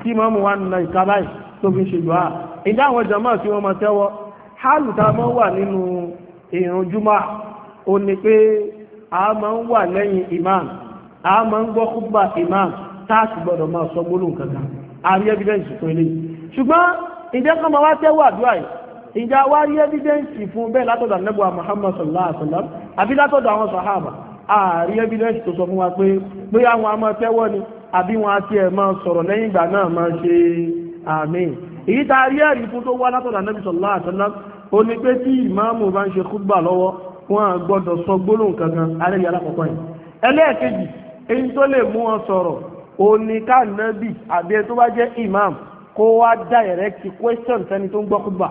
tí ìmáàmù wa nà ìka báyìí tó fi ṣe dùá ǹjẹ́ àwọn jàmáà tí wọ́n máa tẹ́wọ́ hálù tá a máa wà nínú ìrun júmọ́ ò ní pé a máa ń wà lẹ́yìn ìmáàmù a máa ń gbọ́ kútbà ìmáàmù táàsì gbọ́dọ̀ máa sọ gbólóhùn kankan àrí evidence fún ilé ṣùgbọ́n ìjẹ́ kan máa wá tẹ́wọ́ àdúrà yìí ìjà wá rí evidence fún bẹ́ẹ̀ látọ̀dọ̀ ànábì Muhammad sallallahu alaihi wa pé a máa tẹ́wọ́ ni àbí wọn a ti ẹ̀ máa sọ̀rọ̀ lẹ́yìn sallallahu alaihi wasallam ó ní pé tí ìmáàmù bá ń ṣe kúgbà lọ́wọ́ wọn gbọ́dọ̀ sọ gbólóhùn kankan alẹ́ yàrá kọ̀ọ̀kan yìí ẹlẹ́ẹ̀kejì èyí tó lè mú wọn sọ̀rọ̀ oníká nàbì àbí ẹni tó bá jẹ́ imam kó wá direct question sẹ́ni tó ń gbọ́ kúgbà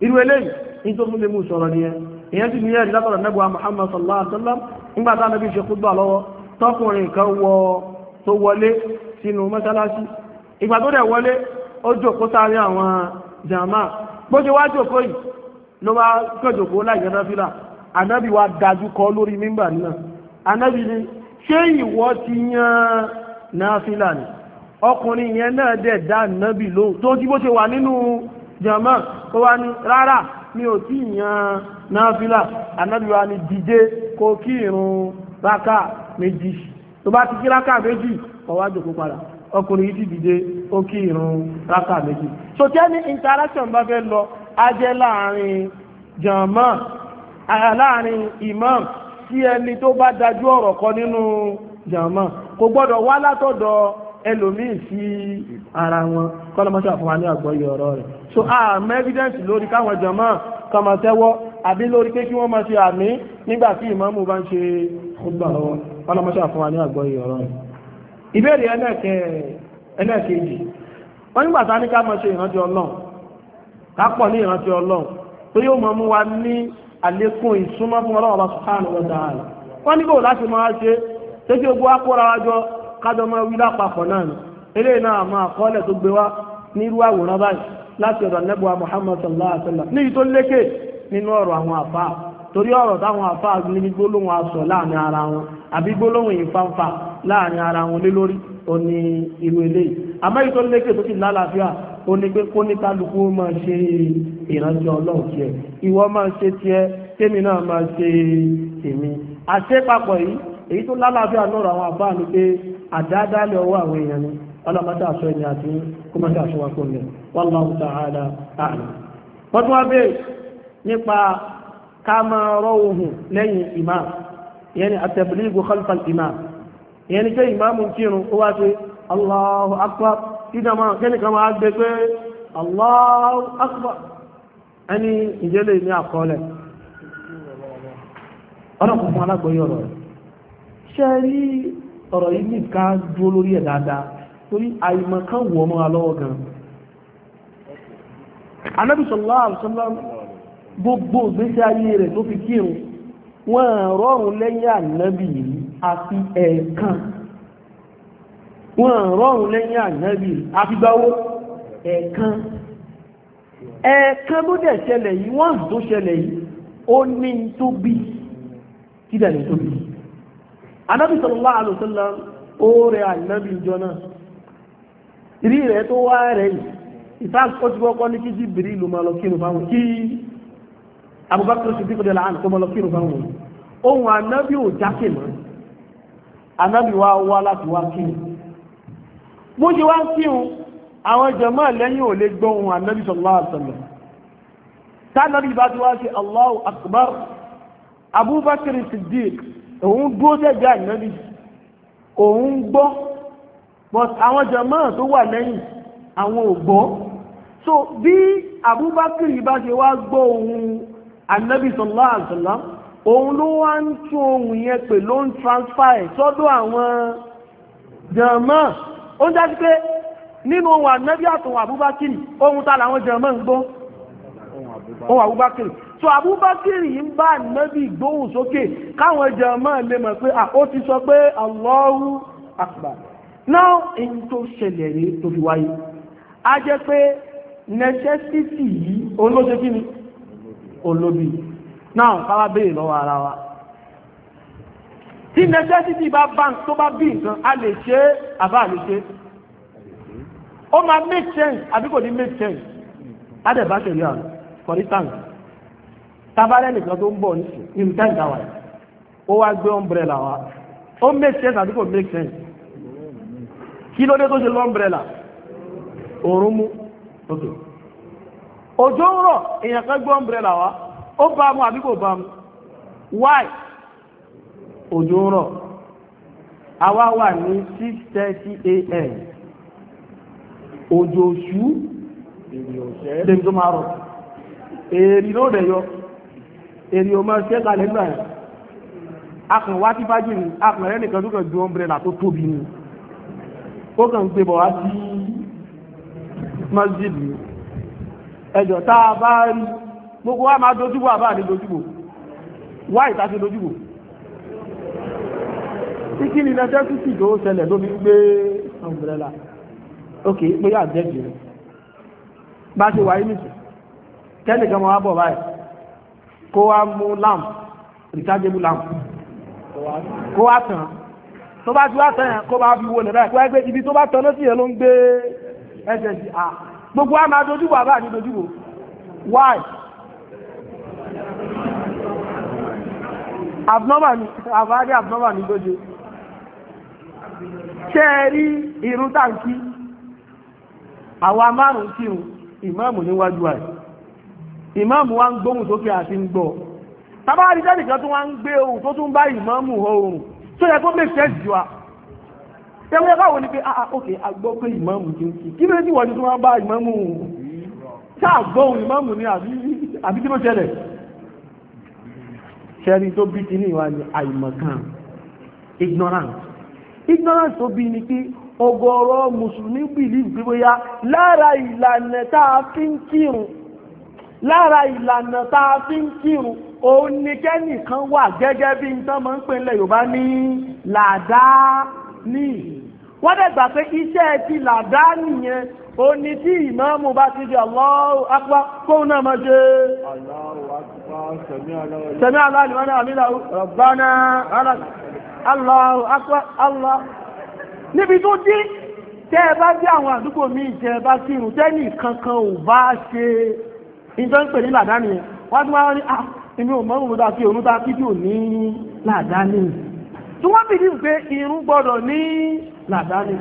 irú eléyìí ní tó fún lè mú sọ̀rọ̀ nìyẹn ìyẹn sì ní ẹ̀rí látọ̀rọ̀ nẹ́gbà Muhammad sallallahu alaihi wasallam nígbà tá nàbì ṣe kúgbà lọ́wọ́ tọkùnrin kan wọ tó wọlé sínú mọ́sálásí ìgbà tó dẹ̀ wọlé ó jòkó sáré àwọn jàmá bó ṣe wá jòkó yìí ló bá kẹjòkó wa dájú kọ lórí mímbà náà ni ti yan náfílà ni ọkùnrin yẹn náà dẹ̀ dá nábì lóhùn tó ti bó ṣe wà nínú jàmá ó wá ní rárá mi ò tí yan náfílà ànábì wa ni dìde kó kí irun rákà méjì tó bá ti kí rákà méjì ó wá jókòó padà ọkùnrin yìí ti dìde ó kí irun rákà méjì so tẹ́ni interaction bá fẹ́ lọ ajẹ́ láàrin jàmá láàrin imam sí ẹni tó bá dájú ọ̀rọ̀ kọ nínú jàmá kò gbọ́dọ̀ wá látọ̀dọ̀ ẹlòmíì sí ara wọn kọ́lọ́mọ́sá fún ní àgbọ́yé ọ̀rọ̀ rẹ̀ so àmọ́ evidence lórí káwọn jọmọ́ kọmọ tẹ́wọ́ àbí lórí pé kí wọ́n máa ṣe àmì nígbà tí ìmáàmù bá ń ṣe ọgbà lọ́wọ́ kọ́lọ́mọ́sá fún wa ní àgbọ́yé ọ̀rọ̀ rẹ̀ ìbéèrè ẹlẹ́ẹ̀kejì wọ́n nígbà tá ní ká máa ṣe ìrántí ọlọ́run ká pọ̀ ní ìrántí ọlọ́run tẹ́tí ogun akóra wa jọ kájọ máa wí lápapọ̀ náà ni eléyìí náà àmọ́ àkọọ́lẹ̀ tó gbé wa nírú àwòrán báyìí láti ọ̀dọ̀ nẹ́bùwá Muhammad sallallahu alaihi wa sallam níbi tó lékè nínú ọ̀rọ̀ àwọn àfa torí ọ̀rọ̀ táwọn àfa níbi gbólóhùn asọ̀ láàrin ara wọn àbí gbólóhùn ìfanfa láàrin ara wọn lé lórí òní irú eléyìí àmọ́ èyí tó lékè tó sì lálàáfíà ó ní pé kó ní kálukú máa ṣe ìrántí ọlọ́run tiẹ̀ ìwọ máa ṣe tiẹ̀ tèmi náà máa ṣe tèmi àṣepapọ̀ yìí èyí tó lálàáfíà lọ́rọ̀ àwọn àbá ni pé àdáadáalẹ̀ ọwọ́ àwọn èèyàn ni ọlọ́mọdé àṣọ ẹni àti kọmọdé àṣọ wa kọ́lẹ̀ wallahu ta'ala a'lam. wọ́n tún wá bẹ́ẹ̀ nípa ká máa rọ ohùn lẹ́yìn imam ìyẹn ni at-tablighu khalfa al-imam ìyẹn ni pé ìmáàmù kírun ó wá sí Allahu akbar kíkà máa kẹ́nìkan máa gbé pé Allahu akbar ẹni ìjẹ́lẹ̀ ní àkọọ́lẹ̀ ọlọ́kùnrin alágbóyọ̀ rẹ̀ ṣe rí ọ̀rọ̀ yìí ní ká dúró lórí ẹ̀ dáadáa torí àìmọ̀ kan wọ̀ ọmọ alọ́wọ́ gan anábì sallallahu alaihi wasallam gbogbo ìgbésí ayé rẹ̀ tó fi kírun wọ́n rọrùn lẹ́yìn ànábì yìí àfi ẹ̀ẹ̀kan wọ́n rọrùn lẹ́yìn ànábì àfi gbáwó ẹ̀ẹ̀kan ẹ̀ẹ̀kan ló dẹ̀ ṣẹlẹ̀ yìí wọ́n tó ṣẹlẹ̀ yìí ó ní tóbi kí dẹ̀ tóbi yìí anábì sọlọ́lá àlùsọ́lá ó rẹ ànábì ìjọ náà ìrí rẹ̀ tó wá rẹ̀ yìí ìfáàkọ́ ti kọ́kọ́ ní kí jìbìrì ìlú máa lọ kírù fáwọn kí Abubakar ti dípò dẹ̀là àǹkọ́ máa lọ kírù fáwọn ohun anábì ò jákè mọ́ anábì wá wá láti wá kírù bó ṣe wá ń kírun àwọn jàmá lẹ́yìn ò lè gbọ́ ohun anábì sallallahu alaihi wasallam tánàbì bá ti wá ṣe Allahu Akbar Abubakar Siddiq òun dúró dẹ̀gbẹ́ ànábì òun gbọ́ but àwọn jàmáà tó wà lẹ́yìn àwọn ò so bí Abubakar bá ṣe wá gbọ́ ohun ànábì sallallahu alaihi wasallam òun ló wá ń tún ohun yẹn pè ló ń transfer ẹ̀ sọ́dọ̀ àwọn jàmáà ó ń dájú pé nínú ohun ànábì àtòhun Abubakar ohun ta làwọn jàmáà ń gbọ́ so Abubakar yìí ń bá ànábì gbóhùn sókè káwọn jàmáà lè mọ̀ pé ah, ó ti sọ pé Allahu Akbar náà èyí tó ṣẹlẹ̀ rí tó fi wáyé a jẹ́ pé necessity yìí olóṣe kí ni olóbi náà káwá béèrè lọ́wọ́ ara wa tí necessity bá bá tó bá bí nǹkan a lè ṣe àbá lè ṣe ó máa make sense àbí kò ní make sense adẹ̀bá ṣẹlẹ̀ àrùn for time tabalẹ̀ nìkan tó ń bọ̀ nísìn irú táyì dáwà yìí ó wá gbé umbrella wa ó make sense àdúgbò make sense kí ló dé tó ṣe lọ umbrella òórùn mú òkè òjò ń rọ̀ èèyàn kan gbé umbrella wa ó bá mu àbí kò bá mu why òjò ń rọ̀ àwa wà ní six thirty a.m. òjò ṣú lèmi tó máa rọ̀ èrì ló rẹ̀ yọ èrè o máa ṣẹ́ kalẹ̀ nígbà yẹn akàn wá sí fájì ni akàn rẹ nìkan tó kàn ju ọmbrẹ́là tó tóbi ni ó kàn gbé bọ̀ wá sí masjid ni ẹjọ́ tá a bá rí gbogbo wa máa dojúbò àbá ní dojúbò wá ìta ṣe dojúbò kíkí ni nẹ́sẹ́sìtì tó ṣẹlẹ̀ ló fi gbé ọmbrẹ́là ok pé àjẹ́jì rẹ̀ bá ṣe wáyé nìkan tẹ́lẹ̀ máa bọ̀ báyìí kó wá mú lamp rechargeable lamp kó wá tàn tó bá ti wá tàn yẹn kó bá fi wo lẹ́rẹ́ kó ẹgbẹ́ ibi tó bá tàn lọ́sí yẹn ló ń gbé ẹsẹ̀ sí à gbogbo wa máa dojúbò àbá àti dojúbò why abnormal ni àbárí abnormal ni lóde ṣé ẹ rí irun tàǹkì àwa márùn-ún kírun ìmáàmù níwájú àìsàn ìmáàmù wa ń gbóhùn sókè àti ń gbọ́ tàbárí jẹ́ nìkan tó wá ń gbé ohun tó tún bá ìmáàmù ohun tó yẹ tó make sense jù wa ẹgbẹ́ báwo ni pé ah, ah ok agbọ́ pé ìmáàmù ti ń kí kí ló ti wọ́n tó wọ́n bá ìmáàmù ṣá gbóhùn ìmáàmù ni àbí kí ló ṣẹlẹ̀ ṣẹ́ni tó bí kíní wa ni àìmọ̀kan ignorance ignorance tó bí ni pé ọ̀gọ̀rọ̀ mùsùlùmí believe pé bóyá lára ìlànà tá a fi ń kírun lára ìlànà tá a fi ń kírun òun ni kẹ́nìkan wà gẹ́gẹ́ bí n tán máa ń pè nílẹ̀ Yorùbá ní làdáni wọ́n dẹ̀ gbà pé iṣẹ́ ti làdáni yẹn òun ni tí ìmáàmù bá ti di Allahu Akbar kóun náà máa ṣe sẹ̀mí aláàlùmọ́nà àmìlà Rabbana Allahu Akbar Allah níbi tó dín tẹ́ ẹ bá dé àwọn àdúgbò míì tẹ́ ẹ bá kírun tẹ́nì kankan ò bá ṣe ìjọ ń pè ní làdá nìyẹn wọ́n tún wá ní à ah, èmi ò mọ́rùn gbọdọ̀ àti òun ta kí tí ò ní làdá tí wọ́n bìí pé irun gbọdọ̀ ní làdá ní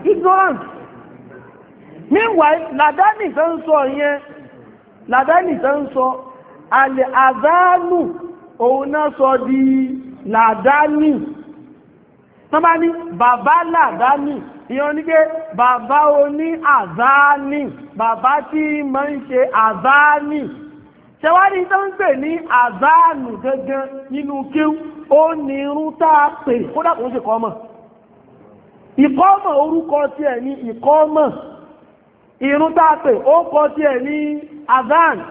meanwhile làdá ní ìfẹ́ ń sọ yẹn làdá ní ìfẹ́ ń sọ alẹ́ àdánù òun náà sọ di làdá ní tán bá ní bàbá làdá ní ìyẹn ní pé bàbá oní àdánì bàbá tí máa ń ṣe àdánì ṣẹwárí tó ń pè ní àzáànù gangan nínú kíw ó ní irun tá a pè kódà kò ń ṣe kọ́mọ̀ ìkọ́mọ̀ orúkọ tiẹ̀ ní ìkọ́mọ̀ irun tá a pè ó kọ tiẹ̀ ní àzáànù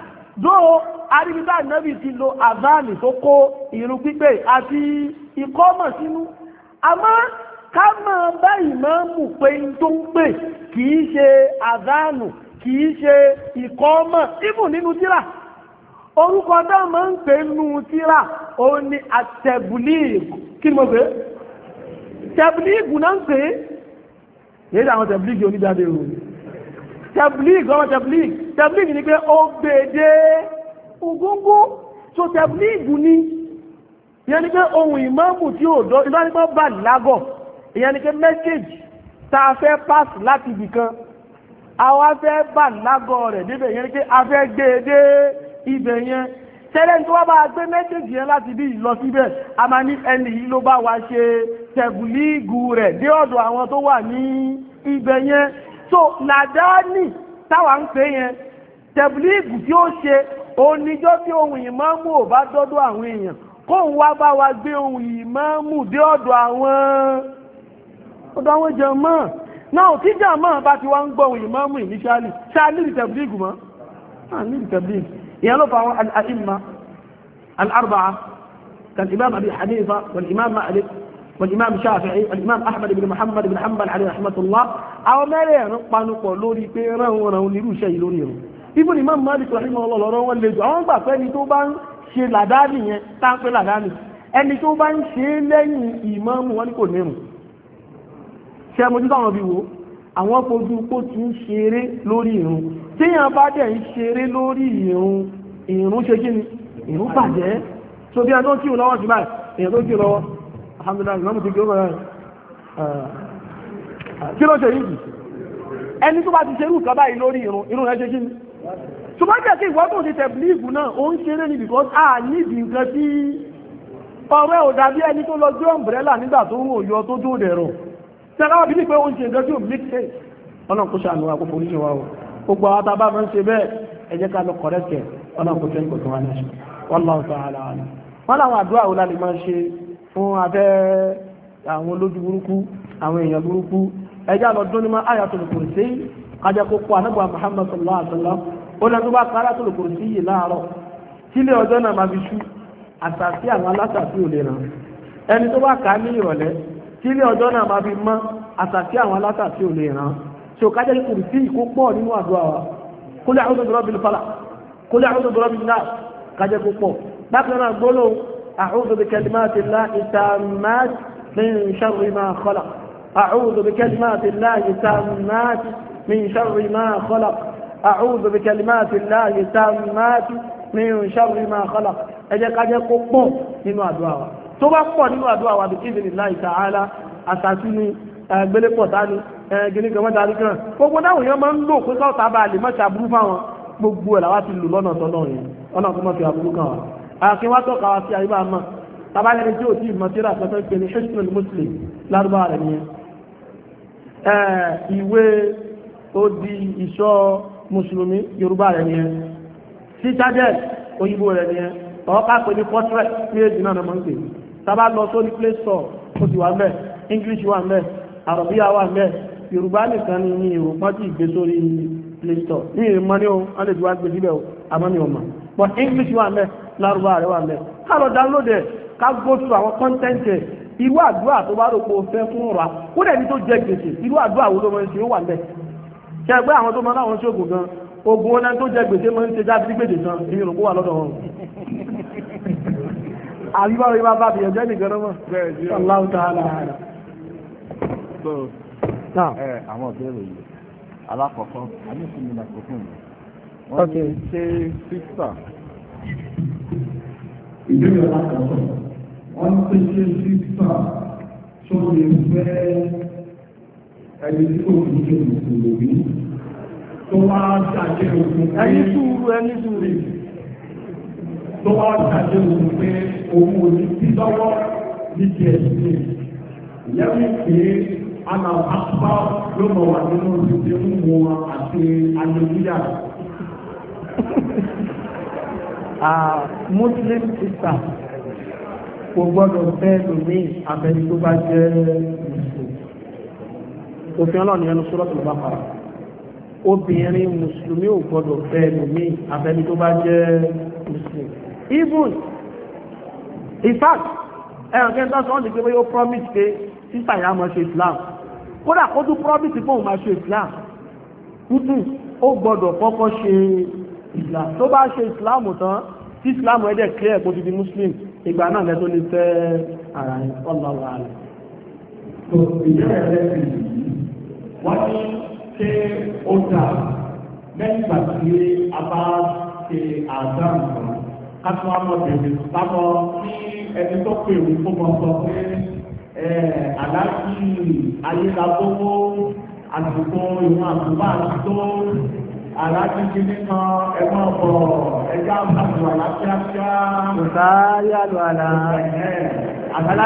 dóò arígbítà nẹ́bì ti lo àzáàmì tó kó ìrun pípé àti ìkọ́mọ̀ sínú àmọ́ ká máa bá ìmáàmù pé ń tó ń pè kìí ṣe àzáàmù kìí ṣe ìkọ́mọ̀ ibù nínú tíra orúkọ tá a máa ń pè nù tíra ó ní àtẹ̀bùlíìgù kí ni mo pè é tẹ̀bùlíìgù náà ń pè é yéé dà àwọn tẹ̀bùlíìgù onídàáde o tẹ̀bùlíìgù ọmọ tẹ̀bùlíìgù tẹ̀bùlíìgù ni pé ó gbèdé ògógó tó tẹ̀bùlíìgù ni ìyẹn ni pé ohun ìmáàmù tí ò dọ́ ìlú àdìpọ̀ bà lágọ̀ ìyẹn ni pé mẹ́sẹ̀gì tá a fẹ́ pass láti ibì kan àwa fẹ́ bà lágọ̀ rẹ̀ débẹ̀ ìyẹn ni pé a fẹ́ gbèdé e ibẹ̀ yẹn tẹ́lẹ̀ tí wọ́n bá gbé méjèèjì yẹn láti bí ìlọ síbẹ̀ a máa ní ẹni yìí ló bá wa ṣe tẹ̀gùlíìgù rẹ̀ dé ọ̀dọ̀ àwọn tó wà ní ibẹ̀ yẹn so làdáni táwa ń pè yẹn tẹ̀gùlíìgù tí ó ṣe oníjọ́ tí ohun ìmáàmù ò bá dọ́dọ̀ àwọn èèyàn kóun wá bá wa gbé ohun ìmáàmù dé ọ̀dọ̀ àwọn ọ̀dọ̀ àwọn jẹ̀mọ́ náà tí jẹ̀mọ́ bá ti wá ń gbọ́ ohun ìmáàmù ìníṣálì ṣáà ní ìtẹ̀gùlíìgù mọ́ ìyẹn ló fa àwọn al-a'imma al-arba'a كالإمام أبي حنيفة والإمام مالك والإمام الشافعي والإمام أحمد بن محمد بن حنبل عليه رحمة الله أو مالين قالوا قولوا لي بيرا ونو نيرو شيء لونيرو ibu ni imam malik rahim allah lọ́rọ̀ wọn le jù àwọn gbà pé ẹni tó bá ń ṣe làdáni yẹn tá ń pè làdáni ẹni tó bá ń ṣe lẹ́yìn ìmáàmù wọn ni kò nírun ṣe mojú táwọn bí wo àwọn fojú kó tún ṣeré lórí irun téèyàn bá dẹ̀ ń ṣeré lórí ìrun ìrun ṣe kí ni ìrun bàjẹ́ so bí a tó ń lọ́wọ́ sí báyìí èèyàn tó kírun lọ́wọ́ alhamdulilayi lọ́mù ti kírun lọ́wọ́ kí ló ṣe yìí ẹni tó bá ti ṣerú kan báyìí lórí ìrun ìrun rẹ̀ ṣe kí ni ṣùgbọ́n jẹ́ kí ìwọ́n tó ti tẹ̀ bílíìfù náà ó ń ṣeré ni because a nídìí nǹkan tí ọ̀rẹ́ ò dàbí ẹni tó lọ gbé ọ̀mbrẹ́là nígbà tó ń òyọ tó dóòdẹ̀rọ̀ tẹ́lá wà bí ní ó ń ṣe nǹkan tí ò mílíkì ọlọ́run kó ṣàánú àkókò oníṣẹ́ wa o gbogbo àwọn tábà máa ń ṣe bẹ́ẹ̀ ẹ jẹ́ ká lọ kọ̀rẹ́kẹ̀ ọlọ́run kò wọn tó wá ní ṣe wallahu wọ́n láwọn àdúrà la máa ṣe fún abẹ́ àwọn olójú burúkú àwọn èèyàn burúkú ẹ jẹ́ dún ní máa ayatul kursi kájẹ́ kó kó anábọ̀ sallallahu ó lẹ́nu bá tó so ká jẹ́ kùrìsí kó pọ̀ nínú àdúrà wa kó lè àwọn ọ̀dọ́rọ̀ bíi fàlà kó lè àwọn ọ̀dọ́rọ̀ bíi náà ká kó pọ̀ bákan náà gbọ́dọ̀ أعوذ بكلمات الله التامات من شر ما خلق أعوذ بكلمات الله التامات من شر ما خلق أعوذ بكلمات الله التامات من شر ما خلق ẹ jẹ́ ká jẹ́ kó pọ̀ nínú àdúrà wa tó bá pọ̀ nínú àdúrà wa bí إذن الله تعالى àtàtú ni gbélépọ̀ tá ni gíní kan mẹ́ta nìkan gbogbo náà èèyàn máa ń lò pé sọ́ọ̀tà bá lè mọ́ ṣàbúrú fáwọn gbogbo ẹ̀ làwa ti lò lọ́nà tọ́lọ́ yẹn ọ̀nà tó mọ̀ fi àbúrú kan wa àkín wá tọ́ka wa sí àyíbá mọ́ tabalẹ́ni tí ò tí ì mọ tíra pẹ́pẹ́ pé ní hishman muslim lárúbá rẹ̀ nìyẹn ìwé tó di ìṣọ́ mùsùlùmí yorùbá rẹ̀ nìyẹn citadel òyìnbó rẹ̀ nìyẹn ọ̀ọ́ká pé ní play store ó ti wà mẹ́ english wà mẹ́ arabiya wà mẹ́ yorùbá nìkan ni mi ò pọ́n tí ìgbé sórí play store mi ò mọ ní o wọ́n lè ti wá gbé síbẹ̀ o àmọ́ mi ò mọ̀ but english wà mẹ́ lárúbá rẹ̀ wà mẹ́ ká lọ download ẹ̀ ká go through àwọn content ẹ̀ irú àdúrà tó bá rò pé o fẹ́ fún ọ̀rọ̀ kó dẹ̀ ní tó jẹ gbèsè irú àdúrà wo ló mọ ẹni wà mẹ́ ṣe pé àwọn tó máa láwọn ṣoògùn gan oògùn ọ̀nà tó jẹ gbèsè máa ń ṣe jáde gbèsè tán èmi rò wà lọ́dọ̀ wọn (laughs) àbíbáwọ̀ yìí bá bá bìyànjẹ́ nìkan náà mọ̀ aláwọ̀ tààlà ẹ àwọn ìbéèrè yìí alákọ̀ọ́kọ́ àdéhùn mi làkó fún mi wọ́n ní ṣé sísà. ìbéèrè alákọ̀ọ́kọ́ wọ́n ní ṣé sísà tó lè fẹ́ ẹni tí kò ní ṣe mùsùlùmí tó wá ṣàjẹ́ òkun pé ẹni sùúrù ẹni sùúrù tó wá ṣàjẹ́ òkun pé òun ò ní sí lọ́wọ́ ní ti ẹ̀sìn ìyá mi pé àmà àpá yóò mọ̀ wà nínú ìdíje mú wọn àti aleluya. Ah, Muslim sister kò gbọ́dọ̀ fẹ́ lómi abẹ́ni tó bá jẹ́ mùsùlùmí. Òfin ọlọ́run ni ẹnu sọ́rọ́ tó bá para. Obìnrin mùsùlùmí ò gbọ́dọ̀ fẹ́ lómi abẹ́ni tó bá jẹ́ mùsùlùmí. Even in fact, ẹ̀rọ kẹ́ńtà sọ́ọ́ ni pé wọ́n yóò promise pé sísà yà á mọ̀ ṣe Islam kódà kó tún promise fóun máa ṣe islam kútù ó gbọ́dọ̀ kọ́kọ́ ṣe islam tó bá ṣe islam tán tí islam ẹ̀ dẹ̀ clear kó ti di muslim ìgbà náà lẹ́tọ́ ní fẹ́ ara ẹ̀ ọlọ́wọ́ ààrẹ. tó ìjọba ẹ̀rẹ́ fi wọ́n ní ṣé ó dà lẹ́yìn ìgbà tí a bá ṣe àdáhùn kan ká tún á mọ̀ bẹ̀rẹ̀ lábọ́ ní ẹni tó pè wí fún ọkọ̀ pé Eh, àlákì ayélujáfófó àdùkọ ìwọn àdùbà àdùtò àlákì kìíní kan ẹgbọn ọkọ ẹgbẹ àbàtù àlàáfíàfíà. musa yálò àlà alálò eh, àlà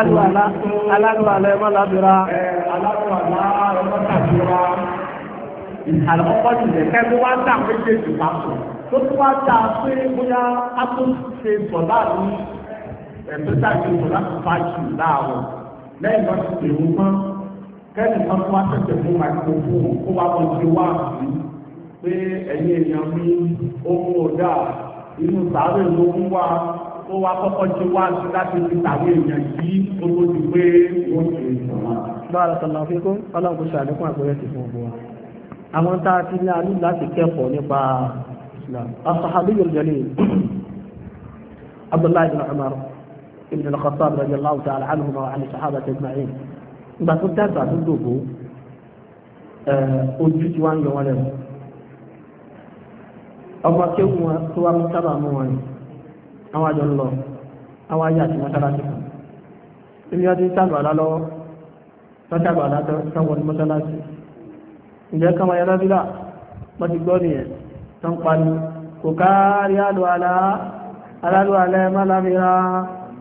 alálò àlà ẹmọ làbìrà. alálò eh, àlà ẹmọ làbìrà. àlọ́kọ́ tilẹ̀ kẹ́kọ̀ọ́ wá ń dà méjèèjì papọ̀ tó tún wá dà pé bóyá a tún ṣe bọ̀ láàrin ẹ̀ẹ́dẹ́gbẹ̀ta ìṣòro láti fàájì láàrọ̀ lẹ́yìn bá ti pè wọ́n mọ́ kẹ́lì kan tó wá tẹ̀sẹ̀ fún microphone kó wá wọn ti wá sí pé ẹ̀yin èèyàn mi ohun ọ̀dà inú sàárè ló ń wá ó wá kọ́kọ́ ti wá sí láti fi tàwé èèyàn yìí ó ti pé wọ́n ti rìn sọ̀rọ̀. bára sọ̀rọ̀ àfikún ọlọ́run kò ṣàlékún àgbẹ̀rẹ̀ ti fún ọgbọ́n àwọn tá a ti ní alú láti kẹ́kọ̀ọ́ nípa Islam asahabi yorùbá ní Abdullahi bin Umar ibn al-Khattab radiyallahu ta'ala anhu wa an sahaba tajma'in ìgbà tó dàgbà tó dògbò ojú tí wọ́n ń yọ wọn lẹ́nu ọmọ kéwù wọn tó wá mú sábà mú wọn ni àwọn àjọ ń lọ àwọn ayé àti mọ́sálásí kan ibi wọn ti ń sábà lá lọ́wọ́ wọ́n sábà lá sáwọn ní mọ́sálásí ǹjẹ́ káwọn yẹn lọ́bílà wọ́n ti gbọ́ nìyẹn tó ń pariwo kò kárí àlọ́ àlá alálùwàlẹ́ mọ́lámìíràn.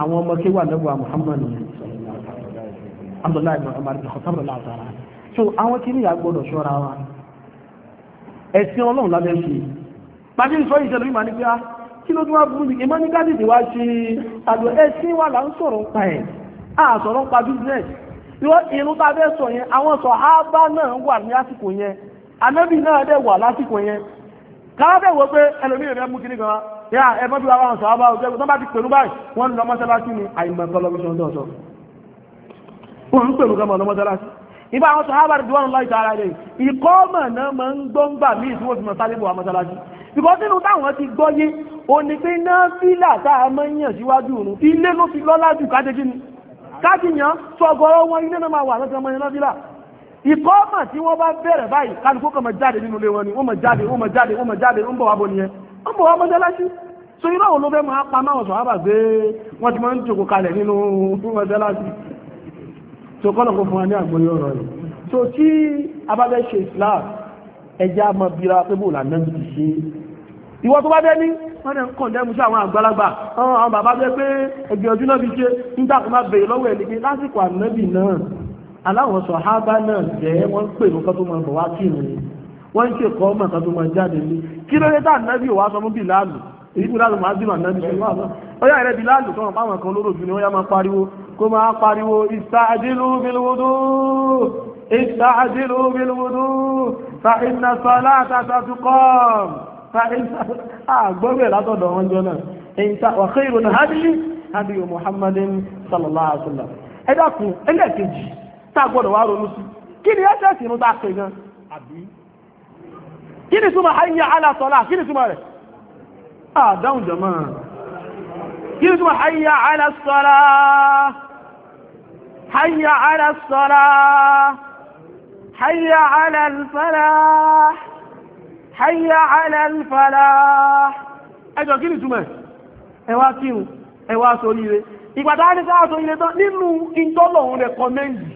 àwọn ọmọ kéwà lọ́gbà Muhammad Abdullahi Muhammad al-Khattab al-Atara so àwọn kí ní àgbọ̀dọ̀ ṣọ́ra wa ẹ̀sìn Ọlọ́run lábẹ́ ṣe pàdé ìṣọ́ ìṣẹ̀lẹ̀ mímọ̀ ní pé á ah, kí ló tún wá burú nìyí mọ́ ní wá ṣe àjọ ẹ̀sìn wà là ń sọ̀rọ̀ pa ẹ̀ á sọ̀rọ̀ pa business ìwọ irun tá a fẹ́ sọ yẹn àwọn sọ̀ ábá náà wà ní àsìkò yẹn anábì náà dẹ̀ wà lásìkò yẹn káwá fẹ́ wọ pé ẹlòmíì rẹ̀ mú kíní gan yá ẹgbẹ́ bí wàá wọn sọ ọba òjò tó bá ti pẹ̀lú báyìí wọ́n lọ mọ́sálásí ni àìmọ̀ kọlọ́míṣọ́ dọ̀tọ̀ wọ́n ń pẹ̀lú gan mọ̀ lọ́mọ́sálásí ìbá àwọn sọ̀hábà rẹ̀ dùwọ́n lọ́yìn tààrà rẹ̀ ìkọ́ mọ̀ náà máa ń gbọ́ngbà míì tí wọ́n fi mọ̀ sálébù wa mọ́sálásí ìbọn sínú táwọn ti gbọ́ yé o ní pé náà fílà tá a máa ń yàn síwájú òun ilé ló fi lọ́lá jù kájẹ́jì ni kájìyàn sọ̀gọ́rọ̀ wọn ilé náà máa wà lọ́sẹ̀ ọmọ yẹn náà fílà ìkọ́ mà tí wọ́n bá bẹ̀rẹ̀ báyìí kálukú kan máa jáde nínú ilé wọn ni wọ́n máa jáde wọ́n máa jáde wọ́n máa jáde ń bọ̀ wá bọ̀ nìyẹn ń bọ̀ wá mọ́sálásí so irú àwọn olóbẹ́ máa pa máwọn sọ̀rọ̀ àbàgbé wọ́n ti máa ń jòkó kalẹ̀ nínú mọ́sálásí so kọ́nà kó fún wa ní àgbóyé ọ̀rọ̀ rẹ̀ so tí a bá fẹ́ ṣe Islam ẹjẹ́ a máa bira pé bò lànà ti ṣe ìwọ tó bá dé ní wọ́n ní kàn dẹ́mu sí àwọn àgbàlagbà àwọn bàbá fẹ́ pé ẹgbẹ́ ọdún náà fi ṣe nígbà tó má bèèrè lọ́wọ́ ẹ̀ aláwọn sọ̀hábà náà jẹ́ wọ́n ń pè nǹkan tó máa bọ̀ wá kí ni wọ́n ń ṣe kọ́ ọmọ nǹkan tó máa jáde ní kí ló dé tá ànábì wàá sọ fún bíláàlù èyí kúrò láti máa bí màá nábì sọ́wọ́ àbá ó yà rẹ̀ bíláàlù tó wọn pa àwọn kan lóró ju ni ó yá máa pariwo kó máa pariwo ìsáàdìlú bílúwúdú ìsáàdìlú bílúwúdú fa sọlá àtàtàtúkọ́ fa iná àgbọ́gbẹ̀ látọ̀dọ̀ muhammadin sallallahu alaihi wa sallam ẹ tá a gbọ́dọ̀ wá ronú sí kí ni ẹ́sẹ̀sì inú tá pè gan àbí kí ni súnmọ̀ hayya ala salah kí ni súnmọ̀ rẹ̀ àdáhùn jọmọ́ kí ni súnmọ̀ hayya ala salah hayya ala salah hayya ala al-falah ala al-falah ẹjọ́ kí ni súnmọ̀ ẹwà kírun ẹwà sóríire ìgbàtà á ní sáà sóríire tán nínú ìjọ́lọ̀ òun rẹ̀ kọ́mẹ́ǹdì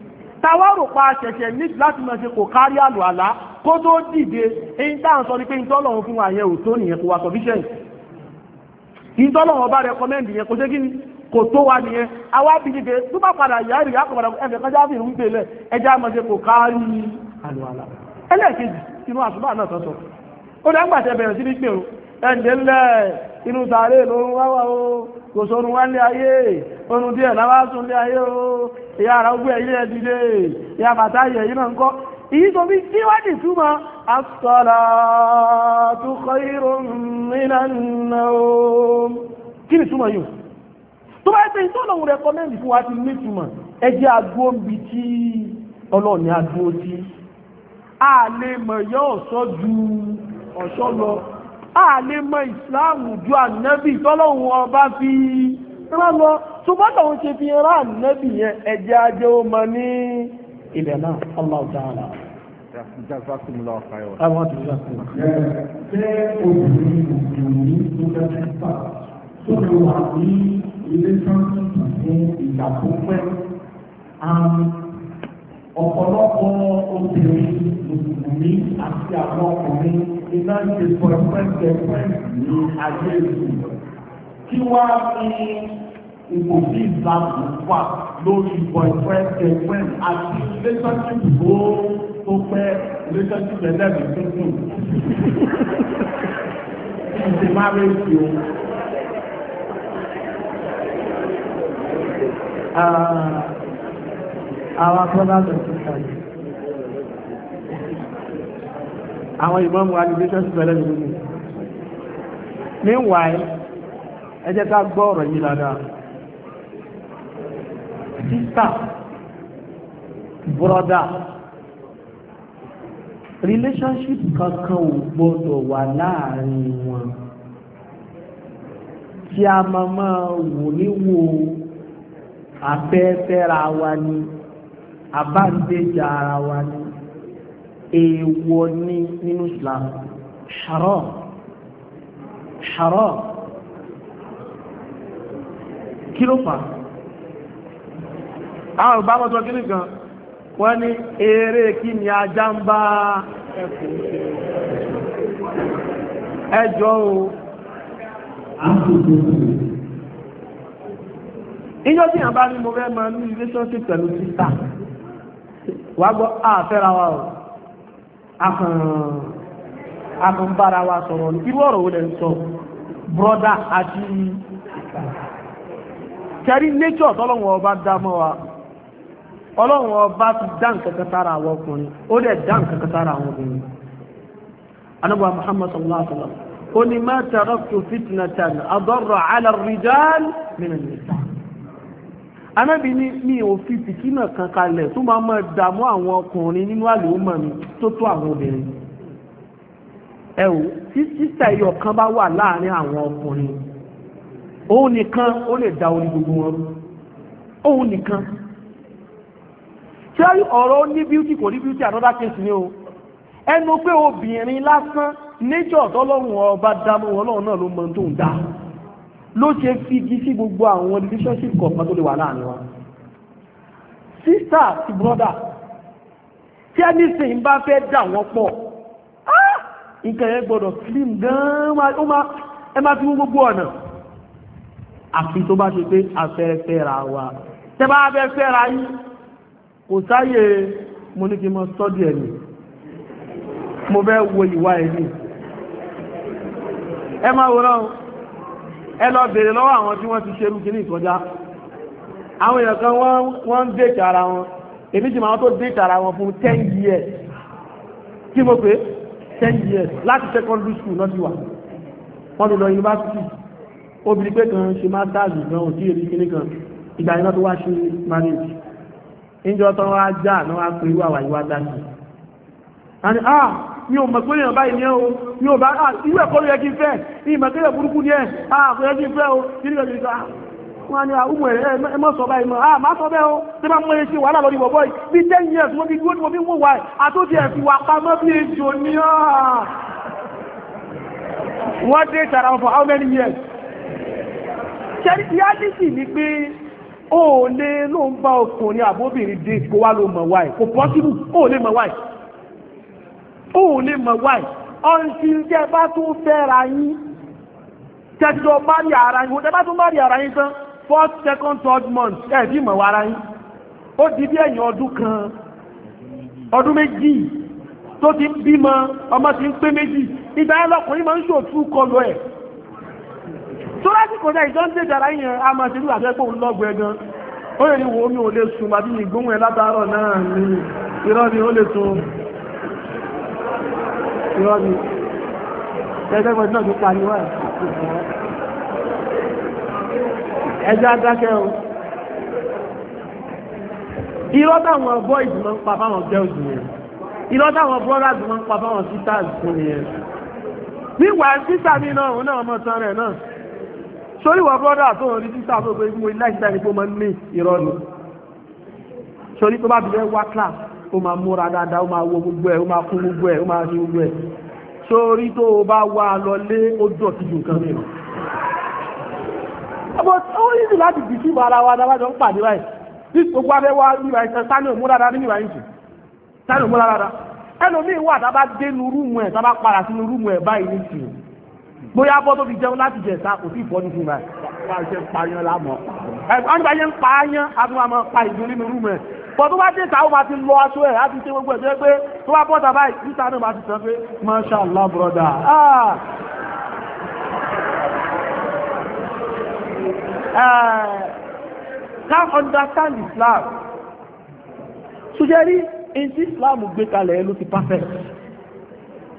tàwárò pa ṣẹ̀ṣẹ̀ ní láti mọ̀ ṣe kò kárí àlò àlá kó tó dìde èyí tá sọ pé fún àyẹn ò tó nìyẹn kò wà sọ̀fíṣẹ̀yìn ọba bá rẹkọmẹ́ndì yẹn kò ṣe kí ni kò tó wa nìyẹn àwa bí dìde tó bá padà yá rí àpò ẹ̀fẹ̀ kan jáfì ń pè lẹ̀ ẹja mọ̀ kò kárí àlò náà sọ̀tọ̀ ó dá gbàṣẹ bẹ̀rẹ̀ sí ní ẹ̀ǹdẹ̀ ńlẹ̀ inú sàárè lórun wá wà o kò sórun wá ní ayé orun díẹ̀ láwá ní ayé o ìyá ara ogbó ẹ̀yìn ẹ̀ dìde ìyá bàtà ayẹ̀ yìí náà ń kọ́ èyí tó fi síwádìí túmọ̀ as-salatu khayrun minan nawm kí ni túmọ̀ yìí tó bá ṣe ìtọ́lọ̀hún rẹ̀kọ́mẹ́ndì fún wa ti ní túmọ̀ ẹ jẹ́ agbó ń bi tí ọlọ́ọ̀ni agbó àlè mọ ìsìláàmù ju ànẹ́bì tọ́lọ́hun ọba fi rán lọ ṣùgbọ́n tọ́hun ṣe fi rán ànẹ́bì yẹn ẹ̀jẹ̀ ajé ó mọ ní ilẹ̀ náà Allahu ta'ala. Àwọn àti ìlú ọ̀pọ̀lọpọ̀ obìnrin mùsùlùmí àti àwọn ọkùnrin iná ń ṣe pẹ̀pẹ̀pẹ̀ ní ayé ìlú kí wá ní ipò bí ìlànà wà lórí pẹ̀pẹ̀pẹ̀ àti relationship tó tó pẹ́ relationship ẹlẹ́rìí tuntun ìṣe máa rẹ̀ sí o. Uh, àwọn akọ́lájọ̀ tó kàlẹ̀ àwọn ìmọ̀mù alìbíṣọ́sì pẹ̀lẹ́ nínú meanwhile ẹ jẹ́ ká gbọ́ ọ̀rọ̀ yìí dáadáa sísà brọ́dà relationship kankan ò gbọ́dọ̀ wà láàrin wọn tí a máa máa wò níwò afẹ́fẹ́ra wa ni àbáǹdéjà ara wa ni èèwọ̀ ní nínú Islam haram haram kí ló fà àwọn ọ̀bá mọ́tò kí ní kan wọ́n ní eré kí ni ajá ń bá ẹjọ́ o ìjọ́ tí àbá ní mo fẹ́ máa ní relationship pẹ̀lú títà wà gbọ́ àfẹ́ra wa ọ̀ akànbára wa sọ̀rọ̀ ní irú ọ̀rọ̀ olè sọ brọ́dá àti kẹrí nature tọ́lọ́wọ̀n ọba dámọ́ wa ọlọ́run ọba ti dá nǹkan kan sára àwọn ọkùnrin ó dẹ̀ dá nǹkan àwọn obìnrin anábọ̀ Muhammad sallallahu alaihi wa sallam ó ní ma taraktu fitnatan adarra ala rijal min anábì ní mi ò fi fìtínà kan kalẹ̀ tó máa mọ́ dààmú àwọn ọkùnrin nínú àlòmọ̀ mi tó tó àwọn obìnrin ẹ ò tí sísà ẹyọ kan bá wà láàrin àwọn ọkùnrin òun nìkan ó lè da orí gbogbo wọn òun nìkan ṣé ọ̀rọ̀ ní bíútì kò ní bíútì another case ni o ẹnu pé obìnrin lásán níjọ́ ọ̀dọ́lọ́run ọba dámú ọlọ́run náà ló mọ tó ń dá ló ṣe figi sí gbogbo àwọn relationship kọ̀ọ̀kan tó lè wà láàrin wa sister ti brother tí anything bá fẹ́ dà wọ́n pọ̀ ah, nǹkan yẹn gbọ́dọ̀ slim gan-an ẹ máa fi gbogbo ọ̀nà àfi tó bá ṣe pé afẹ́fẹ́ ra wa tẹ́ bá fẹ́ fẹ́ ra yín kò sáyè mo ní kí n mọ sọ́dí ẹ̀mí mo fẹ́ wo ìwà ẹ̀mí ẹ máa wòrán o ẹ lọ bèèrè lọ́wọ́ àwọn tí wọ́n ti ṣerú kí ní ìkọjá àwọn èèyàn kan wọ́n ń déètì ara wọn èmi jìmọ̀ àwọn tó déètì ara wọn fún ten years kí mo pé ten years láti secondary school náà ti wà wọ́n ti lọ university obìnrin pé kan ṣe masters gan òtí èrè kíní kan ìgbà iná tó wá ṣe marriage níjọ́ tán wá já náà wá pé wà wà ìwà dájú ní o mọ̀ pé èèyàn báyìí ní o ní o bá irú ẹ̀kọ́ ló kí n fẹ́ ní ìmọ̀ burúkú ní ẹ̀ àkọ́ yẹ fẹ́ o years mo fi dúró tí mo fi ń wò wá ẹ̀ àtúntì ẹ̀ fi wà pamọ́ bí ejò ní ọ́ wọ́n for how many years ṣẹ́rí reality ni ló ń bá ọkùnrin àbóbìnrin dé kó wá ló mọ̀ wáyé kò possible ó lè mọ̀ wáyé òun lè mọ̀ wáyé ọ̀ǹtí jẹ́ bá tún fẹ́ra yín tẹ́tọ́ bá ara yín bá tún second third month ẹ̀ bí mọ̀ wára yín ó di bí kan ọdún méjì tó ti bímọ ọmọ ti ń pé méjì ìgbà yẹn lọkùnrin máa ń ṣòtú kọlu ẹ̀ tó lásìkò náà ìjọ ń a máa ṣe nígbà tó pé òun lọ́gbọ̀ gan ó lè ní wo mi ò lè sùn àbí látàárọ̀ náà ni irọ́ ni ẹgbẹ́gbẹ́ náà tó parí wà ẹjọ́ adákẹ́ o irọ́ táwọn boys máa ń pa fáwọn girls yẹn irọ́ táwọn brothers máa ń pa fáwọn sisters fún yẹn níwà sísà mi náà òun náà ọmọ tán rẹ̀ náà sórí wà brọ́dà tó rí sísà tó pé mo láìsíta ní pé mo máa ń ní irọ́ ni sórí tó bá bìí wá class ó máa múra dáadáa ó máa wo gbogbo ẹ̀ ó máa kún gbogbo ẹ̀ ó máa ṣe gbogbo ẹ̀ sórí tó o bá wá lọ lé ó dọ̀tí ju nǹkan mìíràn ọmọ ó ní sí láti bìí sí ara wa dábàjọ ń pàdé báyìí bí gbogbo abẹ́ wá ní ìwà ìṣẹ́ sani òmúra dáadáa ní ìwà ìṣẹ́ sani òmúra dáadáa ẹlòmíì wà tábà dé nu rúùmù ẹ̀ tábà padà sínú rúùmù ẹ̀ báyìí ní ìṣẹ́ bóyá bọ́ tó fi jẹun láti jẹ̀sà kò sí ìfọ́nù fún báyìí wọ́n ṣe ń pa yán lámọ̀ ẹ̀ bọ̀ tó bá dé ìta ó máa ti lọ aṣọ ẹ̀ láti ṣe gbogbo ẹ̀ṣẹ́ pé tó bá bọ́ta báyìí níta náà máa ti sọ pé Masha Allah brother ah. eh, can understand Islam ṣùgbẹ́rí in tí Islam gbé kalẹ̀ ẹ ló ti perfect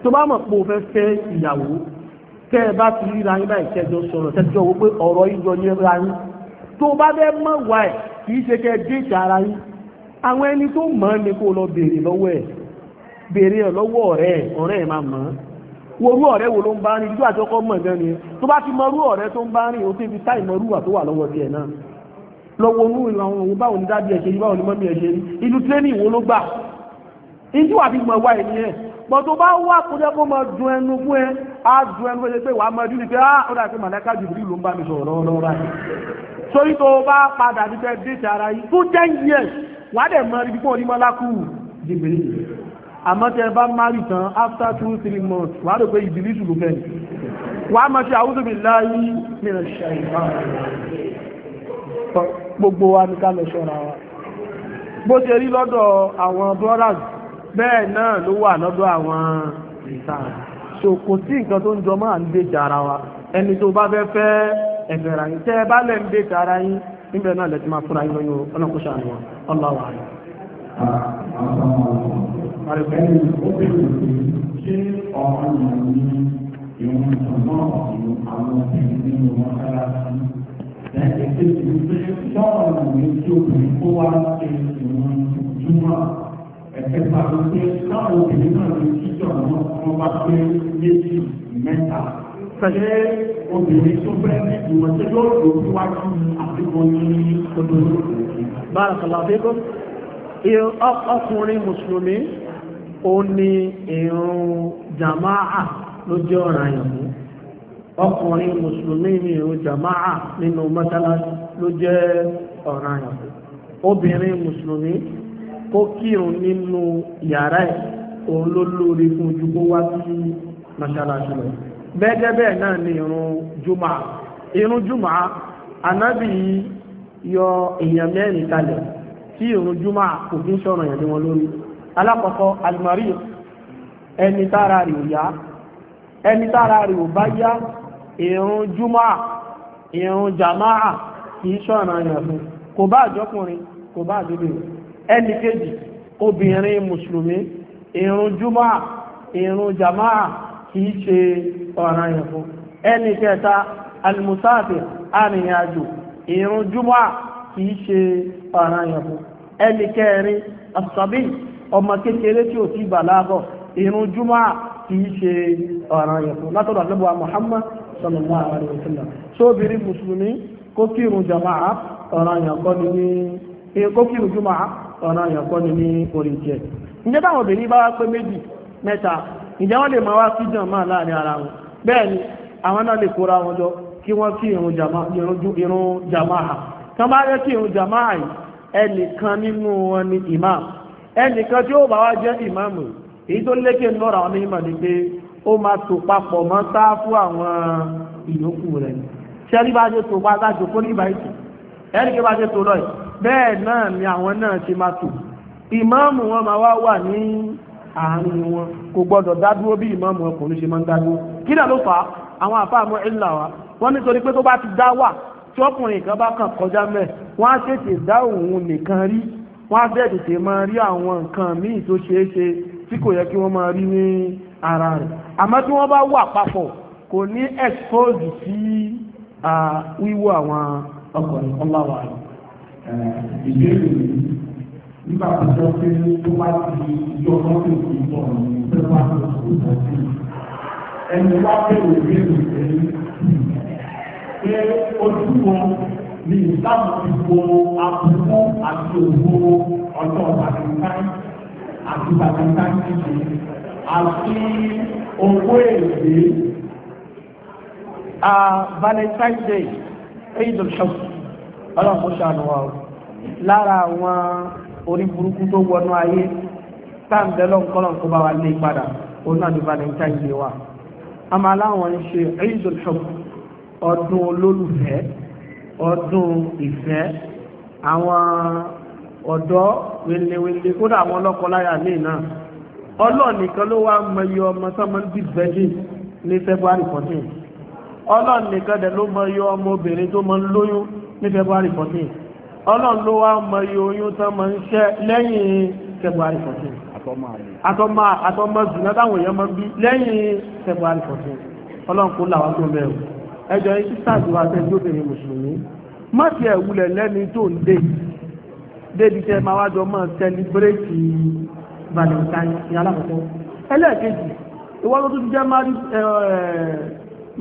tó bá mọ̀ pé o fẹ́ fẹ́ ìyàwó tẹ́ ẹ bá ti ríra yín báyìí kẹjọ sọ̀rọ̀ tẹ́jọ́ wo pé ọ̀rọ̀ yíjọ ní ra yín tó bá bẹ́ mọ̀ wá ẹ̀ kì í ṣe kẹ́ déètì ara yín àwọn ẹni tó mọ̀ ní kó lọ bèèrè lọ́wọ́ ẹ̀ bèèrè lọ́wọ́ ọ̀rẹ́ ọ̀rẹ́ ẹ̀ máa mọ̀ worú ọ̀rẹ́ wo ló ń bá rìn ìjú àjọkọ́ mọ̀ gan ni tó bá ti mọrú ọ̀rẹ́ tó ń bá rìn ó tẹ́bi táì mọrú wà tó wà lọ́wọ́ tiẹ̀ náà lọ́wọ́ inú ìlànà òun báwo ni dábì ẹ̀ṣẹ̀ báwo ni mọ́mí ẹ̀ṣẹ̀ ìlú tírénì wo ló gbà ìjú àbí mọ̀ wá ẹni ẹ̀ pọ̀ tó bá wà kó jẹ́ kó mọ dun ẹnu fún ẹ á dun ẹnu fún ẹ pé wàá mọ ẹdún ni pé á ah, ó dà pé màláìka jùbìlì ló ń bá mi sọ̀rọ̀ lọ́wọ́ báyìí sórí tó bá padà bí fẹ́ dé ti ara yìí tó ten years wà dẹ̀ mọ́ ibi pọ̀ ní mọ́lákù jìbìrì àmọ́ tẹ bá márì tán after two three months wà rò pé ìdílé ṣùgbọ́n fẹ́ wà á máa ṣe a'udhu billahi minash shaitan gbogbo wa ní ká lọ ṣọ́ra wa bó ṣe rí lọ́dọ̀ àwọn brothers bẹ́ẹ̀ náà ló wà lọ́dọ̀ àwọn ìtàn so kò sí nǹkan tó ń jọ máa ń gbèjà ara wa ẹni tó bá fẹ́ fẹ́ ẹ̀fẹ̀ràn yín tẹ́ ẹ bá lẹ́ ń gbèjà ara yín níbẹ̀ náà lẹ́tí máa fúnra yíyan yóò ọ̀nà kó ṣàánú wọn ọlọ́wà rẹ̀. Ẹ̀sìn tí ìlú pé sọ́ọ̀nù ní tí obìnrin kó wá ṣe ìwọ̀n júmọ́ ẹ̀kẹta ló pé sọ́ọ̀nù obìnrin náà ní títọ̀ náà wọ́n bá pé méjì mẹ́ta ṣe obìnrin tó fẹ́ ìwọ̀n tó yóò lò síwájú àfikún ní ọdún bárakàlàfíkọ́ ọkùnrin mùsùlùmí ó ní ìrun jama'a ló jẹ́ ọ̀ràn àyàmú ọkùnrin mùsùlùmí ní ìrun jama'a nínú mọ́sálásí ló jẹ́ ọ̀ràn àyàmú obìnrin mùsùlùmí kó kírun nínú yàrá ẹ̀ òun ló lórí fún ojú wá sí mọ́sálásí lọ bẹ́ẹ̀gẹ́ bẹ́ẹ̀ náà ni irun jùmọ̀ irun jùmọ̀ anábì yọ èèyàn mẹ́rin kalẹ̀ tí irun jùmọ̀ kò kí ń sọ̀rọ̀ yẹn ní wọn lórí alákọ̀ọ́kọ́ alimari ẹni tára rẹ̀ ò yá ẹni tára rẹ̀ ò bá yá irun jùmọ̀ irun jàmáà kì í sọ̀rọ̀ yẹn fún kò bá àjọkùnrin kò bá àjọbìnrin ẹni kejì obìnrin mùsùlùmí irun jùmọ̀ irun jàmáà kìí ṣe ọ̀ràn yẹn fún ẹni kẹta alimusafir arìnrìnàjò ìrun júmọ́ kìí ṣe ọ̀ràn yẹn fún ẹni kẹrin asabi ọmọ kékeré tí ò ti bàlágọ̀ ìrun júmọ́ kìí ṣe ọ̀ràn yẹn fún látọ̀dọ̀ àlẹ́bùwà Muhammad sallallahu alaihi wasallam sóbìnrin mùsùlùmí kó kírun jama'a ọ̀ràn yẹn kọ́ ni ní eh, kó kírun júmọ́ ni ní orí jẹ ǹjẹ́ táwọn obìnrin bá pé méjì mẹ́ta ìjẹ́ wọ́n lè máa wá sí jàmá láàrin ara wọn bẹ́ẹ̀ ni àwọn náà lè kóra wọn jọ kí wọ́n kí irun jàmá hà tán bá rẹ́ kí irun jàmá hà yìí ẹnìkan nínú wọn ni imam ẹnìkan tí ó bá wá jẹ́ imam èyí tó lékè lọ́ra wọn ní ìmọ̀ ni pé ó máa tò papọ̀ mọ́ sáfù àwọn ìyókù rẹ̀ ṣẹ́rí bá ṣe tò wá láti kó ní ìbáyìí ẹnìkan bá ṣe tò lọ́yìí bẹ́ẹ̀ náà ni àwọn náà ṣe máa tò ìmáàmù wọn máa wá wà ní àárín wọn kò gbọ́dọ̀ dádúró bí ìmáàmù ọkùnrin ṣe máa ń dádúró kí dà ló fà á àwọn àfáàmù ìlà wa wọ́n nítorí pé tó bá ti dá wà tí ọkùnrin kan bá kàn kọjá mẹ́ wọ́n á tètè dá òun nìkan rí wọ́n á bẹ́ẹ̀ tètè máa rí àwọn nǹkan míì tó ṣeé ṣe tí kò yẹ kí wọ́n máa rí ní ara rẹ̀ àmọ́ tí wọ́n bá wà papọ̀ kò ní expose sí wíwò àwọn ọkùnrin ọlọ́wà rẹ̀. ìbéèrè nígbà tó jọ pé tó bá ti ìjọ kan tó ti bọ̀ ní pẹ́pà tó ti bọ̀ sí ẹni wá pé òwe rẹ̀ pé ojú wọn ní ìsáàmù ti bo àbùkù àti òwò ọjọ́ bàtìkáì àti bàtìkáì títì àti owó èdè. Valentine Day, Eid al-Shaf, ọlọ́run kò ṣàánú wa lára àwọn orí burúkú tó wọnú ayé táǹdẹ́ lọ́nkọ́lọ́n kó bá wa lé padà òun náà ní valentine day wa a máa láwọn ń ṣe Eidul Hub ọdún olólùfẹ́ ọdún ìfẹ́ àwọn ọ̀dọ́ wẹlewẹle kódà àwọn ọlọ́kọláyà míì náà ọlọ́ọ̀ nìkan ló wá mọyì ọmọ sọmọdé bíi virgin ní february fourteen ọlọ́ọ̀ dẹ̀ ló mọyì ọmọ obìnrin tó mọ lóyún ní february fourteen ọlọ́run ló wá mọ iye oyún tán mọ ń ṣẹ́ lẹ́yìn february fourteen àtọmọ zùnà táwọn èèyàn mọ bí lẹ́yìn february 14. ọlọ́run kó làwọn tó bẹ̀rù ẹjọ́ yìí sísáàtì wa tẹ́ tí ó bẹ̀rẹ̀ mùsùlùmí má ti ẹ̀ wulẹ̀ lẹ́ni tó ń dé débi tẹ́ máa wá jọ máa sẹlibrétì valentine ní alákọ̀ọ́kọ́ ẹlẹ́ẹ̀kejì ìwọ́n tó tún jẹ́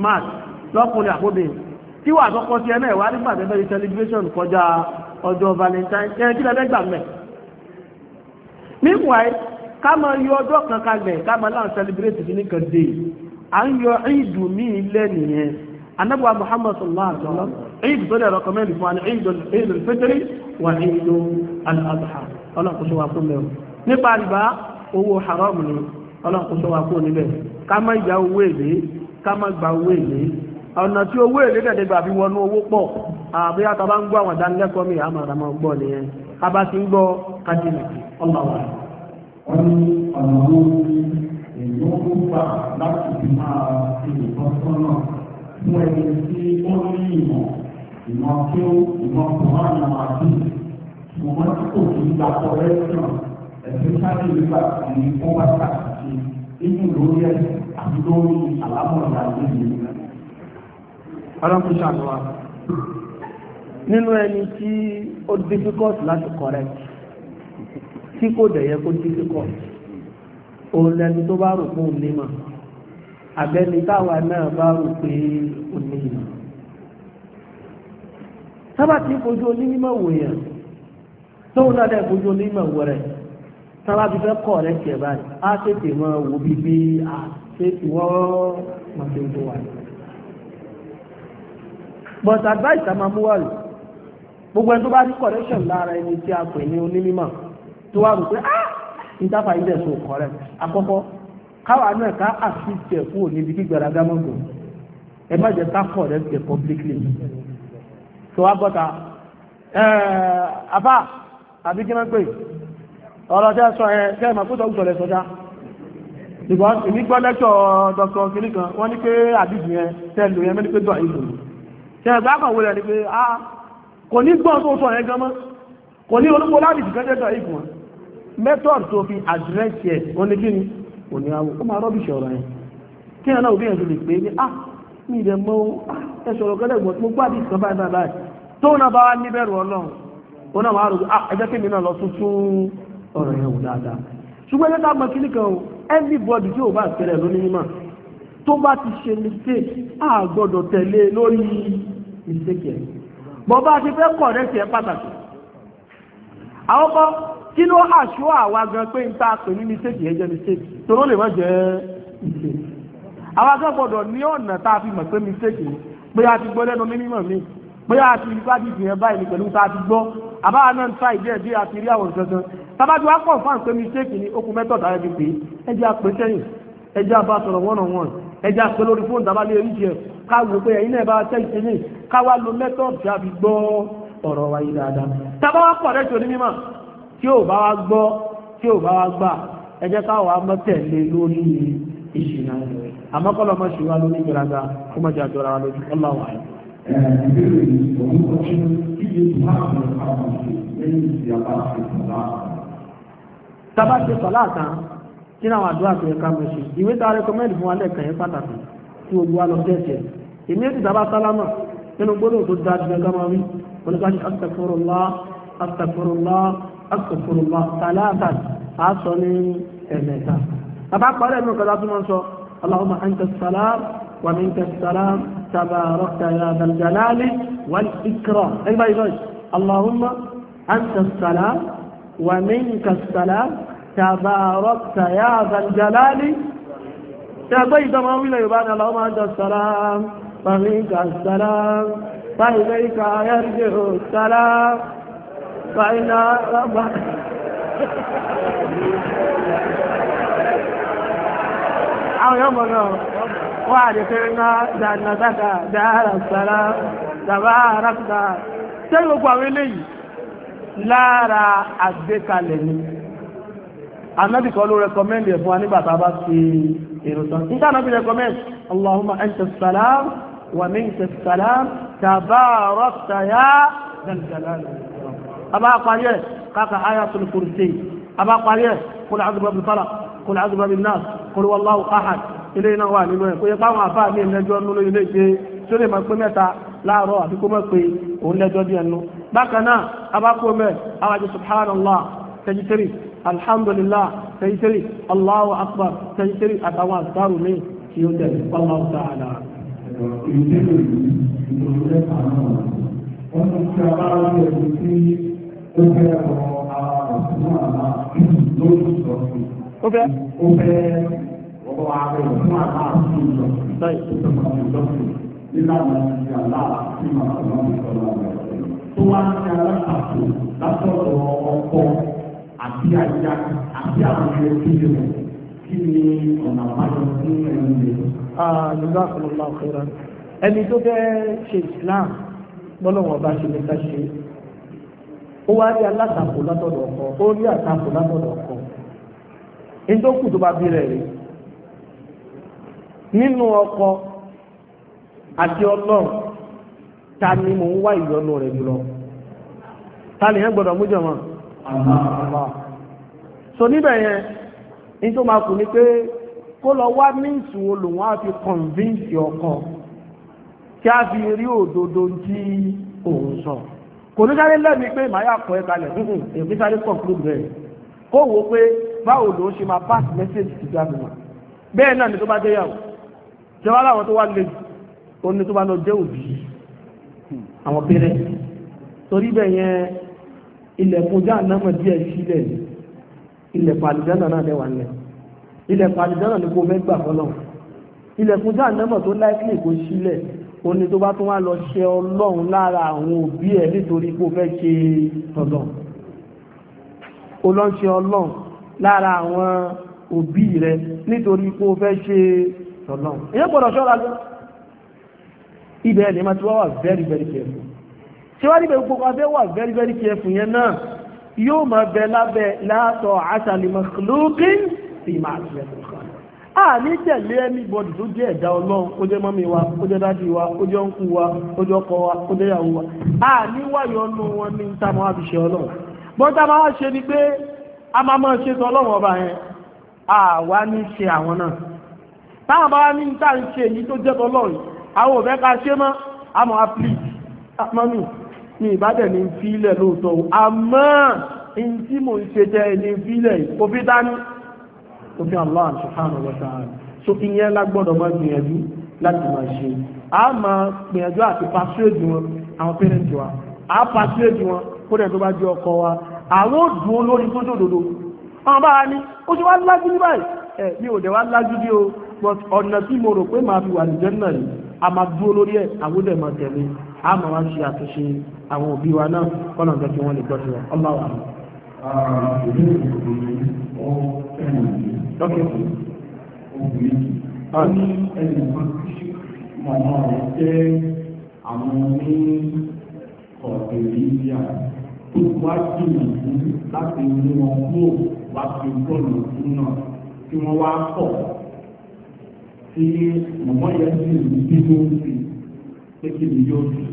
march eh, lọ́kùnrin àkóbìnrin tí wà àkọ́kọ́ sí ẹ̀nà ìwà nígbà tẹ́fẹ́ di celebration kọjá ọjọ́ valentine ẹ̀ kí lẹ́fẹ́ gbà mẹ́. meanwhile ká máa yọ ọjọ́ kan kalẹ̀ ká máa láwọn celebrate fi ní kan dé à ń yọ ìdù mí lẹ́nìyẹn anábùwà muhammad sallallahu alaihi wa sallam ìdù tó lè recommend fún wa ní ìdù fitri wà ìdù al-adha ọlọ́kùnso wa fún mẹ́rin nípa àdìbá owó haram ni ọlọ́kùnso wa fún níbẹ̀ ká máa gba owó èlé ká máa gba owó èlé ọ̀nà tí owó èlé dẹ̀dẹ̀ gbà fi wọnú owó pọ̀ àbí àtàbá ń gbọ́ àwọn ìdánilẹ́kọ̀ọ́ mi àmọ́ àdàmọ́ gbọ́ nìyẹn a bá ti ń gbọ́ kájínà ọlọ́wà. wọ́n tí ó ní ìmọ̀ ìmọ̀ sáré nígbà tí ó bá ṣàkóso inú lórí ẹ̀ àti lórí àlámọ̀lá ìlú ọlọ́pù ṣàlọ́wà nínú ẹni tí ó difficult láti correct tí kò dẹ̀yẹ kó difficult òun lẹni tó bá rò fún onímọ̀ àbẹ́ni táwa náà bá rò pé onímọ̀ sábà tí fojú onímọ̀ wò yẹn tóun náà dẹ̀ fojú onímọ̀ wò rẹ̀ sábà ti fẹ́ kọ̀ rẹ̀ tiẹ̀ báyìí á tètè máa wò bíi bí a ṣe ìwọ́ màtí ojú yìí but advice a máa mú wà gbogbo ẹni tó bá ní correction lára ẹni tí a pè ní onímọ̀ tó wà rò pé ah interfa index ò correct àkọ́kọ́ káwa náà ká assist ẹ̀ kúrò níbi gbígbàrà gámọ́gò ẹ má jẹ́ ká correct ẹ̀ publicly tó wá gbọ́ta Afa àbí kí wọ́n pè ọ̀rọ̀ tẹ́ sọ ẹ tẹ́ ìmọ̀ kó sọ́kùsọ̀ lẹ sọjá ìgbọ́n ìmí gbọ́ lẹ́tọ̀ dr kìnnìkan wọ́n ní pé àbíjì yẹn tẹ́ lò yẹn mẹ́ni pé dọ̀ àyíkò tẹ́ẹ̀bá kan wọlé ní pé a ah, kò ní gbọ́n tó sọ yẹn gan mọ́ kò ní olúkọ láti ìdíkẹ́jẹ́tọ̀ ìgbọ̀n method tó fi àdírẹ́sì ẹ̀ oníkíni kò ní awọ ó máa rọ́bìṣì ọ̀rọ̀ yẹn kí ẹ̀ náà obìnrin tó lè pé ní a ah, mi ìdẹ̀ mọ́ ah, ẹ sọ̀rọ̀ gẹ́lẹ́gbọ̀n mo gbádìí ìkan báyìí báyìí tó náà bá wá níbẹ̀rù ọlọ́run ó náà máa rò pé ẹ jẹ́ kí mi náà lọ tuntun ọ̀rọ̀ mistake ẹ̀ bọ́ bá ti fẹ́ correct ẹ̀ pàtàkì àwọn kan kí ló àṣọ àwa gan pé n ta pè ní mistake ẹ̀ jẹ́ mistake tó ló lè má jẹ́ mistake àwa kan gbọ́dọ̀ ní ọ̀nà tá a fi mọ̀ pé mistake pé a ti gbọ́ lẹ́nu mímọ̀ mi pé a ti rí bájú ìgbìyàn báyìí ni pẹ̀lú tá a ti gbọ́ àbá náà ń ta ìdí ẹ̀ bí a ti rí àwọn gangan tábàjú wa pọ̀ fáwọn pé mistake ni okùn mẹ́tọ̀ọ̀tà ẹ̀ fi pè é ẹ jẹ́ àpè sẹ́yìn ẹ jẹ́ àbá sọ̀rọ̀ one on one ẹ jẹ́ àpè lórí fóònù tábàlẹ́ oríṣi ẹ̀ káwò pé ẹ̀yin náà bá tẹ́jì ní káwá lo mẹ́tọ́ọ̀dù àbí gbọ́ ọ̀rọ̀ wáyé dáadáa tàbá wá pọ̀ rẹ̀ tòní mímọ̀ tí ò bá wá gbọ́ tí ò bá wá gbà ẹ jẹ́ káwà mọ́tẹ̀lé lórí ìṣìnà rẹ̀ àmọ́ kọ́lọ́ mọ́ ṣùgbọ́n lórí ìgbéraga kó mọ́ jà jọra lójú ọlọ́wà rẹ̀. ìbéèrè ìṣòro tó ṣe iye tó máa ń lọ àwọn ìṣe lẹ́yìn tí a bá a bá ṣe sọ̀lá àtàn kí ni àwọn àdúrà tó yẹ ká ìwé tá a fún wa pàtàkì kí olúwa lọ tẹ̀sẹ̀ èmi ètò ìjàmbá sálámà nínú gbọ́dọ̀ tó dáa jù ẹgbẹ́ máa wí wọn ká ní astaghfirullah astaghfirullah astaghfirullah tàlàtà á sọ ní ẹ̀mẹ́ta bàbá parí ẹ̀mí ọ̀kadà tó máa sọ allahumma anta salam wa minka salam tabarakta ya dhal jalali wal ikram ẹgbẹ́ ìlọ́ allahumma anta salam wa minka salam tabarakta ya dhal jalali ṣàgbẹ́ ìjọba wílẹ̀ yorùbá ni aláwọ̀ máa ń jọ sàlám pàmíkà sàlám pàìlẹ̀ ìkà ayẹ́rìndé ò sàlám pàìlà rábà. àwọn yóò mọ̀ náà wà á dé fẹ́rẹ́ náà dànàdàkà dáhàrà sàlám dàbà anábì kan ló rẹkọmẹ́ndì ẹ̀ fún wa nígbà tá a bá fi èrò tán nígbà anábì rẹkọmẹ́ndì allahumma anta salam wa minka salam tabarakta ya dalgalal abá parí ẹ̀ káka ayatul kursi abá parí ẹ̀ qul a'udhu bi rabbil falaq qul a'udhu bi rabbin nas qul wallahu ahad ilé iná wà nínú ẹ̀ kó yẹ fáwọn àfáà ní ẹ̀lẹ́jọ́ nínú ilé ìgbé tó mẹ́ àwàjẹ́ subhanallah tẹ̀jítẹ́rì alhamdulillah tẹ̀jítẹ́rì allahu akbar tẹ̀jítẹ́rì àtàwọn àtàrù mi tí ó tẹ̀lé wallahu ta'ala. ìdílé ìdílé àwọn ti ṣe abáwọ̀ ẹ̀sìn tí ó fẹ́ ọ̀rọ̀ tó wá ní alákàtó látọ̀dọ̀ ọkọ̀ àti àjà àti àwọn ẹgbẹ́ tí ó wọ̀ kí ni ọ̀nà àbájọ fún ẹni rẹ̀. àlùbá kò lọ àkọ́rọ̀ ẹni tó fẹ́ ṣe Islam gbọ́lọ́wọ́n bá ṣe lẹ́ka ṣe ó wá rí alátakò látọ̀dọ̀ ọkọ ó rí àtakò látọ̀dọ̀ ọkọ ìdókù tó bá bí rẹ̀ rí nínú ọkọ àti ọlọ́run ta ni mò ń wá ìyọnu rẹ̀ jùlọ ta ni ẹ gbọ́dọ̀ mú jọ̀mọ́ so níbẹ̀ yẹn ní tó máa kù ni pé kó lọ wá ní ìsùn olùwọ́n á fi convince ọkọ kí a fi rí òdodo tí òun sọ kò ní sáré lẹ́mi pé màá yà kọ́ ẹ kalẹ̀ nínú èmi sáré conclude rẹ̀ kó wò pé báwo ló ṣe máa pass message ti gbà mìíràn bẹ́ẹ̀ náà ni tó bá jẹ́ yàwó jẹ́wọ́ láwọn tó wá lè ó ní tó bá lọ jẹ́ òbí àwọn péré torí bẹ́ẹ̀ yẹn ilẹ̀kùn jáànámọ̀ díẹ̀ sílẹ̀ ilẹ̀kùn àlùjánà náà lẹ́wà ńlẹ̀ ilẹ̀kùn àlùjánà ni kò fẹ́ gbà fọlọ́ ilẹ̀kùn jáànámọ̀ tó láìpẹ́ kò sílẹ̀ oní tó bá tún wá lọ ṣe ọlọ́run lára àwọn òbí ẹ̀ nítorí kò fẹ́ ṣe tọ̀dọ̀ ó lọ ṣe ọlọ́run lára àwọn òbí rẹ nítorí kò fẹ́ ṣe tọ̀dọ̀ ìyẹn gbọ́dọ̀ ṣọ́ra ibẹ̀ ni ma ti wá wà very very careful tí wọ́n níbẹ̀ gbogbo afẹ́ wà very very careful yẹn náà yóò máa bẹ lábẹ́ látọ̀ sí máa a ní tẹ̀lé anybody tó jẹ́ ẹ̀dá ọlọ́run ó jẹ́ mọ́mí wa ó jẹ́ dádì wa ó wa ó jẹ́ ọkọ wa ó jẹ́ ìyàwó wa a ní wáyọ̀ ọ̀nù wọn ní ta máa fi ṣe ọlọ́run bọ́tà máa ṣe ni pé a máa máa ṣe ọlọ́run a wá ní ṣe àwọn náà táwọn bá ní ní ìbádẹ̀ ní fílẹ̀ lóòótọ́ àmọ́ in tí mo ń ṣe jẹ́ ní fílẹ̀ òfin dání òfin Allah subhanahu wa ta'ala so ìyẹn lágbọ́dọ̀ máa gbìyànjú láti máa ṣe a máa gbìyànjú àti pàṣẹ́jù wọn àwọn pẹ́rẹ́ǹtì wa a pàṣẹ́jù wọn kó dẹ̀ tó bá jẹ́ ọkọ wa àwọn ò dùn lórí tó dòdòdò àwọn bá ní ó ti wá lájú ní báyìí ẹ̀ mi ò dẹ̀ wá lájú bí o ọ̀nà tí mo rò pé màá fi wà ní jẹ́ náà yìí a máa dúró lórí ẹ̀ àwọn ò dẹ̀ máa tẹ̀lé a máa wá ṣe àtúnṣe àwọn òbí wa náà kọ́nà jẹ́ kí wọ́n lè gbọ́dọ̀ ọláwà. Àwọn ní ọ̀sẹ̀ yìí yà tó wá jìnnà láti mú wọn kúrò wá sí bọ́ọ̀lù fún náà tí wọ́n wá pọ̀ tí mọ̀mọ́ yẹn sì ń bí tó ń sì pé kí ni yóò sì.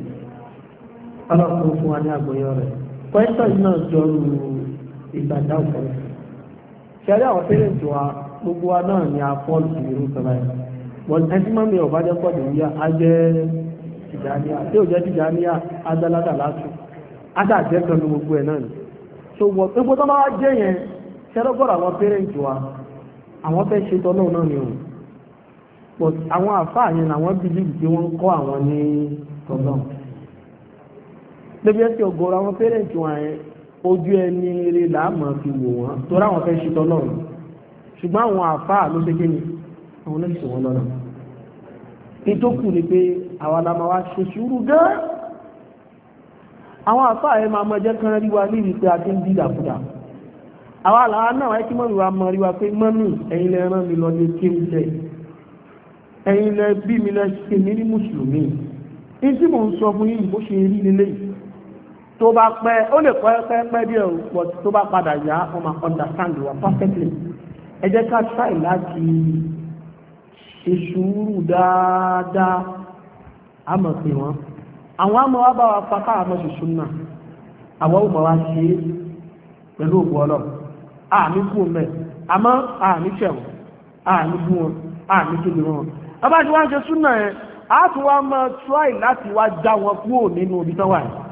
ọlọ́pàá fún wa ní àgbọ̀yọ́ rẹ̀ pẹ́ńtọ́ náà jọrù ìgbàdá ọ̀pọ̀ ṣẹlẹ̀ àwọn wa gbogbo wa náà ni a fọ́ lù irú yẹn wọ́n ọ̀bá jẹ́ pọ̀ nìyí a jẹ́ tìjàníà tí ò jẹ́ tìjàníà kan ní gbogbo ẹ̀ náà ni tó wọ ṣe tọ́ náà lóbi ẹsẹ̀ ògòrò àwọn pẹ́rẹ́ǹtì wọn yẹn ojú ẹni eré làámọ̀ fi wò wọ́n torí àwọn fẹ́ ṣe tọ́lọ́run ṣùgbọ́n àwọn àfáà ló ṣe kéde àwọn olóṣèlú wọn lọ́nà ìtókù ni pé àwọn alamọ̀ wa ṣe sùúrù gan àwọn àfáà yẹn máa mọ ẹjẹ́ kan rí wa níbi pé a ti ń bí ìdàkudà àwọn àlàá náà wáyé kí mọ́mí wa mọ̀ rí wa pé mọ́mí ẹ̀yin lẹ rán mi lọ ní kéwù lẹ̀ ẹ̀yin lẹ bí mi lẹ ṣe mí ní mùsùlùmí ní tí mò ń sọ fún yín bó ṣe rí lélẹ́yìí tó bá pẹ́ ó lè pẹ́ pẹ́ pẹ́ díẹ̀ o tó bá padà yá wọ́n máa understand wa perfectly ẹ jẹ́ ká try láti ṣe sùúrù dáadáa àmọ̀ pé wọ́n àwọn àmọ́ wa bá wa pa ká àmọ́ ṣùṣù náà àwọn ò mọ̀ wá ṣe é pẹ̀lú òkú ọlọ́ àmì kú mẹ́ àmọ́ àmì ṣẹ̀wọ̀n àmì bú wọn àmì tóbi wọn ọba tí wọ́n ṣe súnà yẹn a tún wá máa try láti wá já wọn kúrò nínú ibi tán wà yìí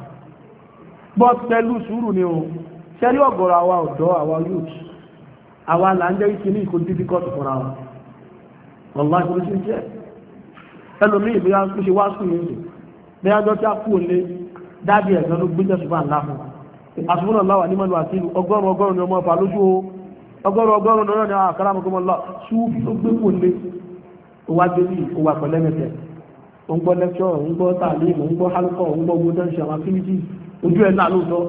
but pẹ̀lú sùúrù ni o ṣẹ́rí ọ̀gọ̀rọ̀ àwa ọ̀dọ́ àwa youth àwa là ń jẹ́ wípé ní ìkó difficult fúnra wa ọ̀la ṣe jẹ́ ẹlòmíì bí ṣe wá bí jọ tí a kú òlé dábì ẹ̀sán gbé jẹ́sùn bá àsùnwòn ọ̀la wà ní àti ìlú o ọgọ́rùn ọgọ́rùn ni àwọn ojú ẹ̀ náà lóòótọ́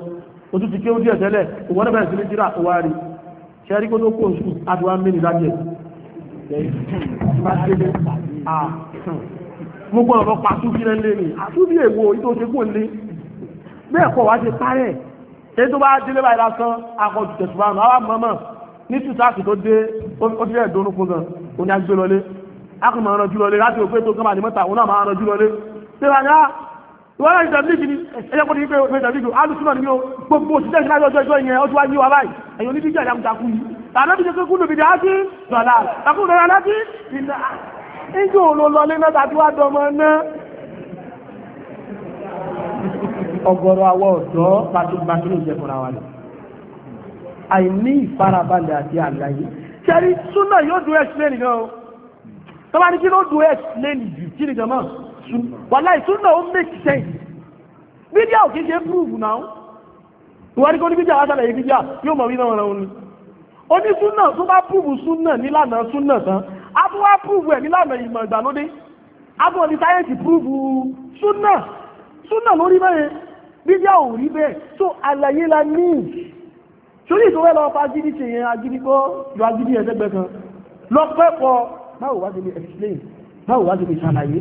ojú ti ké ojú ẹ̀ tẹ́lẹ̀ òwò náà bẹ̀rẹ̀ sí ní jíra òwò àrí ṣẹ́rí kó tó kó oṣù àdúrà mẹ́rin lájẹ̀ mo gbọ́dọ̀ lọ pa àtúbí rẹ̀ lé ní àtúbí èwo ìtò ṣe kó lé bẹ́ẹ̀ kọ́ wá ṣe parẹ́ èyí tó bá délé báyìí lásán akọ̀jù tẹ̀sùmánu àwọn mọ́mọ́ ní tùtàkì tó ìwọ́n láti tàbílìkì ní ẹjẹ́kọ́ ní pé tàbílìkì alùsùnà ní gbogbo òṣìṣẹ́ ìṣẹ́ ọjọ́ ìjọ ìyẹn ọjọ́ ní wà báyìí ẹ̀yọ́ ní bíjà ìyàmù takú yìí tàbí ti kékeré kúlù bìdá sí dọ̀là takú rẹ̀ láti ìlà ìjọ òlò lọlé náà tàbí wà dọmọ náà ọ̀gọ̀rọ̀ àwọ̀ ọ̀dọ́ bàtúbàtú ló jẹ fúnra wa lọ àìní ìfarabalẹ̀ àti àlàyé ṣẹ́rí súnà yóò dùn ẹ̀ sílẹ̀ nìkan o tọ́ba ní kí ló dùn ẹ̀ sílẹ̀ nìjù kí nìkan mọ́ But wàlá ìsúná ó make sense bídíà ò kí ṣe prove náà ìwà ní kó ní bídíà wá sálẹ̀ yìí bídíà yóò mọ̀ wíná ọ̀rọ̀ òun ni onísúná tó bá prove súná nílànà súná tán á tún wá prove ẹ̀ nílànà ìmọ̀ ìgbàlódé á tún ọdí to prove súná súná lórí bẹ́ẹ̀ bídíà ò So this is àlàyé la ní sórí ìtòwé lọ pa agídí ṣe yẹn You are ju agídí ẹ̀ẹ́dẹ́gbẹ́ kan lọ pẹ́ pọ̀ báwo wá ti lè explain báwo wá ti lè ṣàlàyé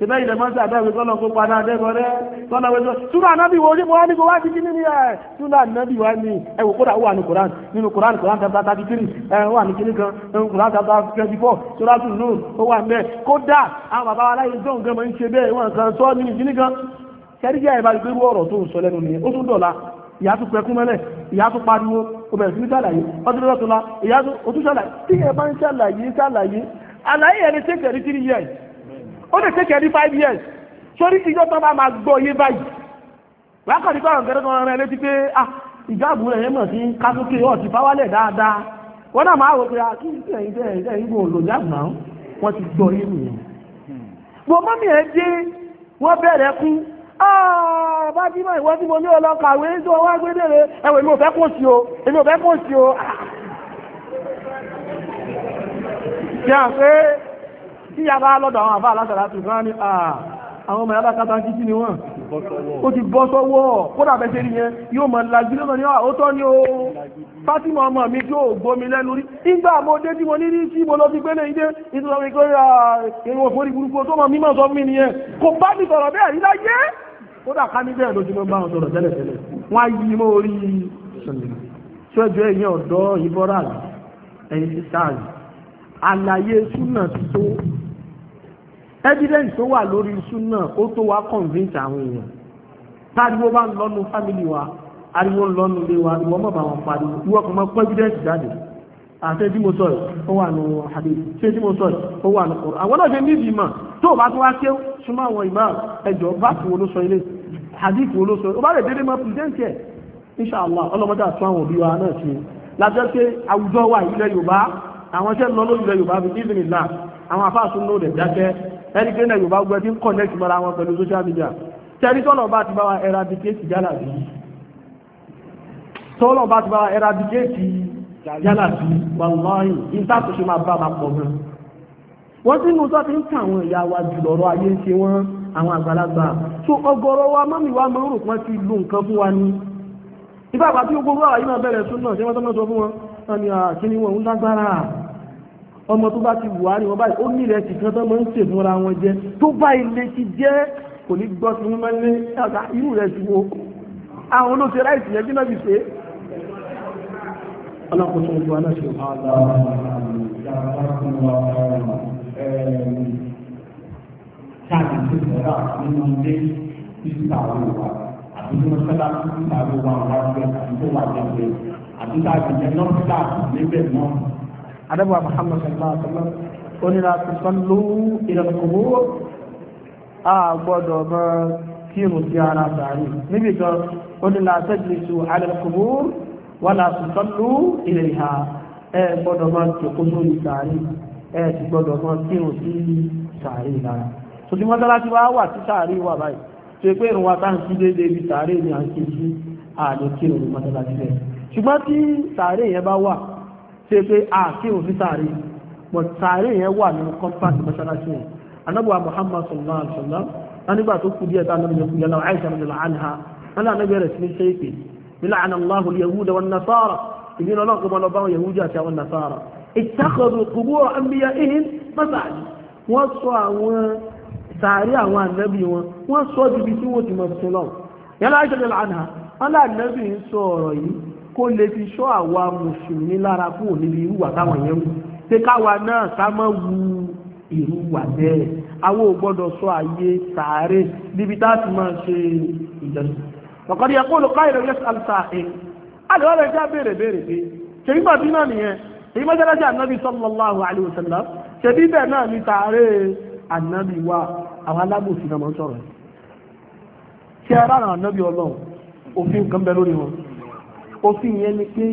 ṣẹbẹ́ ilẹ̀ mọ́sí àdáwẹ̀ kọ́lọ̀ kó padà dẹ́kọ̀ rẹ́ kọ́lọ̀ wẹ́sọ̀ ṣúra nábì wo wá ní kó wá ti kí nínú ẹ̀ ṣúra nábì wá ní ẹwọ kódà wà ní koran nínú koran koran tẹ́ta tàbí kiri ẹ wà ní kiri kan nínú koran tẹ́ta twenty four ṣúra tún nù ó wà mẹ́ kódà àwọn bàbá wa láyé tó nǹkan mọ̀ ń ṣe bẹ́ẹ̀ wọn kan sọ nínú kiri kan kẹríjà ẹ̀ bá rí pé irú ọ̀rọ̀ tó ń sọ lẹ́nu nìyẹn ó tún dọ̀la ìyá tún pẹkún mẹ́lẹ̀ ìyá tún pariwo obìnrin sí ní sàlàyé ọdún lọ́tún la ìyá tún òtún sàlàyé tí ẹ bá ń sàlàyé sàlàyé àlàyé ẹni tẹ́kẹ̀rí tírí yẹ ó lè tẹ́kẹ̀ẹ́ ní five years sórí ìjọ tó bá máa gbọ́ yé báyìí wákàtí tó àwọn kẹrẹ tó rán létí pé ah ìjáàbù rẹ̀ yẹn mọ̀ sí kásókè ọ̀tí fáwálẹ̀ dáadáa wọ́n náà máa wò pé ah, kí ẹ̀yìn tẹ́ ẹ̀yìn tẹ́ ẹ̀yìn bò lò jáàbù náà wọ́n ti gbọ́ yé nìyẹn. wọ́n mọ́mí ẹ̀ dé wọ́n bẹ̀rẹ̀ kú ah, bá bí mọ̀ ìwọ́n tí mo ní ọlọ́ kàwé tó wá gbé dèrè ẹ̀wọ̀ èmi ò fẹ́ kó sí o èmi ò fẹ́ kó sí o. (laughs) tí a bá lọ́dọ̀ àwọn àbá alásàrà tó kán ní àwọn ọmọ yàrá kátà títí ni wọ́n ó ti bọ́ sọ́wọ́ kódà bẹ́sẹ̀ rí yẹn yóò mọ̀ lajú lọ́nà ní ó tọ́ ni ó Fátímọ̀ ọmọ mi tí ó gbomi lẹ́nu rí nígbà mo dé tí mo ní rí tí mo lọ sí gbélé ìdé nítorí ọmọ ìkórè èrò òfòrí burúkú tó mọ mímọ̀ sọ mí nìyẹn kò bá mi sọ̀rọ̀ bẹ́ẹ̀ rí láyé kódà ká ní bẹ́ẹ̀ lójúmọ́ bá wọn sọ̀rọ̀ tẹ́lẹ̀ tẹ́lẹ̀ wọ́n á yí mọ́ orí ṣẹ́jọ́ ẹ̀yìn ọ̀dọ́ ìbọ́ra ẹ̀yìn sísáàlì evidence tó wà lórí súnà ó tó wá convince àwọn èèyàn táriwo bá ń lọ́nu family wa ariwo ń lọ́nu ilé wa ìwọ mọ̀ bá wọn pariwo ìwọ kan mọ̀ pé evidence jáde àti tí mo sọ̀rọ̀ ó wà ní hadith ṣé tí mo sọ̀rọ̀ ó wà ní Qur'an àwọn náà ṣe ní ìdìmọ̀ tó bá tó wá ké súnmọ́ àwọn imam ẹjọ́ bá fi wo ló sọ ilé hadith wo ló sọ ó bá lè dédé mọ́ present ẹ̀ inshallah ọlọ́mọdé àtún àwọn òbí wa náà ṣe lájọ́ pé àwùjọ wa ilẹ̀ Yorùbá àwọn iṣẹ́ lọ lórí ilẹ̀ Yorùbá bí ìdìmìlá àwọn afáàsùn ló rẹ̀ dákẹ́ ẹni pé náà yorùbá gbọ́ tí ń connect mọ́ra wọn pẹ̀lú social media tẹ́rí tọ́lọ̀ bá ti bá wa eradicate yálà bí tọ́lọ̀ bá ti bá wa eradicate yálà bí wàlúwàáyì ìtàkùn ṣe máa bá wa pọ̀ gan wọ́n tí inú sọ́ ti ń kà àwọn ìyá wa jùlọ ọ̀rọ̀ ayé ń ṣe wọ́n àwọn àgbàlagbà tó ọgọ́rọ̀ wa mọ́mí wa mọ́ rò pọ́n ti lo nǹkan fún wa ni ìbá àgbà tí ó gbogbo àwọn yìí máa bẹ̀rẹ̀ sún náà ṣé wọ́n tọ́ mọ́ sọ fún wọn wọ́n ah, ni ọmọ tó bá ti wù á ní wọn báyìí ó ní ìrẹsì kan tó máa ń sè fúnra wọn jẹ tó bá ilé ti jẹ kò ní gbọ́ sí wọn lé àgbà irú rẹ̀ sí wo àwọn olóṣèlú ráìsì yẹn jìnnà fi ṣe. alákòóso ojú wa náà ṣe wà. káàdì tó sọ̀rọ̀ nínú ilé títà owó wa àti ní mọ́sálásí títà owó wa wá sí àdúgbò wa jẹ́ pé àdúgbò àgbẹ̀jẹ̀ nọ́ọ̀tà níbẹ̀ náà adébọ̀ Muhammad sallallahu alaihi wasallam ó ní láti sọ́lú ilal qubur a gbọ́dọ̀ mọ́ kírun sí ara sàárì níbi kan ó ní la tajlisu ala al-qubur wala tusallu ilayha ẹ gbọ́dọ̀ mọ́ tòkó sórí sàárì ẹ ti gbọ́dọ̀ mọ́ kírun sí sàárì lára tó ti mọ́tálá ti wá wà sí sàárì wà báyìí tó pé ìrùn wa tá ń sí déédéé ibi sàárì ni à ń kí sí àdókè òun mọ́tálá ti bẹ̀ ṣùgbọ́n tí sàárì yẹn bá wà ṣe pé àkí ah, òfin sáré but sáré yẹn wà nínú compact mọ́ṣáláṣí yẹn anábọ̀ Muhammad sallallahu alaihi wasallam wọn nígbà tó kú díẹ̀ táwọn ọmọ yẹn lọ Aisha rẹ̀ anha wọn náà nígbà rẹ̀ sí ní ṣéèpì nílànà Allahu yahuda wan nasara ìbínú ọlọ́run kó mọ lọ báwọn yahuda àti àwọn nasara ittakhadhu qubur anbiya'ihim masajid wọ́n sọ àwọn sàárì àwọn ànábì wọn wọ́n sọ ibi tí wọ́n ti mọ̀ sí lọ́wọ́ yẹn láì ṣẹlẹ̀ lánàá wọn kó lè fi ṣọ́ àwa mùsùlùmí lára kúrò níbi irúwà táwọn yẹn wù pé káwa náà ká má wu irúwà bẹ́ẹ̀ àwọn ò gbọ́dọ̀ sọ àyè sàárè níbi tá a ti máa ṣe ìjọsìn. ọ̀kan yẹ kó lọ ká ìrẹ̀lẹ̀ sàlùsà ẹ̀ àdéhùn rẹ̀ já béèrè béèrè pé ṣèyí bàbí náà nìyẹn èyí mọ́sálásí ànábì sallallahu alaihi wasallam ṣèbí bẹ́ẹ̀ náà ní sàárè ànábì wa àwọn alábòsí náà máa ń sọ̀rọ̀ ṣé ara ànábì ọlọ́run òfin kan bẹ lórí wọn òfin yẹn ni pé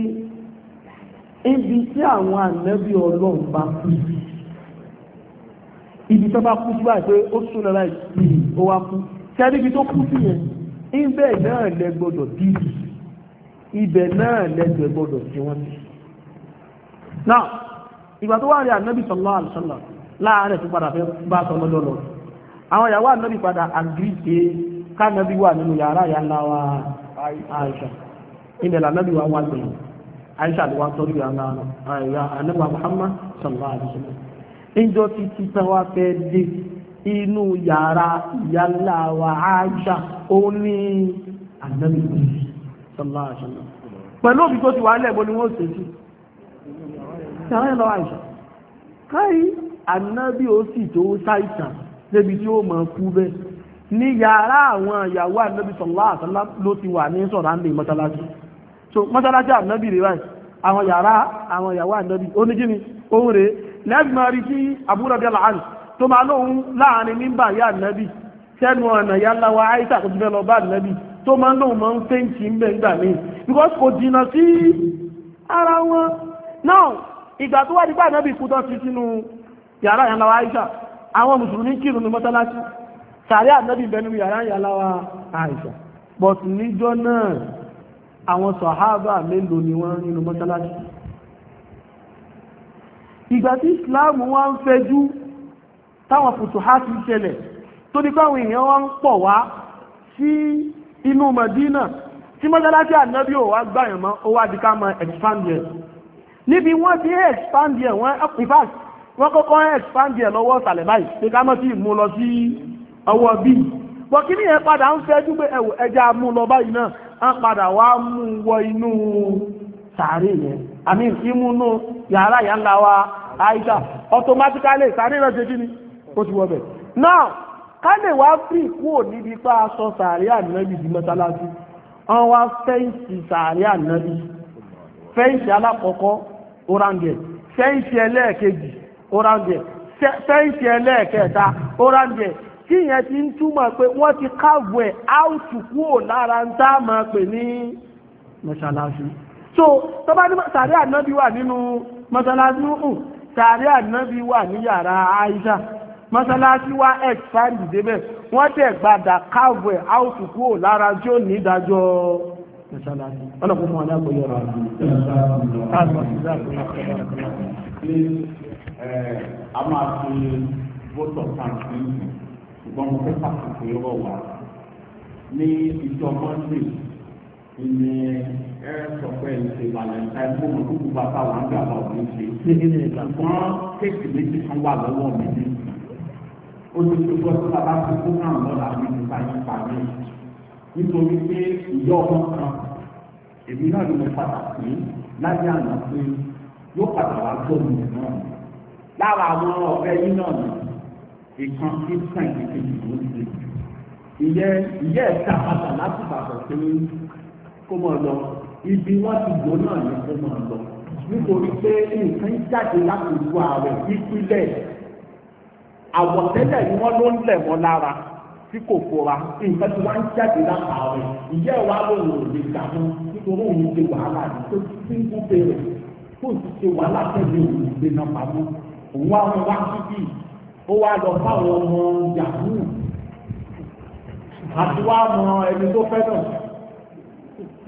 ibi tí àwọn ànábì ọlọ́run bá kú ibi tó bá kú sí báyìí pé ó sún ó wá kú ibi tó kú sí yẹn ibẹ̀ náà lẹ gbọ́dọ̀ dìbì ibẹ̀ náà be gbọ́dọ̀ sí wọ́n sí. náà ìgbà tó wà rí ànábì sallallahu alaihi láàárẹ̀ tó padà fẹ́ bá sọmọ lọ́lọ́ àwọn ìyàwó padà àgírí pé kánábì wà nínú yàrá ibẹ̀ lànàbí wa wá gbẹ̀yìn aisha ló wá tọ́jú àyà anábà muhammad sallallahu alaihi wasallam ìjọ títí táwa fẹ́ dé inú yàrá ìyálà wa aisha ó ní anábì sallallahu alaihi wasallam pẹ̀lú òbí tó ti wà lẹ́gbọ́ ni wọ́n ṣe sí yàrá ìlọ aisha káyí anábì ó sì tó ṣàìsàn débi tí ó mọ̀ kú bẹ́ẹ̀ ní yàrá àwọn ìyàwó anábì sallallahu alaihi wasallam ló ti wà ní sọ̀rọ̀ àmì mọ́tálásí so mọ́sálásí ànábì rẹ̀ báyìí àwọn yàrá àwọn ìyàwó ànábì ó ní kí ni òun rèé lẹ́gbìn rí sí àbúrò bí aláàánì tó máa lóhun láàrin nígbà yá ànábì sẹ́nu ọ̀nà yálà wa àìsà tó ti fẹ́ lọ bá ànábì tó máa lóhun máa ń fẹ́ǹtì ń bẹ̀ nígbà because kò jìnnà sí ara wọn now ìgbà tó wá nígbà ànábì kú tán sí sínú yàrá yàrá wa àìsà àwọn mùsùlùmí kírun ní mọ́sálásí sàrí ànábì bẹnu yàrá yàrá wa àìsà but níjọ́ náà àwọn sọ̀hábà mélòó ni wọ́n nínú mọ́sálásí ìgbà tí islam wá ń fẹjú táwọn fùtùhátì ṣẹlẹ̀ tó ní káwọn èèyàn wá ń pọ̀ wá sí inú Madina tí mọ́sálásí ànábí ò wá gbáyàn mọ́ ó wá di ká mọ expand yẹn níbi wọ́n ti expand yẹn wọ́n in fact wọ́n kọ́kọ́ expand yẹn lọ́wọ́ sàlẹ̀ báyìí pé ká mọ́ sí ìmú lọ sí ọwọ́ bíi bọ̀kí ní ẹ̀ padà ń fẹ́ dúpẹ́ ẹ̀wọ̀ ẹja báyìí náà á padà wá mú wọ inú sàárè yẹn àmì ìmúnú yàrá yà ńlá wa Aisha automatically sàárè rẹ̀ ṣe kí ni ó now ká lè wá bí kúrò níbi pa aṣọ sàárè ànábì di mọ́sálásí wọ́n wá fẹ́ǹsì sàárè ànábì fẹ́ǹsì alákọ̀ọ́kọ́ orangẹ̀ fẹ́ǹsì ẹlẹ́ẹ̀kejì orangẹ̀ fẹ́ǹsì ẹlẹ́ẹ̀kẹta orangẹ̀ tí ìyẹn ti ń túmọ̀ pé wọ́n ti káàbù ẹ̀ áùtù kúrò lára ń tá máa pè ní mọ́ṣáláṣí so tó bá ní sàrí ànábì wà nínú mọ́ṣáláṣí hù sàrí ànábì wà ní yàrá Aisha mọ́ṣáláṣí wá expand débẹ̀ wọ́n tẹ̀ gbàdà káàbù ẹ̀ áùtù kúrò lára tí ó ní ìdájọ́ mọ́ṣáláṣí ọlọ́pàá fún wọn lágbo yọrọ a máa ṣùgbọ́n mo fẹ́ pàtàkì ọ̀rọ̀ wa ní ìjọ mọ́ndé ìní ẹ sọ pé ìṣe valentine mo mọ kúkú bàbá wa ń gbàgbọ́ òní ṣe ṣùgbọ́n kéèkì méjì kan wà lọ́wọ́ mi ní olùdókòwò tó bàbá tó kó náà lọ́la mi ní báyìí pàdé nítorí pé ìyá ọmọ kan èmi náà ló mọ pàtàkì láyé àná pé yóò padà wá gbọ́ mi náà lára àwọn ọ̀rẹ́ yín náà nìyí ìkan ìsàn ìdíje ìlú ti ìyẹn ìyẹ́ ẹ̀ka padà láti bàbọ̀ sí kó mọ̀ lọ ibi wọn ti gbó náà ní kó mọ̀ lọ nítorí pé nǹkan jáde láti wú ààrẹ ìpínlẹ̀ àwọ̀tẹ́lẹ̀ ni wọ́n ló ń lẹ̀ wọ́n lára tí kò fura nǹkan tí wọ́n ń jáde láti ààrẹ ìyẹ́ wa ló ń lè dààmú nítorí òun ti wàhálà ní tó ti ń kú bẹ̀rẹ̀ tó ti ṣe wàhálà tẹ̀lé òun ìgbéná pamọ́ òun wá wọn wá síbí yìí ó wá lọ fáwọn ọmọ yahoo àti wá mọ ẹni tó fẹ́ náà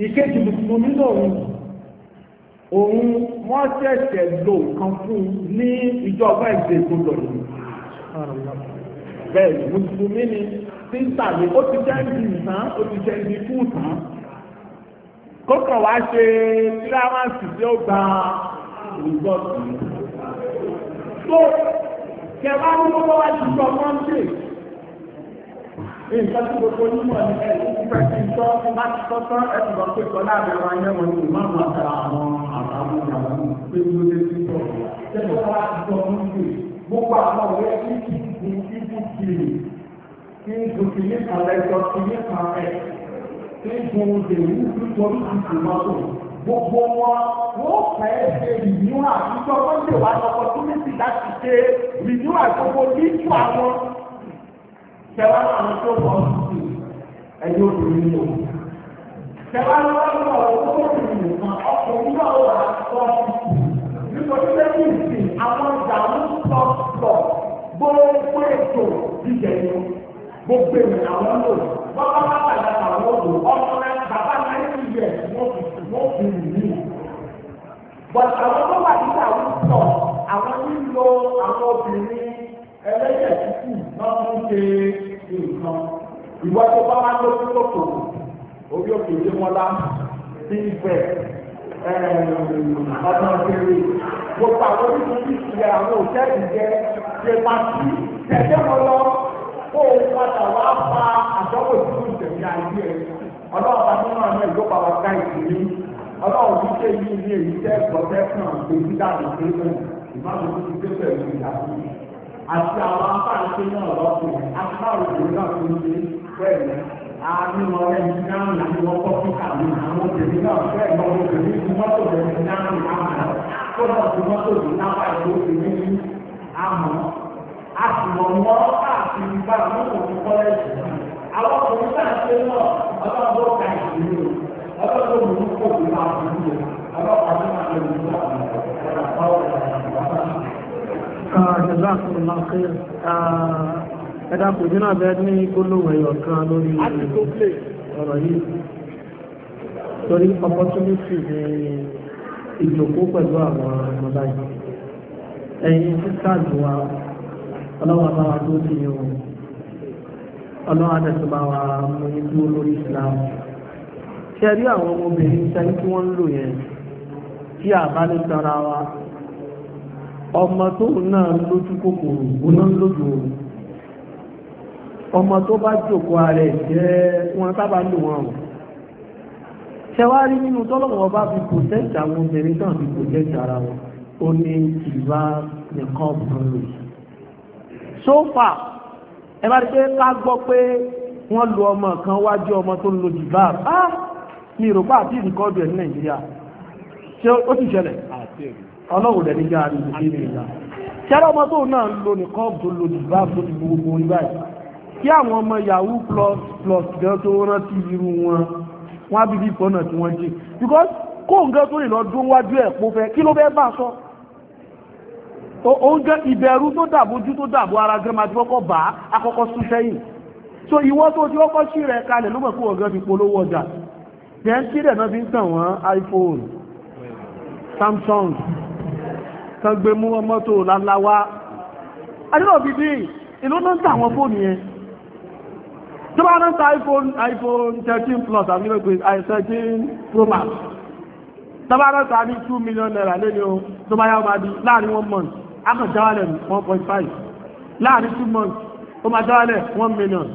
ìkéjì mùsùlùmí lòun òun wọ́n ṣẹ̀ṣẹ̀ lò kan fún ní ìjọba ìgbè tó lọ yìí bẹ́ẹ̀ mùsùlùmí ni tí ń tàbí ó ti jẹ́ ibi ìtàn ó ti jẹ́ ibi kú ìtàn kókò wá ṣe tíráwáǹsì tí ó gba ìgbọ́sùn kẹwàá ní gbogbo wa ti sọ mọ́ńtì nǹkan tí gbogbo onímọ̀ ní ẹ̀sìn ti fẹ́ kí n sọ bá ti sọ sọ ẹ̀sìn lọ pé sọ láàbẹ̀ wa yẹn wọn ni má mọ̀ àtàrà àwọn àtàwọn ìyàwó pé ní oṣù tí sọ kẹwàá wa ti sọ mọ́ńtì gbogbo àwọn ọ̀rẹ́ tí kì í kú kí kú kí n kú kí ní kan lẹ́jọ́ kí ní kan kí n kú kí ní kú torí kí mọ́tò gbogbo wọn wọ́n fẹ́ẹ́ ṣe ìníwà àtijọ́ tó ń dèwà lọ́kọ́ tó ní sì láti ṣe ìníwà gbogbo níjú àwọn tẹ̀wá àwọn tó wọ̀ ọ́ sí ẹ̀yìn obìnrin lò. tẹ̀wá lọ́wọ́ lọ́wọ́ tó ń rìn nìkan ọkùnrin náà wà sọ nítorí lẹ́yìn ìsìn àwọn ìdààmú sọ sọ gbogbo ètò ìjẹ̀yìn gbogbo ènìyàn lọ́wọ́ bọ́lá bàbá ìdàgbà lọ́wọ́ ọmọ rẹ bàbá rẹ in me. But àwọn tó wà nígbà wípọ̀, àwọn nílò àwọn obìnrin ẹlẹ́yẹ̀ tútù náà ń ṣe nǹkan. Ìwọ tó bá wá lójú lòkò, orí òkè ilé wọn lá, sí ibẹ̀, ọ̀nà òkèèrè, gbogbo àwọn oríṣiríṣi ìṣẹ̀lẹ̀ àwọn òṣèlú jẹ́ ṣe máa ti tẹ̀lé wọn o padà wá pa àdánwò tó ń tẹ̀lé ayé ẹ̀. Ọlọ́run bá nínú àwọn ká ọlọ́run ní ṣe yí ní èyí tẹ́ gbọ́dẹ́ kan lójú dàbí pẹ́lú ìbámu tó ti gbé pẹ̀lú ìyàwó àti àwọn afáàṣẹ náà lọ́kùnrin afáàṣẹ náà tó ń ṣe pẹ̀lú àmì ọ̀rẹ́ náà láti wọ́n kọ́ kàwé àwọn obìnrin náà bẹ́ẹ̀ lọ obìnrin tí mọ́tò rẹ̀ ní náà ní àmọ́ tó lọ sí mọ́tò rẹ̀ náà ìlú obìnrin ní àmọ́ a sì mọ̀ wọ́n káàkiri bá àwọn òkú àwọn òkú náà ṣe náà ọlọ́run ó جزاكم الله خير ẹ̀dá kò jí náà bẹ́ẹ̀ ní gbólóhùn ẹ̀yọ̀ kan lórí ọ̀rọ̀ yìí torí opportunity ní ìjòkó pẹ̀lú àwọn ọmọdá yìí ẹ̀yìn sísáàjù wa ọlọ́wọ́ bá wa tó ti yọ ọlọ́wọ́ ṣe rí àwọn ọmọbìnrin sẹ́yìn tí wọ́n ń lò yẹn tí a bá ní tara wa ọmọ tó náà lójú kòkòrò gbóná lójú oòrùn ọmọ tó bá jòkó ààrẹ jẹ́ wọn sábà lò wọn ọ̀ ṣẹwárí nínú tọ́lọ̀wọ̀ bá fi protect àwọn obìnrin náà fi protect ara wọn ó ní ìbá nìkan ọ̀pọ̀ lò so far ẹ bá rí pé ká gbọ́ pé wọ́n lo ọmọ kan wájú ọmọ tó ń lo jìbá ah ní ìrọ̀pá àti ìrìkọ́dù ẹ̀ ní nàìjíríà ṣé ó ti ṣẹlẹ̀ ọlọ́run rẹ̀ níjà rí ìdílé ìlà kẹ́rọ ọmọ tó náà lo nìkan lo nìbá tó ti gbogbo orí báyìí kí plus plus gan tó rántí irú wọn wọn á because kó nǹkan tó lè lọ dún wájú ẹ̀ pọ̀ fẹ́ kí ló fẹ́ bá sọ oúnjẹ ìbẹ̀rù tó dàbójú tó dàbò ara gan máa akọ́kọ́ sún sẹ́yìn so ìwọ tó ti kọ́kọ́ sí rẹ̀ kalẹ̀ ló mọ̀ fi polówó ọjà yẹn kí dẹ̀ náà fi ń tàn wọ́n iphone samsung kan gbé mú mọ́tò láláwá adúlọ̀ fi bí ìlú náà ń tà àwọn fóònù yẹn tó bá náà ń ta iphone iphone thirteen plus àbí lóògbé 13 pro max tó bá náà ta ní two million naira lẹ́ni o tó bá yá máa di láàrin one month akọ̀jáwálẹ̀ one point five láàrin two months ó máa jáwálẹ̀ one million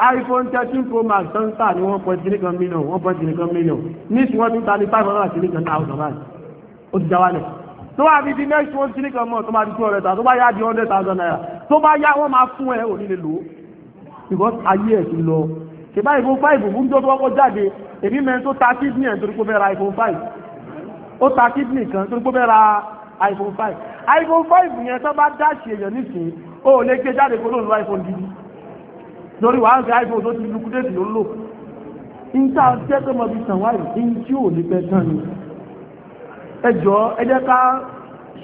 iphone thirteen pro max tó ń tà ní one point three kan million one point three kan million ní tí wọ́n tún ta ní five hundred and three kan thousand man ó ti já wálẹ̀ tó bá fi di next one three kan mọ̀ tó bá di two hundred thousand tó bá yá di hundred thousand naira tó bá yá wọ́n máa fún ẹ ò ní lè lò ó because ayé ẹ̀ ti lọ ṣèbá iphone five fún tó wọ́pọ̀ jáde èmi mẹ́rin tó ta kidney ẹ̀ torí pé ó fẹ́ ra iphone five ó ta kidney kan torí pé fẹ́ ra iphone five iphone five yẹn tó bá dáṣì èèyàn nísìnyí ó lè gbé jáde kó lóun lo iphone gidi lórí wàá ṣe iphone tó ti lukudéètì ló ń lò ní tá a jẹ́ tó mọ̀ bí sàn wáyé ní tí ò ní pẹ́ tán ni ẹ jọ̀ọ́ ká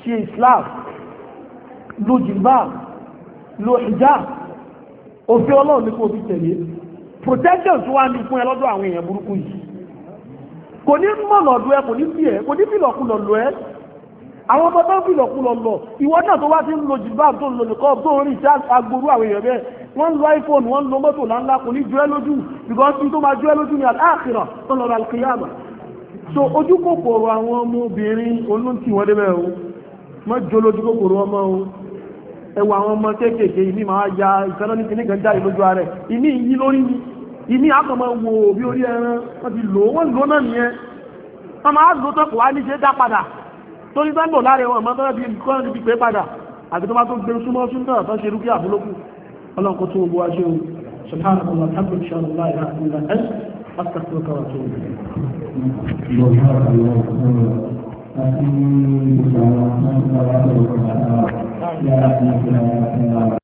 ṣe islam lo jilbab lo hijab òfin ọlọ́run ní kò fi tẹ̀lé protection tó wá ní fún ẹ lọ́dọ̀ àwọn èèyàn burúkú yìí kò ní mọ̀ lọ́dọ̀ ẹ kò ní fi ẹ kò ní fi lọ́kùlọ̀ lọ ẹ àwọn ọmọ tó ń fi lọ́kùlọ̀ lọ ìwọ náà tó wá ti ń lo jilbab tó ń lo nìkan tó ń rí ìṣá agbóró àwọn èèyàn bẹ́ẹ̀ wọ́n ń lo iphone wọ́n ń lo mọ́tò láńlá kò ní jọ́ lójú because n tó máa jọ́ ẹ́ lójú ni àkìrà tó lọ ra alkiyama so ojú kòkòrò àwọn ọmọ obìnrin olóńtì wọn débẹ̀ o mọ́ jọ lójú kòkòrò ọmọ o ẹwà àwọn ọmọ kéékèèké ìní máa ya ìfẹ́lá ní kíní kan jáde lójú ààrẹ ìní yí lórí ni ìní àkànmọ́ wo bí orí ẹran wọ́n ti lò wọ́n lò náà nìyẹn wọ́n máa lò tó kò wá ní ṣe dá padà torí bẹ́ẹ̀ lò láre wọn mọ́tọ́ bí kọ́ ní pípé padà àti tó bá tó gbé súnmọ́ súnmọ́ tó ṣe rúkí àbúlókù الله قطوب واجوب سبحانك الله الحمد إن شاء الله إلى أن الله أسف أستغفرك وأتوب إليك.